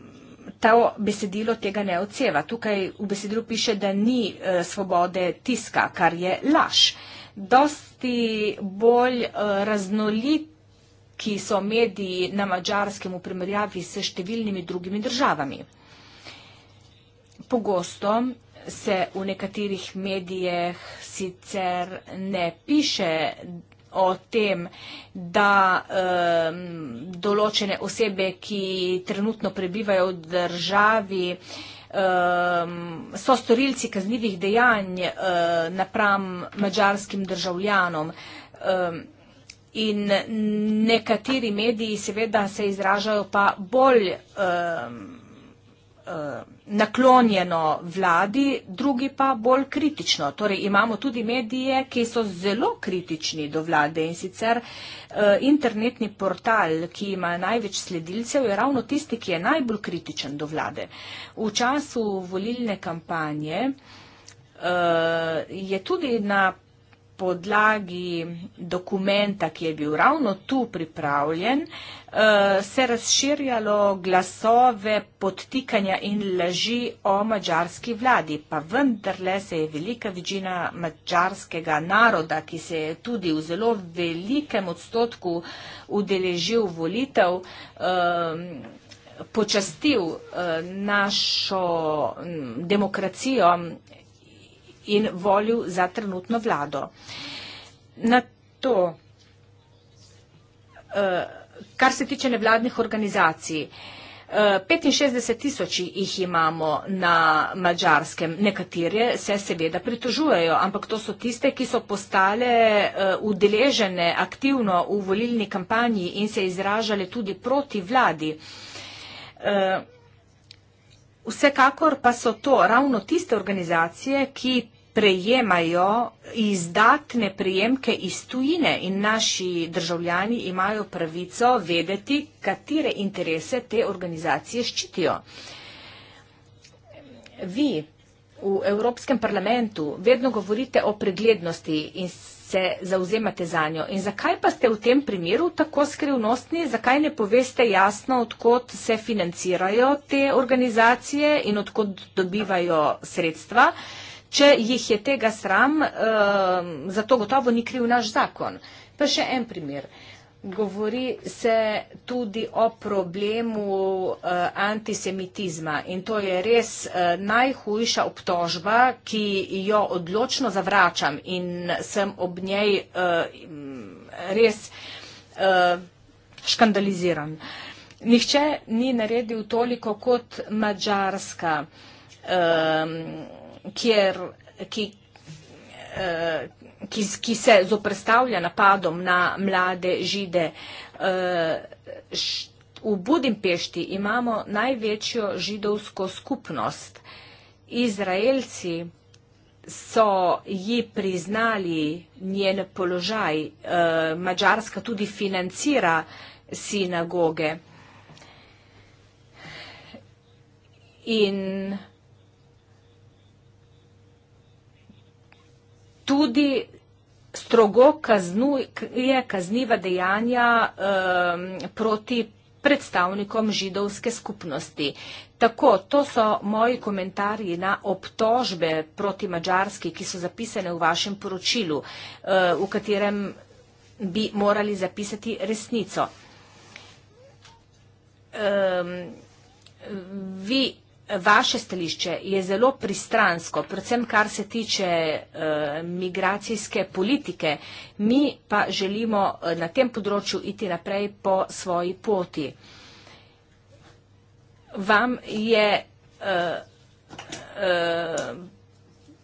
to besedilo tega ne odseva. Tukaj v besedilu piše, da ni uh, svobode tiska, kar je laž. Dosti bolj uh, raznoliki so mediji na mačarskem v primerjavi s številnimi drugimi državami. Pogosto se v nekaterih medijih sicer ne piše, da o tem, da um, določene osebe, ki trenutno prebivajo v državi, um, so storilci kaznivih dejanj uh, napram mačarskim državljanom. Um, in nekateri mediji seveda se izražajo pa bolj um, Eh, naklonjeno vladi, drugi pa bolj kritično. Torej imamo tudi medije, ki so zelo kritični do vlade in sicer eh, internetni portal, ki ima največ sledilcev, je ravno tisti, ki je najbolj kritičen do vlade. V času volilne kampanje eh, je tudi na podlagi dokumenta, ki je bil ravno tu pripravljen, eh, se razširjalo glasove podtikanja in laži o mačarski vladi, pa vendarle se je velika večina mačarskega naroda, ki se je tudi v zelo velikem odstotku udeležil volitev, eh, počastil eh, našo demokracijo in volil za trenutno vlado. Na to, eh, kar se tiče nevladnih organizacij, 65 eh, tisoč jih imamo na mađarskem, nekatere se seveda pritožujejo, ampak to so tiste, ki so postale eh, udeležene aktivno v volilni kampanji in se izražale tudi proti vladi. Vsekakor pa so to ravno tiste organizacije, ki prejemajo izdatne prijemke iz tujine in naši državljani imajo pravico vedeti, katere interese te organizacije ščitijo. Vi v Evropskem parlamentu vedno govorite o preglednosti in se zauzemate za njo. In zakaj pa ste v tem primeru tako skrivnostni, zakaj ne poveste jasno, odkot se financirajo te organizacije in odkot dobivajo sredstva? Če jih je tega sram, ehm, za to gotovo ni kriv naš zakon. Pa še en primer. Govori se tudi o problemu eh, antisemitizma in to je res eh, najhujša obtožba, ki jo odločno zavračam in sem ob njej eh, res škandaliziran. Nihče ni naredil toliko kot Mačarska. Ehm, kjer, ki, eh, ki, ki se zoprestavlja napadom na mlade žide. Eh, v Budimpešti imamo največjo židovsko skupnost. Izraelci so ji priznali njen položaj. Eh, Mačarska tudi financira sinagoge. In tudi strogo kaznuje kazniva dejanja um, proti predstavnikom židovske skupnosti. Tako, to so moji komentarji na obtožbe proti Mačarski, ki so zapisane v vašem poročilu, uh, v katerem bi morali zapisati resnico. Um, vi vaše stališče je zelo pristransko, predvsem kar se tiče e, migracijske politike. Mi pa želimo eh, na tem področju iti naprej po svoji poti. Vam je e, e,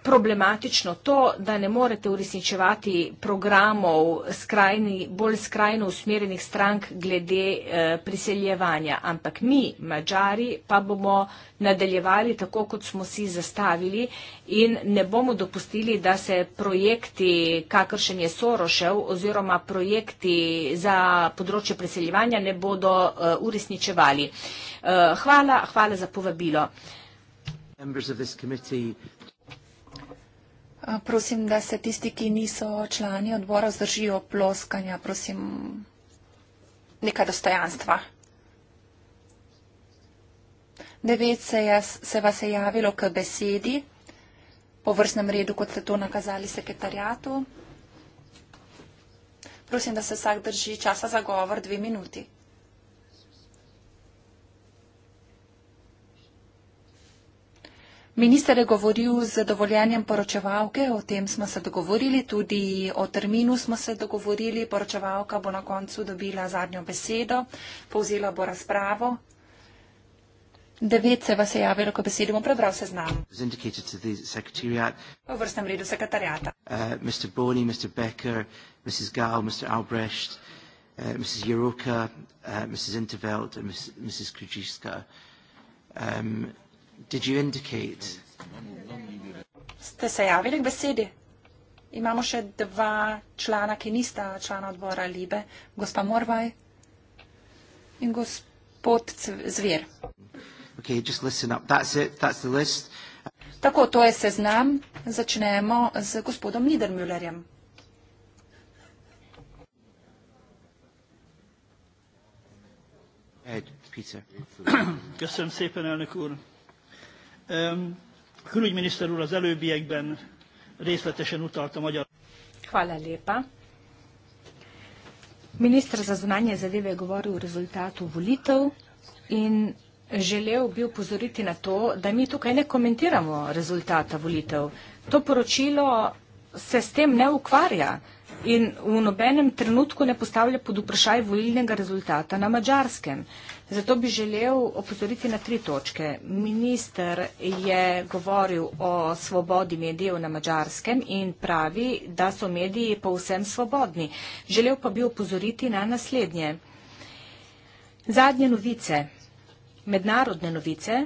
problematično to, da ne morete uresničevati programov skrajni, bolj skrajno usmerjenih strank glede eh, priseljevanja. Ampak mi, Mačari, pa bomo nadaljevali tako, kot smo si zastavili in ne bomo dopustili, da se projekti, kakršen je Sorošev oziroma projekti za področje priseljevanja, ne bodo eh, uresničevali. Eh, hvala, hvala za povabilo. Members of this committee Prosim, da se tisti, ki niso člani odbora, zdržijo ploskanja. Prosim, nekaj dostojanstva. Devet se, jaz, se vas je javilo k besedi po vrstnem redu, kot ste to nakazali sekretarjatu. Prosim, da se vsak drži časa za govor dve minuti. Minister je govoril z dovoljenjem poročevalke, o tem smo se dogovorili, tudi o terminu smo se dogovorili. Poročevalka bo na koncu dobila zadnjo besedo, povzela bo razpravo. Devet se vas je javilo, ko besedo bom prebral seznam. V vrstnem redu sekretarjata. Uh, Uh, Mrs. Interveld and Ms. Mrs. Krujicka. Um, Did you indicate? Ste se javili k besedi? Imamo še dva člana, ki nista člana odbora Libe, gospa Morvaj in gospod Zver. Okay, just listen up. That's it. That's the list. Tako, to je seznam. Začnemo z gospodom Niedermüllerjem. Ed, Peter. Gospod Sepenelnik, ura. Külügyminiszter úr az előbbiekben részletesen utalta magyar. Hvala lepa. Ministr za zunanje zadeve je govoril o rezultatu volitev in želel bi upozoriti na to, da mi tukaj ne komentiramo rezultata volitev. To poročilo se s tem ne ukvarja in v nobenem trenutku ne postavlja pod vprašaj volilnega rezultata na mačarskem. Zato bi želel opozoriti na tri točke. Minister je govoril o svobodi medijev na mačarskem in pravi, da so mediji povsem svobodni. Želel pa bi opozoriti na naslednje. Zadnje novice, mednarodne novice,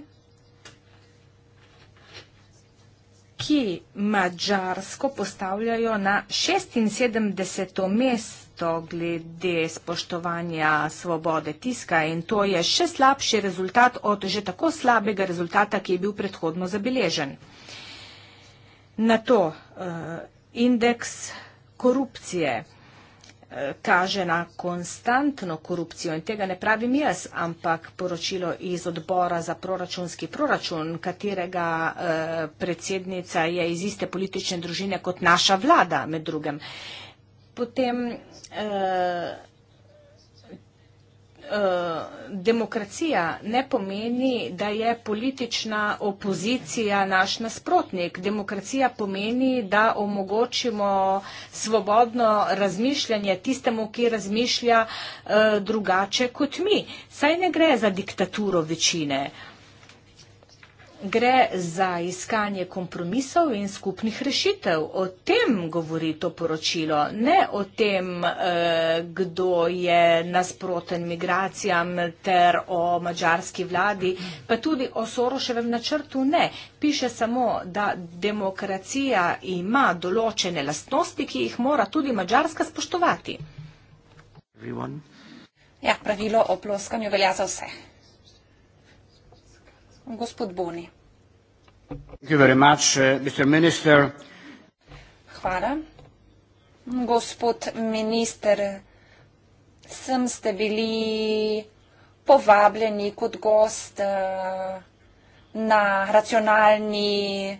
ki mačarsko postavljajo na 76. mesto mesto glede spoštovanja svobode tiska in to je še slabši rezultat od že tako slabega rezultata, ki je bil predhodno zabeležen. Na to uh, indeks korupcije eh, kaže na konstantno korupcijo in tega ne pravim jaz, ampak poročilo iz odbora za proračunski proračun, katerega eh, predsednica je iz iste politične družine kot naša vlada med drugim potem uh, uh, demokracija ne pomeni, da je politična opozicija naš nasprotnik. Demokracija pomeni, da omogočimo svobodno razmišljanje tistemu, ki razmišlja uh, drugače kot mi. Saj ne gre za diktaturo večine. Uh, gre za iskanje kompromisov in skupnih rešitev. O tem govori to poročilo, ne o tem, eh, kdo je nasproten migracijam ter o mađarski vladi, pa tudi o Soroševem načrtu ne. Piše samo, da demokracija ima določene lastnosti, ki jih mora tudi mađarska spoštovati. Ja, pravilo o ploskanju velja za vse gospod Boni. Uh, Hvala. Gospod minister, sem ste bili povabljeni kot gost uh, na racionalni,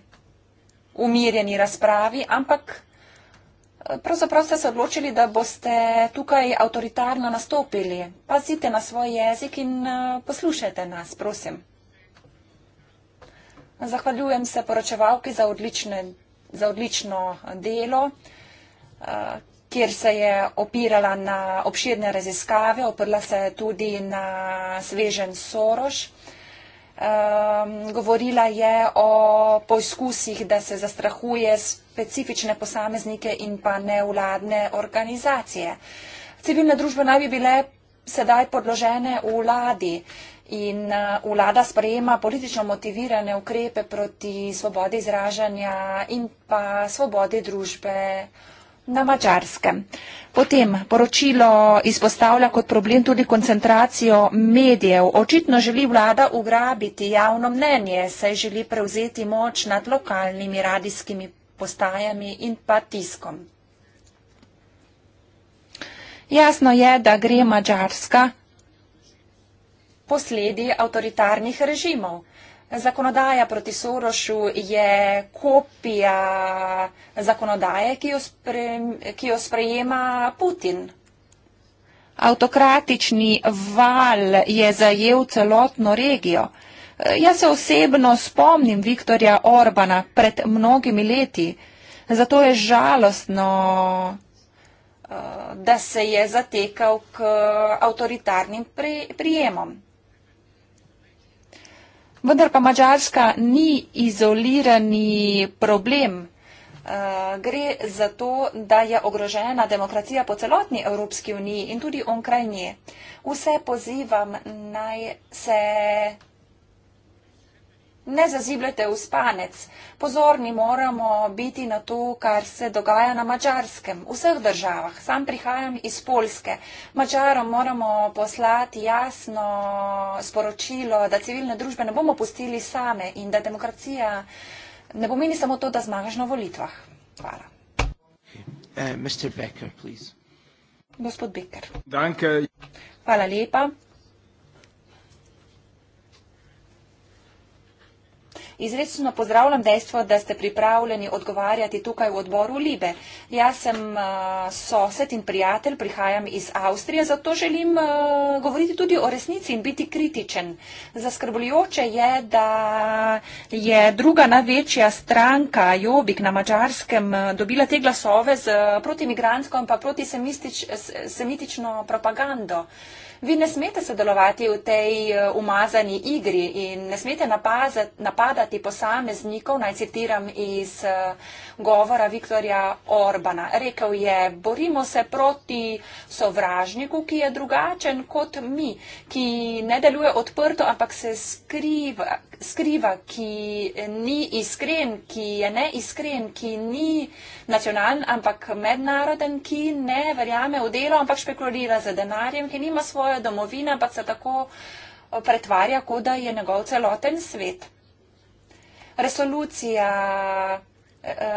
umirjeni razpravi, ampak uh, pravzaprav ste se odločili, da boste tukaj avtoritarno nastopili. Pazite na svoj jezik in poslušajte nas, prosim. Zahvaljujem se poročevalki za, odlične, za odlično delo, eh, kjer se je opirala na obširne raziskave, oprla se je tudi na svežen Soroš. Ehm, govorila je o poizkusih, da se zastrahuje specifične posameznike in pa nevladne organizacije. Civilna družba naj bi bile sedaj podložene vladi. In eh, vlada sprejema politično motivirane ukrepe proti svobodi izražanja in pa svobodi družbe na mačarskem. Potem poročilo izpostavlja kot problem tudi koncentracijo medijev. Očitno želi vlada ugrabiti javno mnenje, saj želi prevzeti moč nad lokalnimi radijskimi postajami in pa tiskom. Jasno je, da gre Mačarska posledi avtoritarnih režimov. Zakonodaja proti Sorošu je kopija zakonodaje, ki jo, spre, ki jo sprejema Putin. Avtokratični val je zajel celotno regijo. Jaz se osebno spomnim Viktorja Orbana pred mnogimi leti. Zato je žalostno, eh, da se je zatekal k avtoritarnim prijemom. Vendar pa Mačarska ni izolirani problem. Eh, gre za to, da je ogrožena demokracija po celotni Evropski uniji in tudi onkraj nje. Vse pozivam naj se ne zazibljate v spanec. Pozorni moramo biti na to, kar se dogaja na mačarskem, v vseh državah. Sam prihajam iz Polske. Mačarom moramo poslati jasno sporočilo, da civilne družbe ne bomo pustili same in da demokracija ne pomeni samo to, da zmagaš na volitvah. Hvala. Uh, Becker, Gospod Becker. Danke. Hvala lepa. Izredno pozdravljam dejstvo, da ste pripravljeni odgovarjati tukaj v odboru Libe. Jaz sem sosed in prijatelj, prihajam iz Avstrije, zato želim govoriti tudi o resnici in biti kritičen. Zaskrbljujoče je, da je druga največja stranka Jobik na Mačarskem dobila te glasove z protimigransko in pa protisemitično propagando vi ne smete sodelovati v tej eh, umazani igri in ne smete napazati, napadati posameznikov, naj citiram iz uh, govora Viktorja Orbana. Rekel je, borimo se proti sovražniku, ki je drugačen kot mi, ki ne deluje odprto, ampak se skriva, skriva ki ni iskren, ki je neiskren, ki ni nacionalen, ampak mednaroden, ki ne verjame v delo, ampak špekulira za denarjem, ki nima svoje domovine, ampak se tako pretvarja, kot da je njegov celoten svet. Resolucija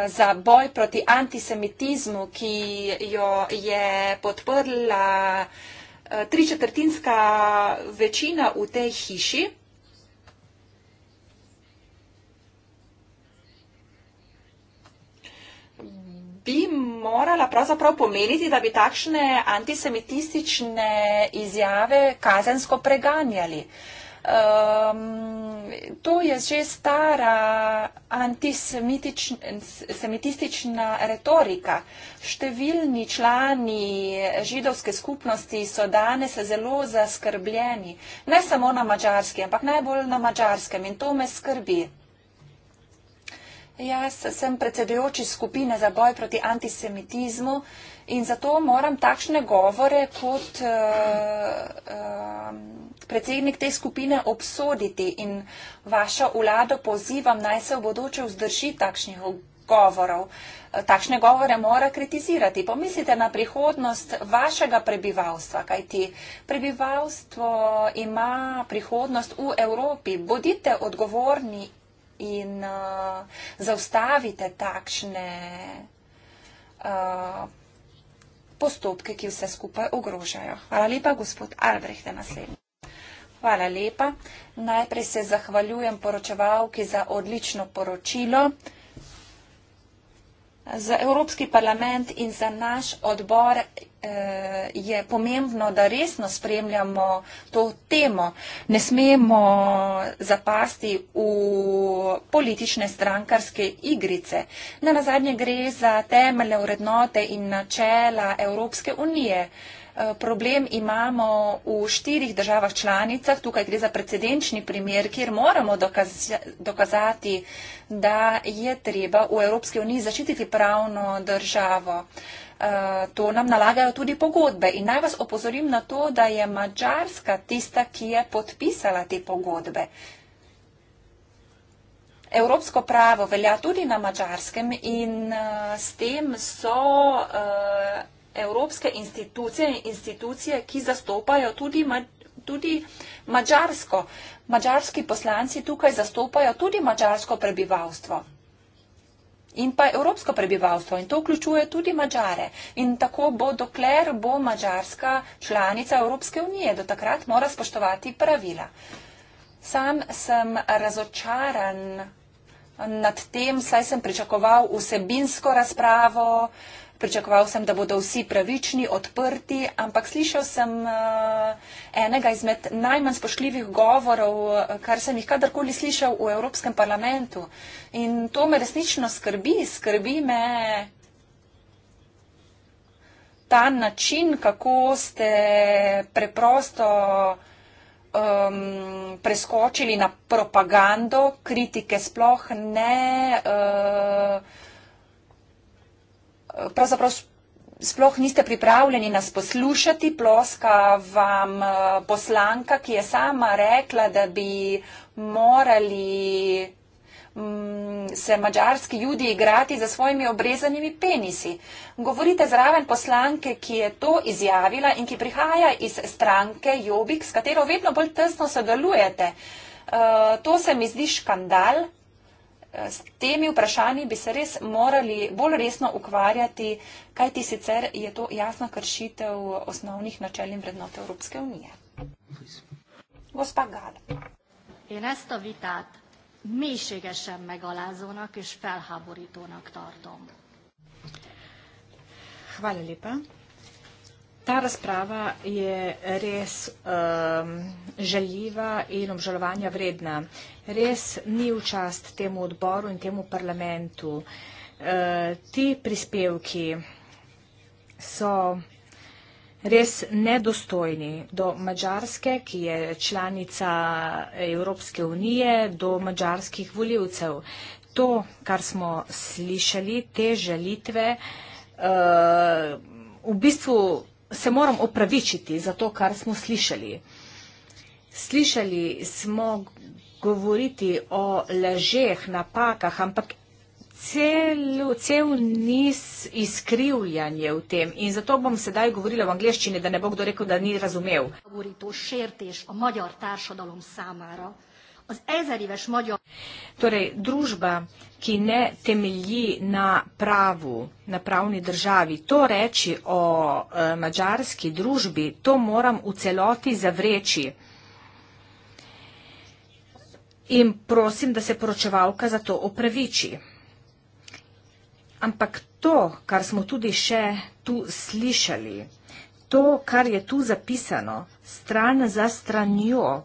za boj proti antisemitizmu, ki jo je podprla eh, tri četrtinska večina v tej hiši. bi morala pravzaprav pomeniti, da bi takšne antisemitistične izjave kazensko preganjali. Uh, Um, to je že stara antisemitična retorika. Številni člani židovske skupnosti so danes zelo zaskrbljeni, ne samo na mačarski, ampak najbolj na mačarskem in to me skrbi. Jaz sem predsedujoči skupine za boj proti antisemitizmu in zato moram takšne govore kot. Uh, um, predsednik te skupine obsoditi in vašo vlado pozivam, naj se v bodoče vzdrži takšnih govorov. Takšne govore mora kritizirati. Pomislite na prihodnost vašega prebivalstva, kajti prebivalstvo ima prihodnost v Evropi. Bodite odgovorni in uh, zaustavite takšne uh, postopke, ki vse skupaj ogrožajo. Hvala lepa, gospod Albrecht, na naslednji. Hvala lepa. Najprej se zahvaljujem poročevalki za odlično poročilo. Za Evropski parlament in za naš odbor eh, je pomembno, da resno spremljamo to temo. Ne smemo zapasti v politične strankarske igrice. Na nazadnje gre za temele vrednote in načela Evropske unije. Eh, problem imamo v štirih državah članicah. Tukaj gre za precedenčni primer, kjer moramo dokaza dokazati, da je treba v Evropski uniji zaščititi pravno državo. Eh, to nam nalagajo tudi pogodbe. In naj vas opozorim na to, da je Mačarska tista, ki je podpisala te pogodbe. Evropsko pravo velja tudi na mačarskem in uh, s tem so uh, evropske institucije in institucije, ki zastopajo tudi, ma, tudi mačarsko. Mačarski poslanci tukaj zastopajo tudi mačarsko prebivalstvo in pa evropsko prebivalstvo in to vključuje tudi mačare. In tako bo, dokler bo mačarska članica Evropske unije, do takrat mora spoštovati pravila. Sam sem razočaran nad tem, saj sem pričakoval vsebinsko razpravo, uh, Pričakoval sem, da bodo vsi pravični, odprti, ampak slišal sem eh, enega izmed najmanj spoštljivih govorov, eh, kar sem jih kadarkoli slišal v Evropskem parlamentu. In to me resnično skrbi, skrbi me ta način, kako ste preprosto um, preskočili na propagando, kritike sploh ne. Uh, pravzaprav sploh niste pripravljeni nas poslušati, ploska vam eh, poslanka, ki je sama rekla, da bi morali mm, se mađarski ljudje igrati za svojimi obrezanimi penisi. Govorite zraven poslanke, ki je to izjavila in ki prihaja iz stranke Jobik, s katero vedno bolj tesno sodelujete. Uh, to se mi zdi škandal, S temi vprašanji bi se res morali bolj resno ukvarjati, kaj ti sicer je to jasna kršitev osnovnih načel in vrednot Evropske unije. Gospa Gal. Én ezt a vitát mélységesen megalázónak és felháborítónak tartom. Hvala lépa. Ta razprava je res um, željiva in obžalovanja vredna. Res ni včast temu odboru in temu parlamentu. E, ti prispevki so res nedostojni do Mačarske, ki je članica Evropske unije, do mačarskih voljivcev. To, kar smo slišali, te žalitve, e, v bistvu se moram opravičiti za to, kar smo slišali. Slišali smo govoriti o lažeh, napakah, ampak celu, cel niz izkrivljanj je v tem. In zato bom sedaj govorila v angleščini, da ne bo kdo rekel, da ni razumel. Govori to šertež o magyar tašadalom samara az ezer éves magyar... Torej, družba, ki ne temelji na pravu, na pravni državi, to reči o e, eh, mađarski družbi, to moram v celoti zavreči. In prosim, da se poročevalka za to opraviči. Ampak to, kar smo tudi še tu slišali, to, kar je tu zapisano, stran za stranjo,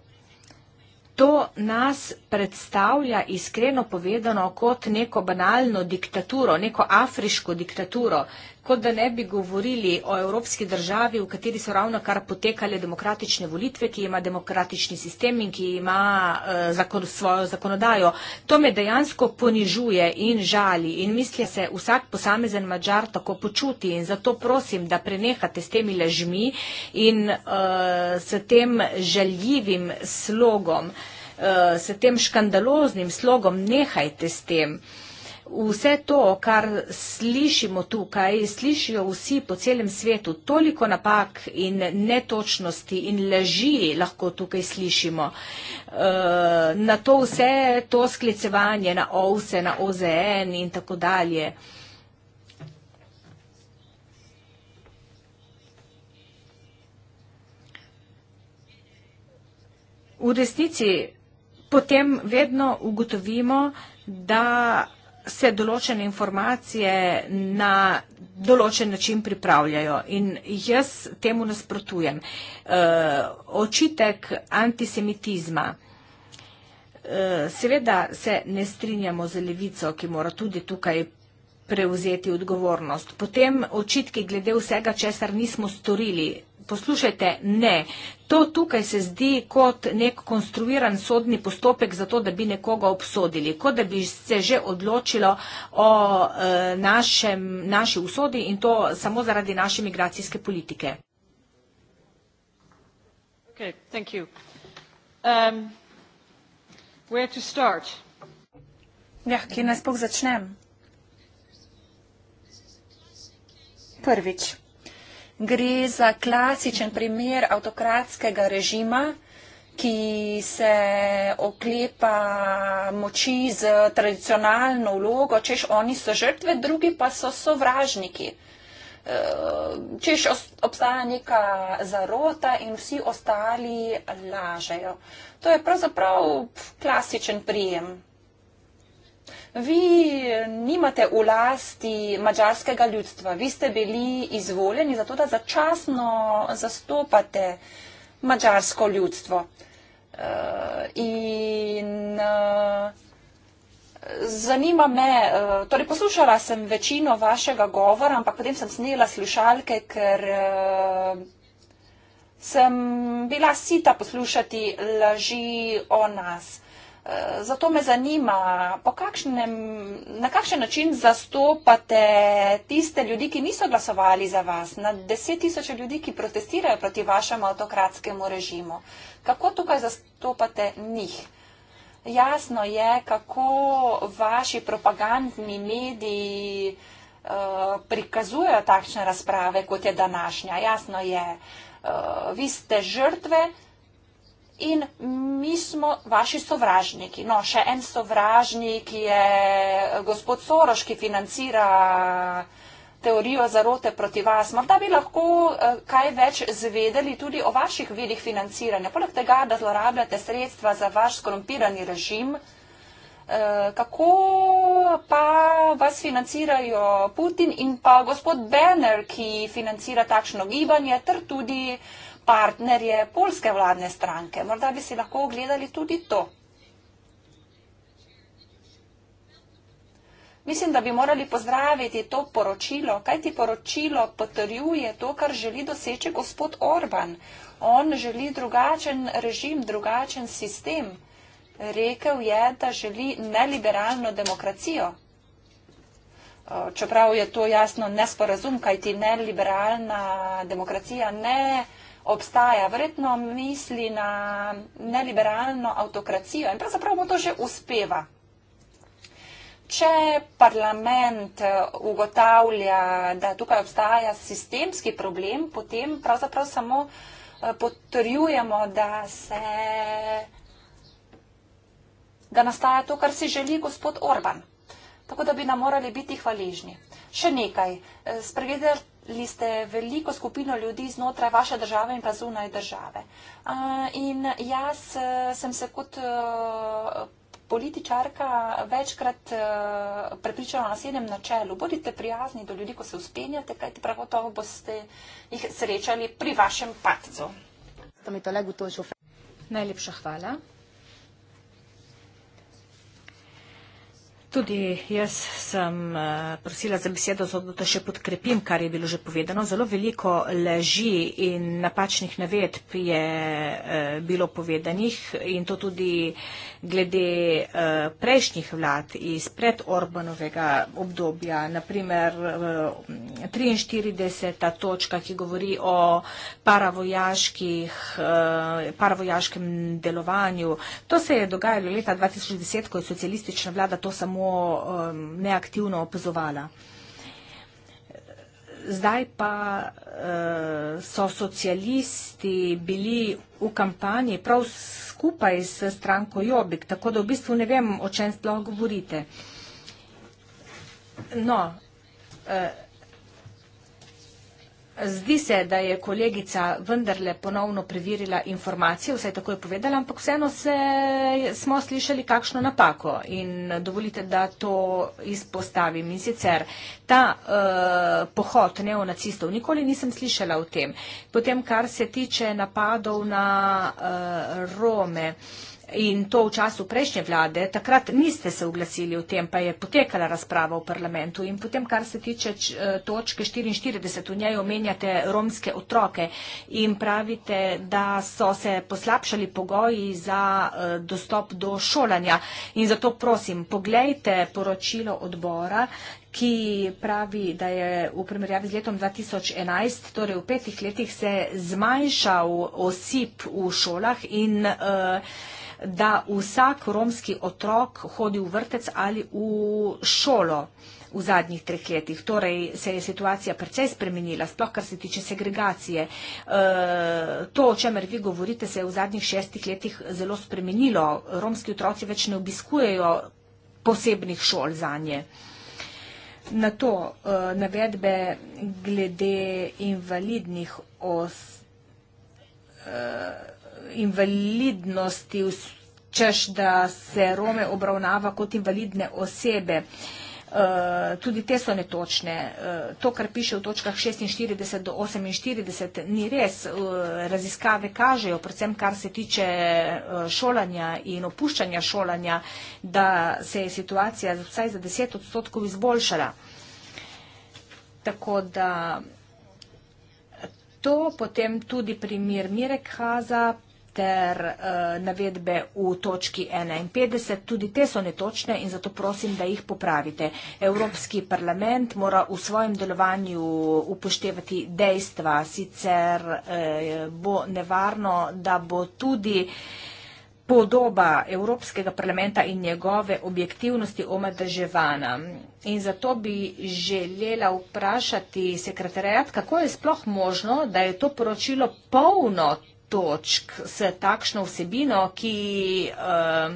To nas predstavlja, iskreno povedano, kot neko banalno diktaturo, neko afriško diktaturo, kot da ne bi govorili o evropski državi, v kateri so ravno kar potekale demokratične volitve, ki ima demokratični sistem in ki ima uh, zakon, svojo zakonodajo. To me dejansko ponižuje in žali in misli se vsak posamezen mačar tako počuti in zato prosim, da prenehate s temi lažmi in uh, s tem žaljivim slogom, uh, s tem škandaloznim slogom, nehajte s tem. Uh, vse to, kar slišimo tukaj, slišijo vsi po celem svetu, toliko napak in netočnosti in laži lahko tukaj slišimo. Eh, na to vse to sklicevanje, na OVSE, na OZN in tako dalje. V resnici potem vedno ugotovimo, da se določene informacije na določen način pripravljajo in jaz temu nasprotujem. E, očitek antisemitizma. E, seveda se ne strinjamo z levico, ki mora tudi tukaj prevzeti odgovornost. Potem očitki glede vsega, česar nismo storili, poslušajte, ne. To tukaj se zdi kot nek konstruiran sodni postopek za to, da bi nekoga obsodili, kot da bi se že odločilo o e, našem, naši usodi in to samo zaradi naše migracijske politike. Okay, thank you. Um, where to start? Ja, kje naj sploh začnem? Prvič gre za klasičen primer avtokratskega režima, ki se oklepa moči z tradicionalno vlogo, češ oni so žrtve, drugi pa so sovražniki. E, češ obstaja neka zarota in vsi ostali lažejo. To je pravzaprav klasičen prijem vi nimate v lasti mađarskega ljudstva, vi ste bili izvoljeni zato, da začasno zastopate mađarsko ljudstvo. Uh, in uh, zanima me, uh, torej poslušala sem večino vašega govora, ampak potem sem snela slušalke, ker uh, sem bila sita poslušati laži o nas. Uh, Eh, zato me zanima, kakšnem, na kakšen način zastopate tiste ljudi, ki niso glasovali za vas, na deset tisoče ljudi, ki protestirajo proti vašemu avtokratskemu režimu. Kako tukaj zastopate njih? Jasno je, kako vaši propagandni mediji uh, prikazujejo takšne razprave, kot je današnja. Jasno je, uh, vi ste žrtve in mi smo vaši sovražniki. No, še en sovražnik je gospod Soroš, ki financira teorijo zarote proti vas. Morda bi lahko eh, kaj več zvedeli tudi o vaših vidih financiranja. Poleg tega, da zlorabljate sredstva za vaš skorumpirani režim, eh, kako pa vas financirajo Putin in pa gospod Benner, ki financira takšno gibanje, ter tudi uh, partnerje polske vladne stranke. Morda bi si lahko ogledali tudi to. Mislim, da bi morali pozdraviti to poročilo, kaj ti poročilo potrjuje to, kar želi doseči gospod Orban. On želi drugačen režim, drugačen sistem. Rekel je, da želi neliberalno demokracijo. Čeprav je to jasno nesporazum, kaj ti neliberalna demokracija ne obstaja. Verjetno misli na neliberalno avtokracijo in pravzaprav mu to že uspeva. Če parlament eh, ugotavlja, da tukaj obstaja sistemski problem, potem pravzaprav samo eh, potrjujemo, da se da nastaja to, kar si želi gospod Orban. Tako da bi nam morali biti hvaležni. Še nekaj. Eh, Spregledajte Li ste veliko skupino ljudi znotraj vaše države in pa zunaj države. In jaz e, sem se kot e, političarka večkrat e, prepričala na sedem načelu. Bodite prijazni do ljudi, ko se uspenjate, kajti prav gotovo boste jih srečali pri vašem pacu. Najlepša hvala. Tudi jaz sem eh, prosila za besedo, zato da še podkrepim, kar je bilo že povedano. Zelo veliko laži in napačnih navedb je eh, bilo povedanih in to tudi glede eh, prejšnjih vlad iz pred Orbanovega obdobja. Naprimer 43. točka, ki govori o paravojaškem delovanju. To se je dogajalo leta 2010, ko je socialistična vlada to samo samo um, neaktivno opazovala. Zdaj pa uh, so socialisti bili v kampanji prav skupaj s stranko Jobik, tako da v bistvu ne vem, o čem sploh govorite. No, uh, Zdi se, da je kolegica vendarle ponovno preverila informacije, vsaj tako je povedala, ampak vseeno se, smo slišali kakšno napako in dovolite, da to izpostavim. In sicer ta uh, pohod neonacistov nikoli nisem slišala o tem. Potem, kar se tiče napadov na uh, Rome. Uh, in to v času prejšnje vlade, takrat niste se oglasili o tem, pa je potekala razprava v parlamentu. In potem, kar se tiče eh, točke 44, v njej omenjate romske otroke in pravite, da so se poslabšali pogoji za eh, dostop do šolanja. In zato prosim, poglejte poročilo odbora ki pravi, da je v primerjavi z letom 2011, torej v petih letih, se zmanjšal osip v šolah in uh, da vsak romski otrok hodi v vrtec ali v šolo v zadnjih treh letih. Torej se je situacija precej spremenila, sploh kar se tiče segregacije. E, to, o čemer vi govorite, se je v zadnjih šestih letih zelo spremenilo. Romski otroci več ne obiskujejo posebnih šol za nje. Na to e, navedbe glede invalidnih os. E, invalidnosti, češ da se Rome obravnava kot invalidne osebe. Eh, tudi te so netočne. Eh, to, kar piše v točkah 46 do 48, ni res. Eh, raziskave kažejo, predvsem kar se tiče šolanja in opuščanja šolanja, da se je situacija vsaj za 10 odstotkov izboljšala. Tako da to potem tudi primer Mirek Haza ter uh, navedbe v točki 51. Tudi te so netočne in zato prosim, da jih popravite. Evropski parlament mora v svojem delovanju upoštevati dejstva, sicer uh, bo nevarno, da bo tudi podoba Evropskega parlamenta in njegove objektivnosti omadeževana. In zato bi želela vprašati sekretarjat, kako je sploh možno, da je to poročilo polno točk s takšno vsebino, ki uh,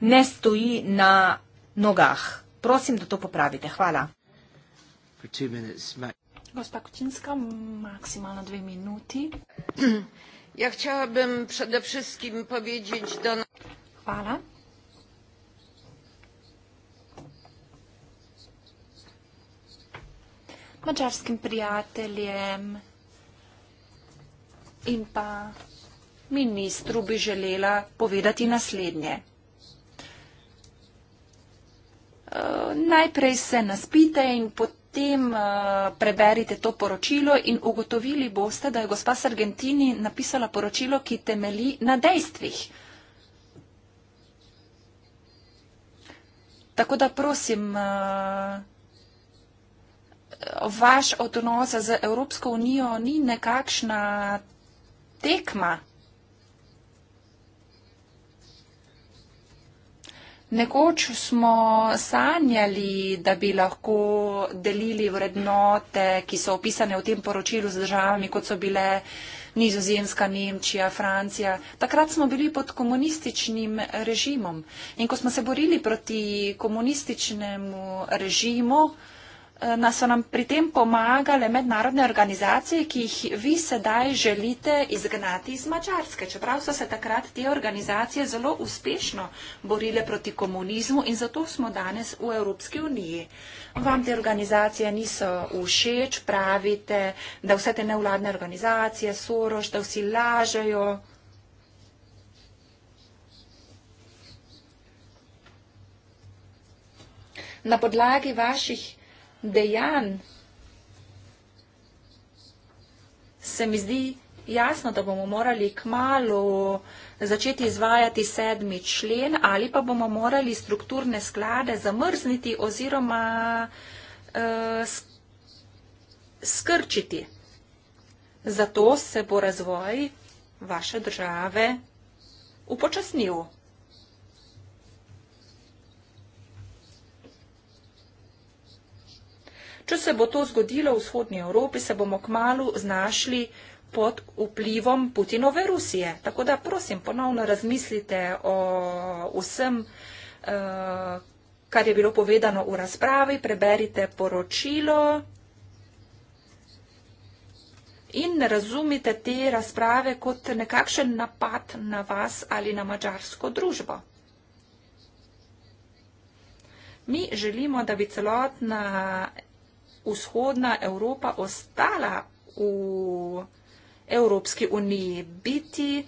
ne stoji na nogah. Prosim, da to popravite. Hvala. Gospa Kucinska, maksimalno dve minuti. Ja, htjela bi predvsem povedati, da. Hvala. Mačarskim prijateljem in pa ministru bi želela povedati naslednje. Eh, najprej se naspite in potem eh, preberite to poročilo in ugotovili boste, da je gospa Sargentini napisala poročilo, ki temeli na dejstvih. Tako da prosim, eh, vaš odnos z Evropsko unijo ni nekakšna temelja, tekma. Nekoč smo sanjali, da bi lahko delili vrednote, ki so opisane v tem poročilu z državami, kot so bile Nizozemska, Nemčija, Francija. Takrat smo bili pod komunističnim režimom in ko smo se borili proti komunističnemu režimu, Eh, nas so nam pri tem pomagale mednarodne organizacije, ki jih vi sedaj želite izgnati iz Mačarske. Čeprav so se takrat te organizacije zelo uspešno borile proti komunizmu in zato smo danes v Evropski uniji. Vam te organizacije niso všeč, pravite, da vse te nevladne organizacije, Soroš, da vsi lažejo. Na podlagi vaših dejanj, se mi zdi jasno, da bomo morali k malu začeti izvajati sedmi člen ali pa bomo morali strukturne sklade zamrzniti oziroma uh, skrčiti. Zato se bo razvoj vaše države upočasnil. Če se bo to zgodilo v vzhodnji Evropi, se bomo kmalo znašli pod vplivom Putinove Rusije. Tako da prosim, ponovno razmislite o vsem, eh, kar je bilo povedano v razpravi, preberite poročilo in ne razumite te razprave kot nekakšen napad na vas ali na mačarsko družbo. Mi želimo, da bi celotna vzhodna Evropa ostala v Evropski uniji. Biti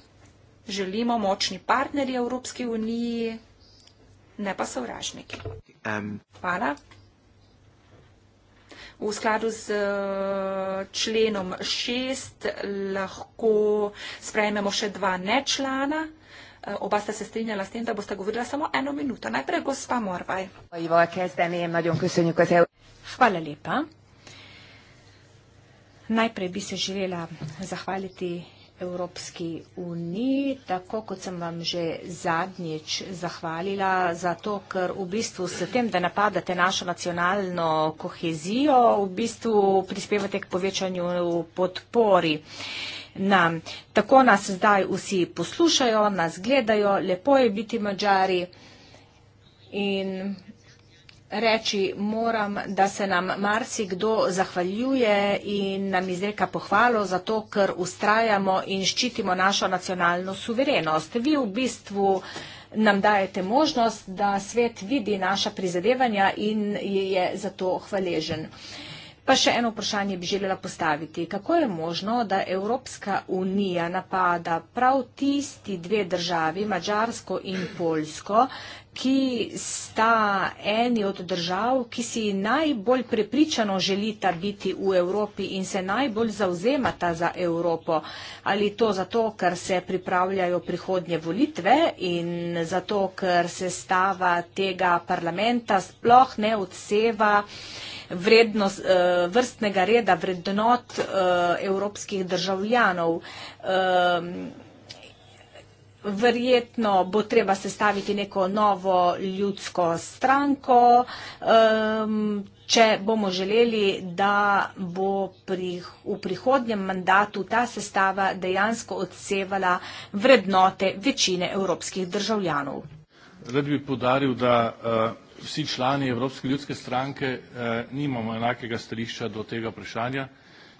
želimo močni partnerji Evropski uniji, ne pa sovražniki. Um. Hvala. V skladu z eh, členom šest lahko sprejmemo še dva nečlana. Eh, oba sta se strinjala s tem, da boste govorila samo eno minuto. Najprej gospa Morvaj. Ivo, kaj ste ne, mladjom, ki so njo kazali. Hvala lepa. Najprej bi se želela zahvaliti Evropski uniji, tako kot sem vam že zadnjič zahvalila, zato ker v bistvu s tem, da napadate našo nacionalno kohezijo, v bistvu prispevate k povečanju podpori. Na, tako nas zdaj vsi poslušajo, nas gledajo, lepo je biti mađari in reči moram, da se nam marsikdo zahvaljuje in nam izreka pohvalo za to, ker ustrajamo in ščitimo našo nacionalno suverenost. Vi v bistvu nam dajete možnost, da svet vidi naša prizadevanja in je za to hvaležen. Pa še eno vprašanje bi želela postaviti. Kako je možno, da Evropska unija napada prav tisti dve državi, Mačarsko in Poljsko, ki sta eni od držav, ki si najbolj prepričano želita biti v Evropi in se najbolj zauzemata za Evropo. Ali to zato, ker se pripravljajo prihodnje volitve in zato, ker se stava tega parlamenta sploh ne odseva vrednost, eh, vrstnega reda vrednot eh, evropskih državljanov. Ehm, verjetno bo treba sestaviti neko novo ljudsko stranko, če bomo želeli, da bo v prihodnjem mandatu ta sestava dejansko odsevala vrednote večine evropskih državljanov. Rad bi podaril, da eh, vsi člani Evropske ljudske stranke eh, nimamo enakega stališča do tega vprašanja.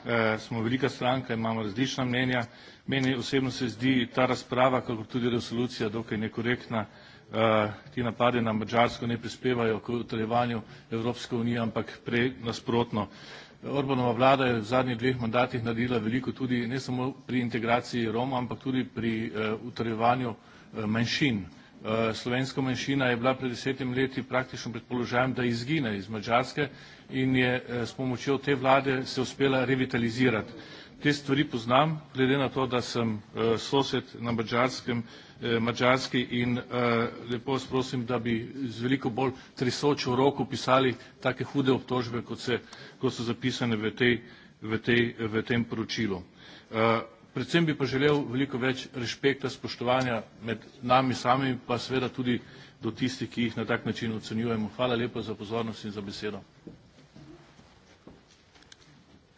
Eh, smo velika stranka, imamo različna mnenja. Meni osebno se zdi ta razprava, kako tudi resolucija, dokaj nekorektna. Eh, ti napadi na Mačarsko ne prispevajo k utrjevanju Evropske unije, ampak prej nasprotno. Orbanova vlada je v zadnjih dveh mandatih naredila veliko tudi ne samo pri integraciji Roma, ampak tudi pri eh, utrjevanju eh, manjšin. Slovenska manjšina je bila pred desetim leti praktično pred položajem, da izgine iz Mačarske in je s pomočjo te vlade se uspela revitalizirati te stvari poznam, glede na to, da sem eh, sosed na Mađarskem, eh, Mađarski in eh, lepo vas prosim, da bi z veliko bolj tresočo roko pisali take hude obtožbe, kot so zapisane v tem poročilu. Predvsem bi pa želel veliko več rešpekta, spoštovanja med nami samimi, pa seveda tudi do tistih, ki jih na tak način ocenjujemo. Hvala lepo za pozornost in za besedo.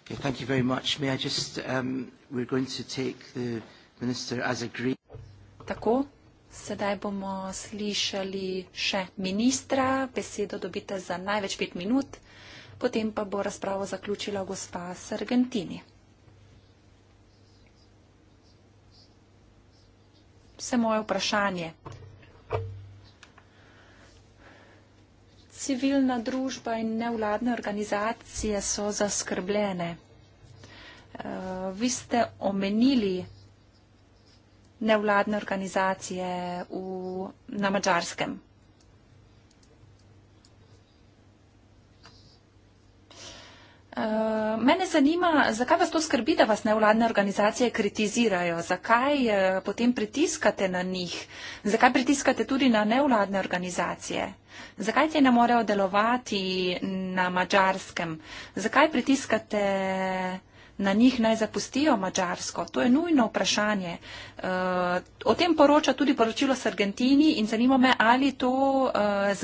Okay, thank you very much. May I just, um, we're going to take the minister as agreed. Tako, sedaj bomo slišali še ministra, besedo dobite za največ pet minut, potem pa bo razpravo zaključila gospa Sargentini. Se moje vprašanje civilna družba in nevladne organizacije so zaskrbljene. Eh, vi ste omenili nevladne organizacije v, na mačarskem. Eh, mene zanima, zakaj vas to skrbi, da vas nevladne organizacije kritizirajo? Zakaj eh, potem pritiskate na njih? Zakaj pritiskate tudi na nevladne organizacije? Zakaj te ne morejo delovati na mačarskem? Zakaj pritiskate na njih naj zapustijo mačarsko? To je nujno vprašanje. Eh, o tem poroča tudi poročilo s Argentini in zanima me, ali to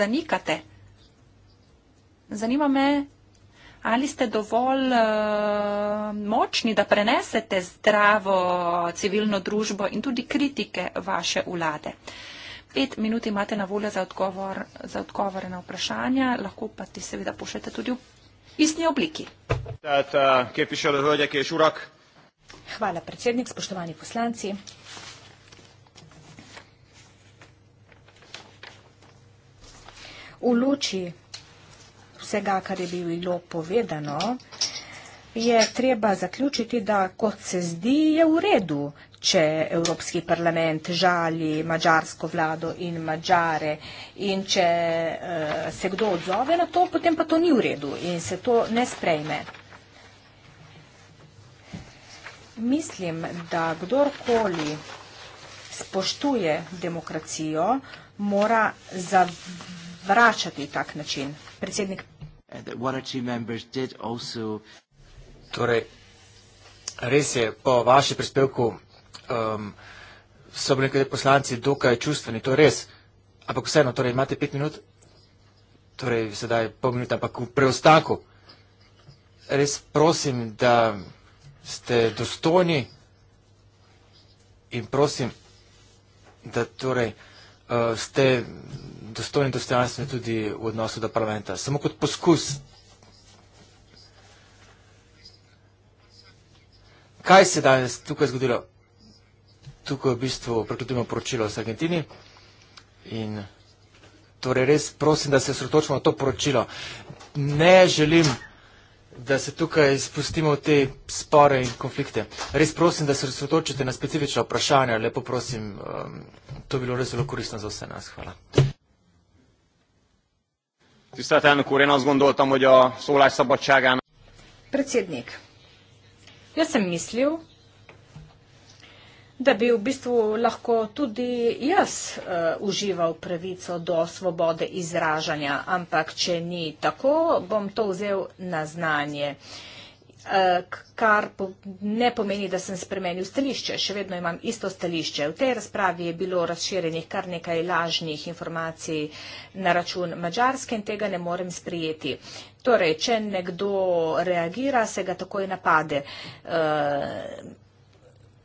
zanikate. Zanima me, Ali ste dovolj uh, močni, da prenesete zdravo civilno družbo in tudi kritike vaše vlade? Pet minut imate na voljo za, odgovor, za odgovore na vprašanja, lahko pa ti seveda pošljete tudi v pisni obliki. Eh, Hvala, predsednik, spoštovani poslanci. V luči vsega, kar je bilo povedano, je treba zaključiti, da kot se zdi, je v redu, če Evropski parlament žali mađarsko vlado in mađare in če uh, se kdo odzove na to, potem pa to ni v redu in se to ne sprejme. Mislim, da kdorkoli spoštuje demokracijo, mora zavračati tak način. Predsednik Uh, torej, res je, po vašem prispevku um, so bili nekateri poslanci dokaj čustveni, to je res. Ampak vseeno, torej imate pet minut, torej sedaj pol minuta, ampak v preostanku. Res prosim, da ste dostojni in prosim, da torej uh, ste dostojen dostojanstven tudi v odnosu do parlamenta. Samo kot poskus. Kaj se danes tukaj zgodilo? Tukaj v bistvu prekladujemo poročilo z Argentini in torej res prosim, da se sredočimo na to poročilo. Ne želim, da se tukaj spustimo v te spore in konflikte. Res prosim, da se sredočite na specifična vprašanja. Lepo prosim, um, to bi bilo res zelo koristno za vse nas. Hvala. Tisztelt elnök úr, én azt gondoltam, hogy a szólásszabadságán... Predsednik, jaz sem mislil, da bi v bistvu lahko tudi jaz uh, užival pravico do svobode izražanja, ampak če ni tako, bom to vzel na znanje. Uh, Eh, kar ne pomeni, da sem spremenil stališče. Še vedno imam isto stališče. V tej razpravi je bilo razširjenih kar nekaj lažnih informacij na račun Mačarske in tega ne morem sprijeti. Torej, če nekdo reagira, se ga takoj napade. Eh,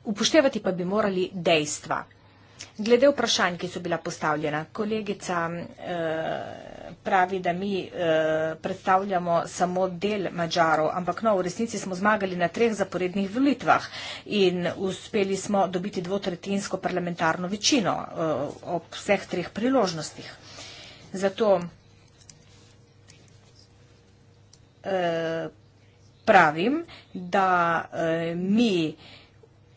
upoštevati pa bi morali dejstva. Glede vprašanj, ki so bila postavljena, kolegica. Uh, pravi, da mi eh, predstavljamo samo del Mačarov, ampak no, v resnici smo zmagali na treh zaporednih volitvah in uspeli smo dobiti dvotretinsko parlamentarno večino eh, ob vseh treh priložnostih. Zato eh, pravim, da mi predstavljamo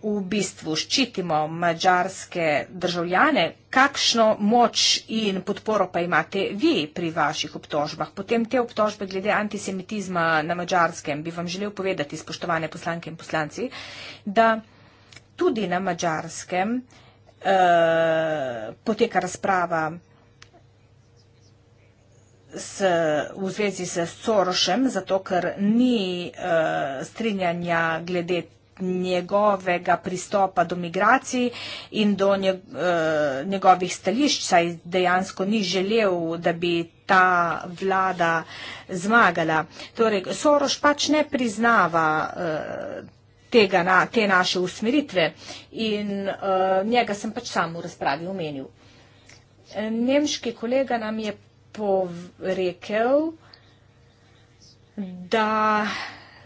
v bistvu ščitimo mađarske državljane, kakšno moč in podporo pa imate vi pri vaših obtožbah? Potem te obtožbe glede antisemitizma na mađarskem bi vam želel povedati, spoštovane poslanke in poslanci, da tudi na mađarskem uh, eh, poteka razprava s, v zvezi s Sorošem, zato ker ni uh, strinjanja glede njegovega pristopa do migracij in do eh, njegovih stališč, saj dejansko ni želel, da bi ta vlada zmagala. Torej, Soroš pač ne priznava eh, tega, te naše usmeritve in eh, njega sem pač sam v razpravi omenil. Nemški kolega nam je rekel, da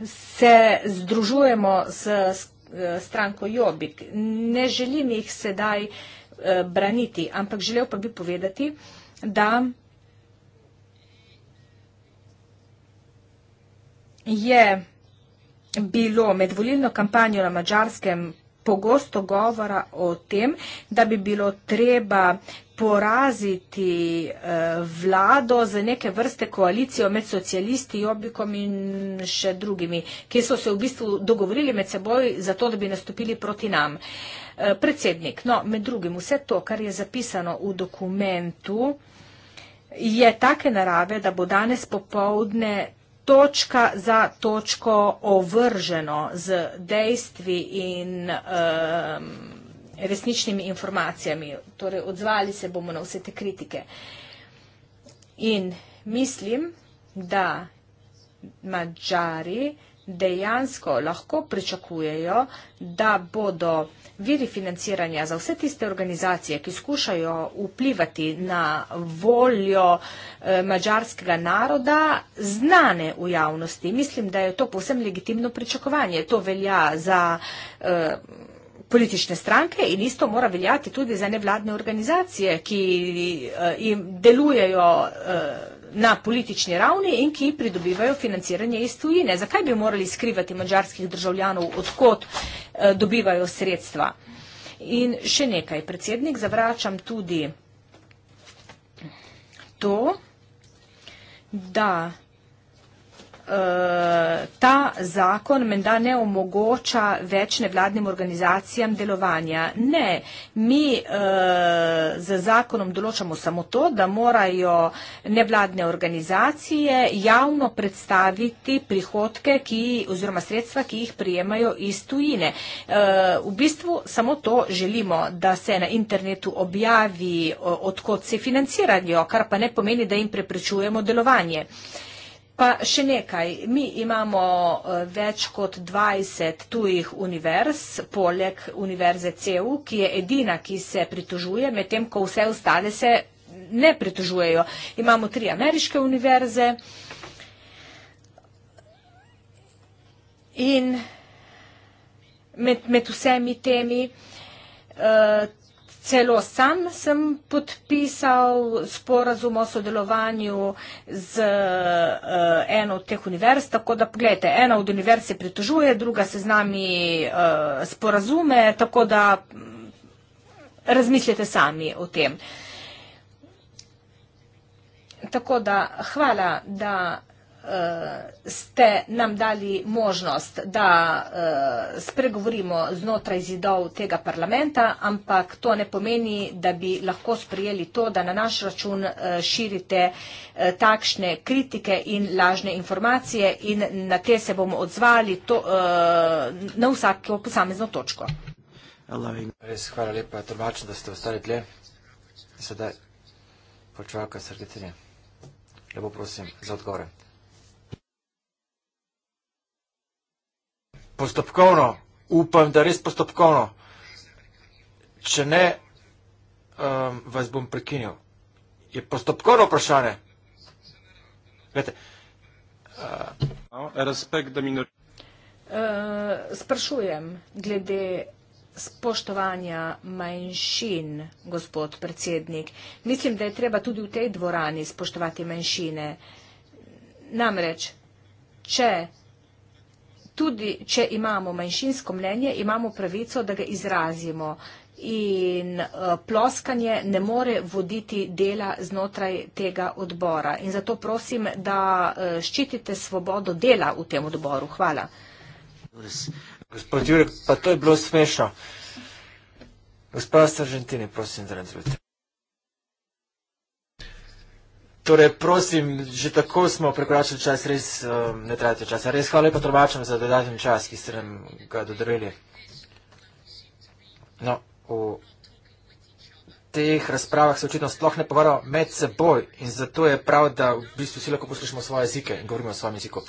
se združujemo s eh, stranko Jobik. Ne želim jih sedaj eh, braniti, ampak želel pa bi povedati, da je bilo med volilno kampanjo na mačarskem pogosto govora o tem, da bi bilo treba poraziti eh, vlado z neke vrste koalicijo med socialisti, Jobbikom in še drugimi, ki so se v bistvu dogovorili med seboj za to, da bi nastopili proti nam. Eh, predsednik, no, med drugim, vse to, kar je zapisano v dokumentu, je take narave, da bo danes popovdne točka za točko ovrženo z dejstvi in um, resničnimi informacijami. Torej, odzvali se bomo na vse te kritike. In mislim, da mađari dejansko lahko pričakujejo, da bodo viri financiranja za vse tiste organizacije, ki skušajo vplivati na voljo eh, mađarskega naroda, znane v javnosti. Mislim, da je to povsem legitimno pričakovanje. To velja za eh, politične stranke in isto mora veljati tudi za nevladne organizacije, ki eh, jim delujejo na politični ravni in ki pridobivajo financiranje iz tujine. Zakaj bi morali skrivati mađarskih državljanov, odkot eh, dobivajo sredstva? In še nekaj, predsednik, zavračam tudi to, da eh, ta zakon menda ne omogoča več nevladnim organizacijam delovanja. Ne, mi eh, z zakonom določamo samo to, da morajo nevladne organizacije javno predstaviti prihodke ki, oziroma sredstva, ki jih prijemajo iz tujine. Eh, v bistvu samo to želimo, da se na internetu objavi, odkot se financirajo, kar pa ne pomeni, da jim preprečujemo delovanje. Uh, Pa še nekaj, mi imamo eh, več kot 20 tujih univerz, poleg univerze CEU, ki je edina, ki se pritožuje, medtem ko vse ostale se ne pritožujejo. Imamo tri ameriške univerze in med, med vsemi temi. Uh, Celo sam sem podpisal sporazum o sodelovanju z uh, eno od teh univerz, tako da pogledajte, ena od univerz se pritožuje, druga se z nami uh, sporazume, tako da mm, razmislite sami o tem. Tako da hvala, da ste nam dali možnost, da eh, spregovorimo znotraj zidov tega parlamenta, ampak to ne pomeni, da bi lahko sprejeli to, da na naš račun eh, širite eh, takšne kritike in lažne informacije in na te se bomo odzvali to, na vsako posamezno točko. Res hvala lepa, Trbačen, da ste ostali tle. Sedaj počvalka srdeterje. Lepo prosim za odgovore. postopkovno, upam, da res postopkovno. Če ne, um, vas bom prekinil. Je postopkovno vprašanje. Vete, uh, no, respekt, da mi ne. Uh, sprašujem glede spoštovanja manjšin, gospod predsednik. Mislim, da je treba tudi v tej dvorani spoštovati manjšine. Namreč, če tudi če imamo manjšinsko mnenje, imamo pravico, da ga izrazimo. In eh, ploskanje ne more voditi dela znotraj tega odbora. In zato prosim, da eh, ščitite svobodo dela v tem odboru. Hvala. Gospod Jurek, pa to je bilo smešno. Gospod Sržentini, prosim, da razvijete. Torej, prosim, že tako smo prekoračili čas, res uh, ne trajate časa. Res hvala lepa trobačem za dodatni čas, ki ste nam ga dodarili. No, v teh razpravah se očitno sploh ne pogovarjamo med seboj in zato je prav, da v bistvu vsi lahko poslušamo svoje jezike in govorimo o svojem jeziku.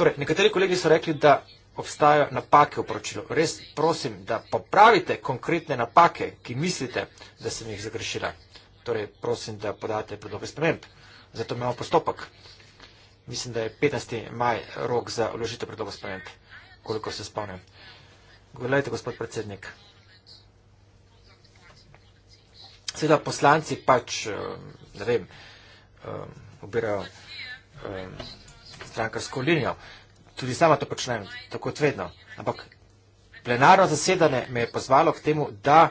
Torej, nekateri kolegi so rekli, da obstajajo napake v poročilu. Res prosim, da popravite konkretne napake, ki mislite, da sem jih zagrešila. Torej, prosim, da podate predloge spremembe zato imamo postopek. Mislim, da je 15. maj rok za vložitev predlogov sprememb, koliko se spomnim. Gledajte, gospod predsednik. Seveda poslanci pač, eh, ne vem, eh, obirajo eh, strankarsko linijo. Tudi sama to počnem, tako kot vedno. Ampak plenarno zasedanje me je pozvalo k temu, da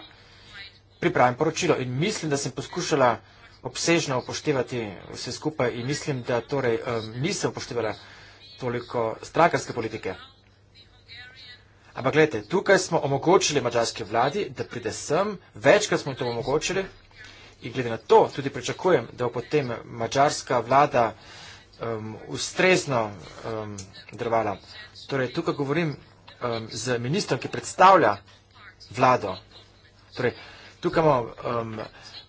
pripravim poročilo. In mislim, da sem poskušala vsega, obsežno upoštevati vse skupaj in mislim, da torej niso upoštevali toliko strankarske politike. Ampak gledajte, tukaj smo omogočili mađarske vladi, da pride sem, večkrat smo jim to omogočili in glede na to tudi pričakujem, da bo potem mađarska vlada um, ustrezno um, drvala. Torej, tukaj govorim um, z ministrom, ki predstavlja vlado. Torej, tukaj imamo um,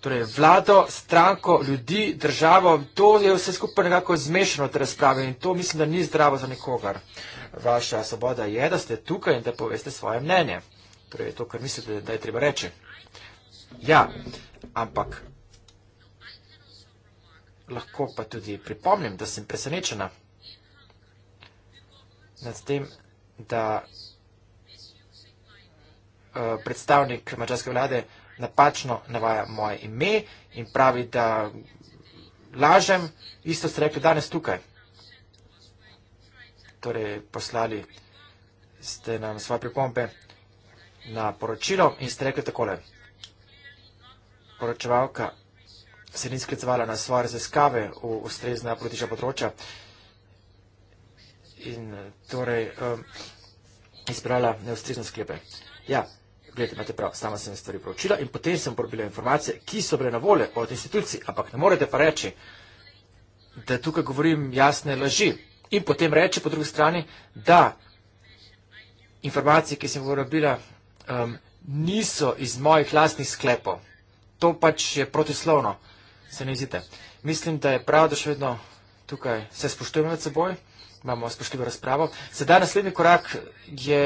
torej vlado, stranko, ljudi, državo, to je vse skupaj nekako zmešano te razprave in to mislim, da ni zdravo za nikogar. Vaša svoboda je, da ste tukaj in da poveste svoje mnenje. Torej, to, kar mislite, da je treba reči. Ja, ampak lahko pa tudi pripomnim, da sem presenečena nad tem, da uh, predstavnik mačarske vlade uh, napačno navaja moje ime in pravi, da lažem, isto ste rekli danes tukaj. Torej, poslali ste nam svoje pripombe na poročilo in ste rekli takole. Poročevalka se ni sklicevala na svoje raziskave v ustrezna politična področja in torej um, izbrala neustrezne sklepe. Ja, gledajte, imate prav, sama sem stvari proučila in potem sem porobila informacije, ki so bile na vole od institucij, ampak ne morete pa reči, da tukaj govorim jasne laži. In potem reči po drugi strani, da informacije, ki sem porobila, um, niso iz mojih lastnih sklepov. To pač je protislovno, se ne izite. Mislim, da je prav, da še vedno tukaj se spoštujemo med seboj, imamo spoštljivo razpravo. Sedaj naslednji korak je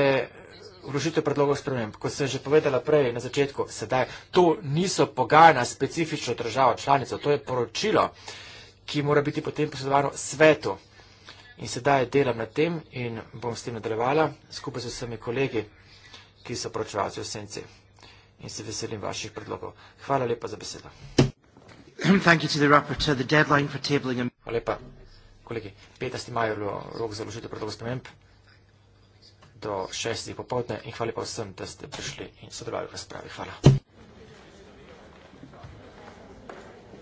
vložitev predlogov sprememb. Kot sem že povedala prej na začetku, sedaj to niso pogajanja specifično državo članico, to je poročilo, ki mora biti potem posredovano svetu. In sedaj delam na tem in bom s tem nadaljevala skupaj z vsemi kolegi, ki so poročevalci v senci. In se veselim vaših predlogov. Hvala lepa za besedo. Hvala lepa, kolegi. 15. maj je bilo rok za vložitev predlogov sprememb do šestih popovdne in hvala pa vsem, da ste prišli in sodelovali v razpravi. Hvala.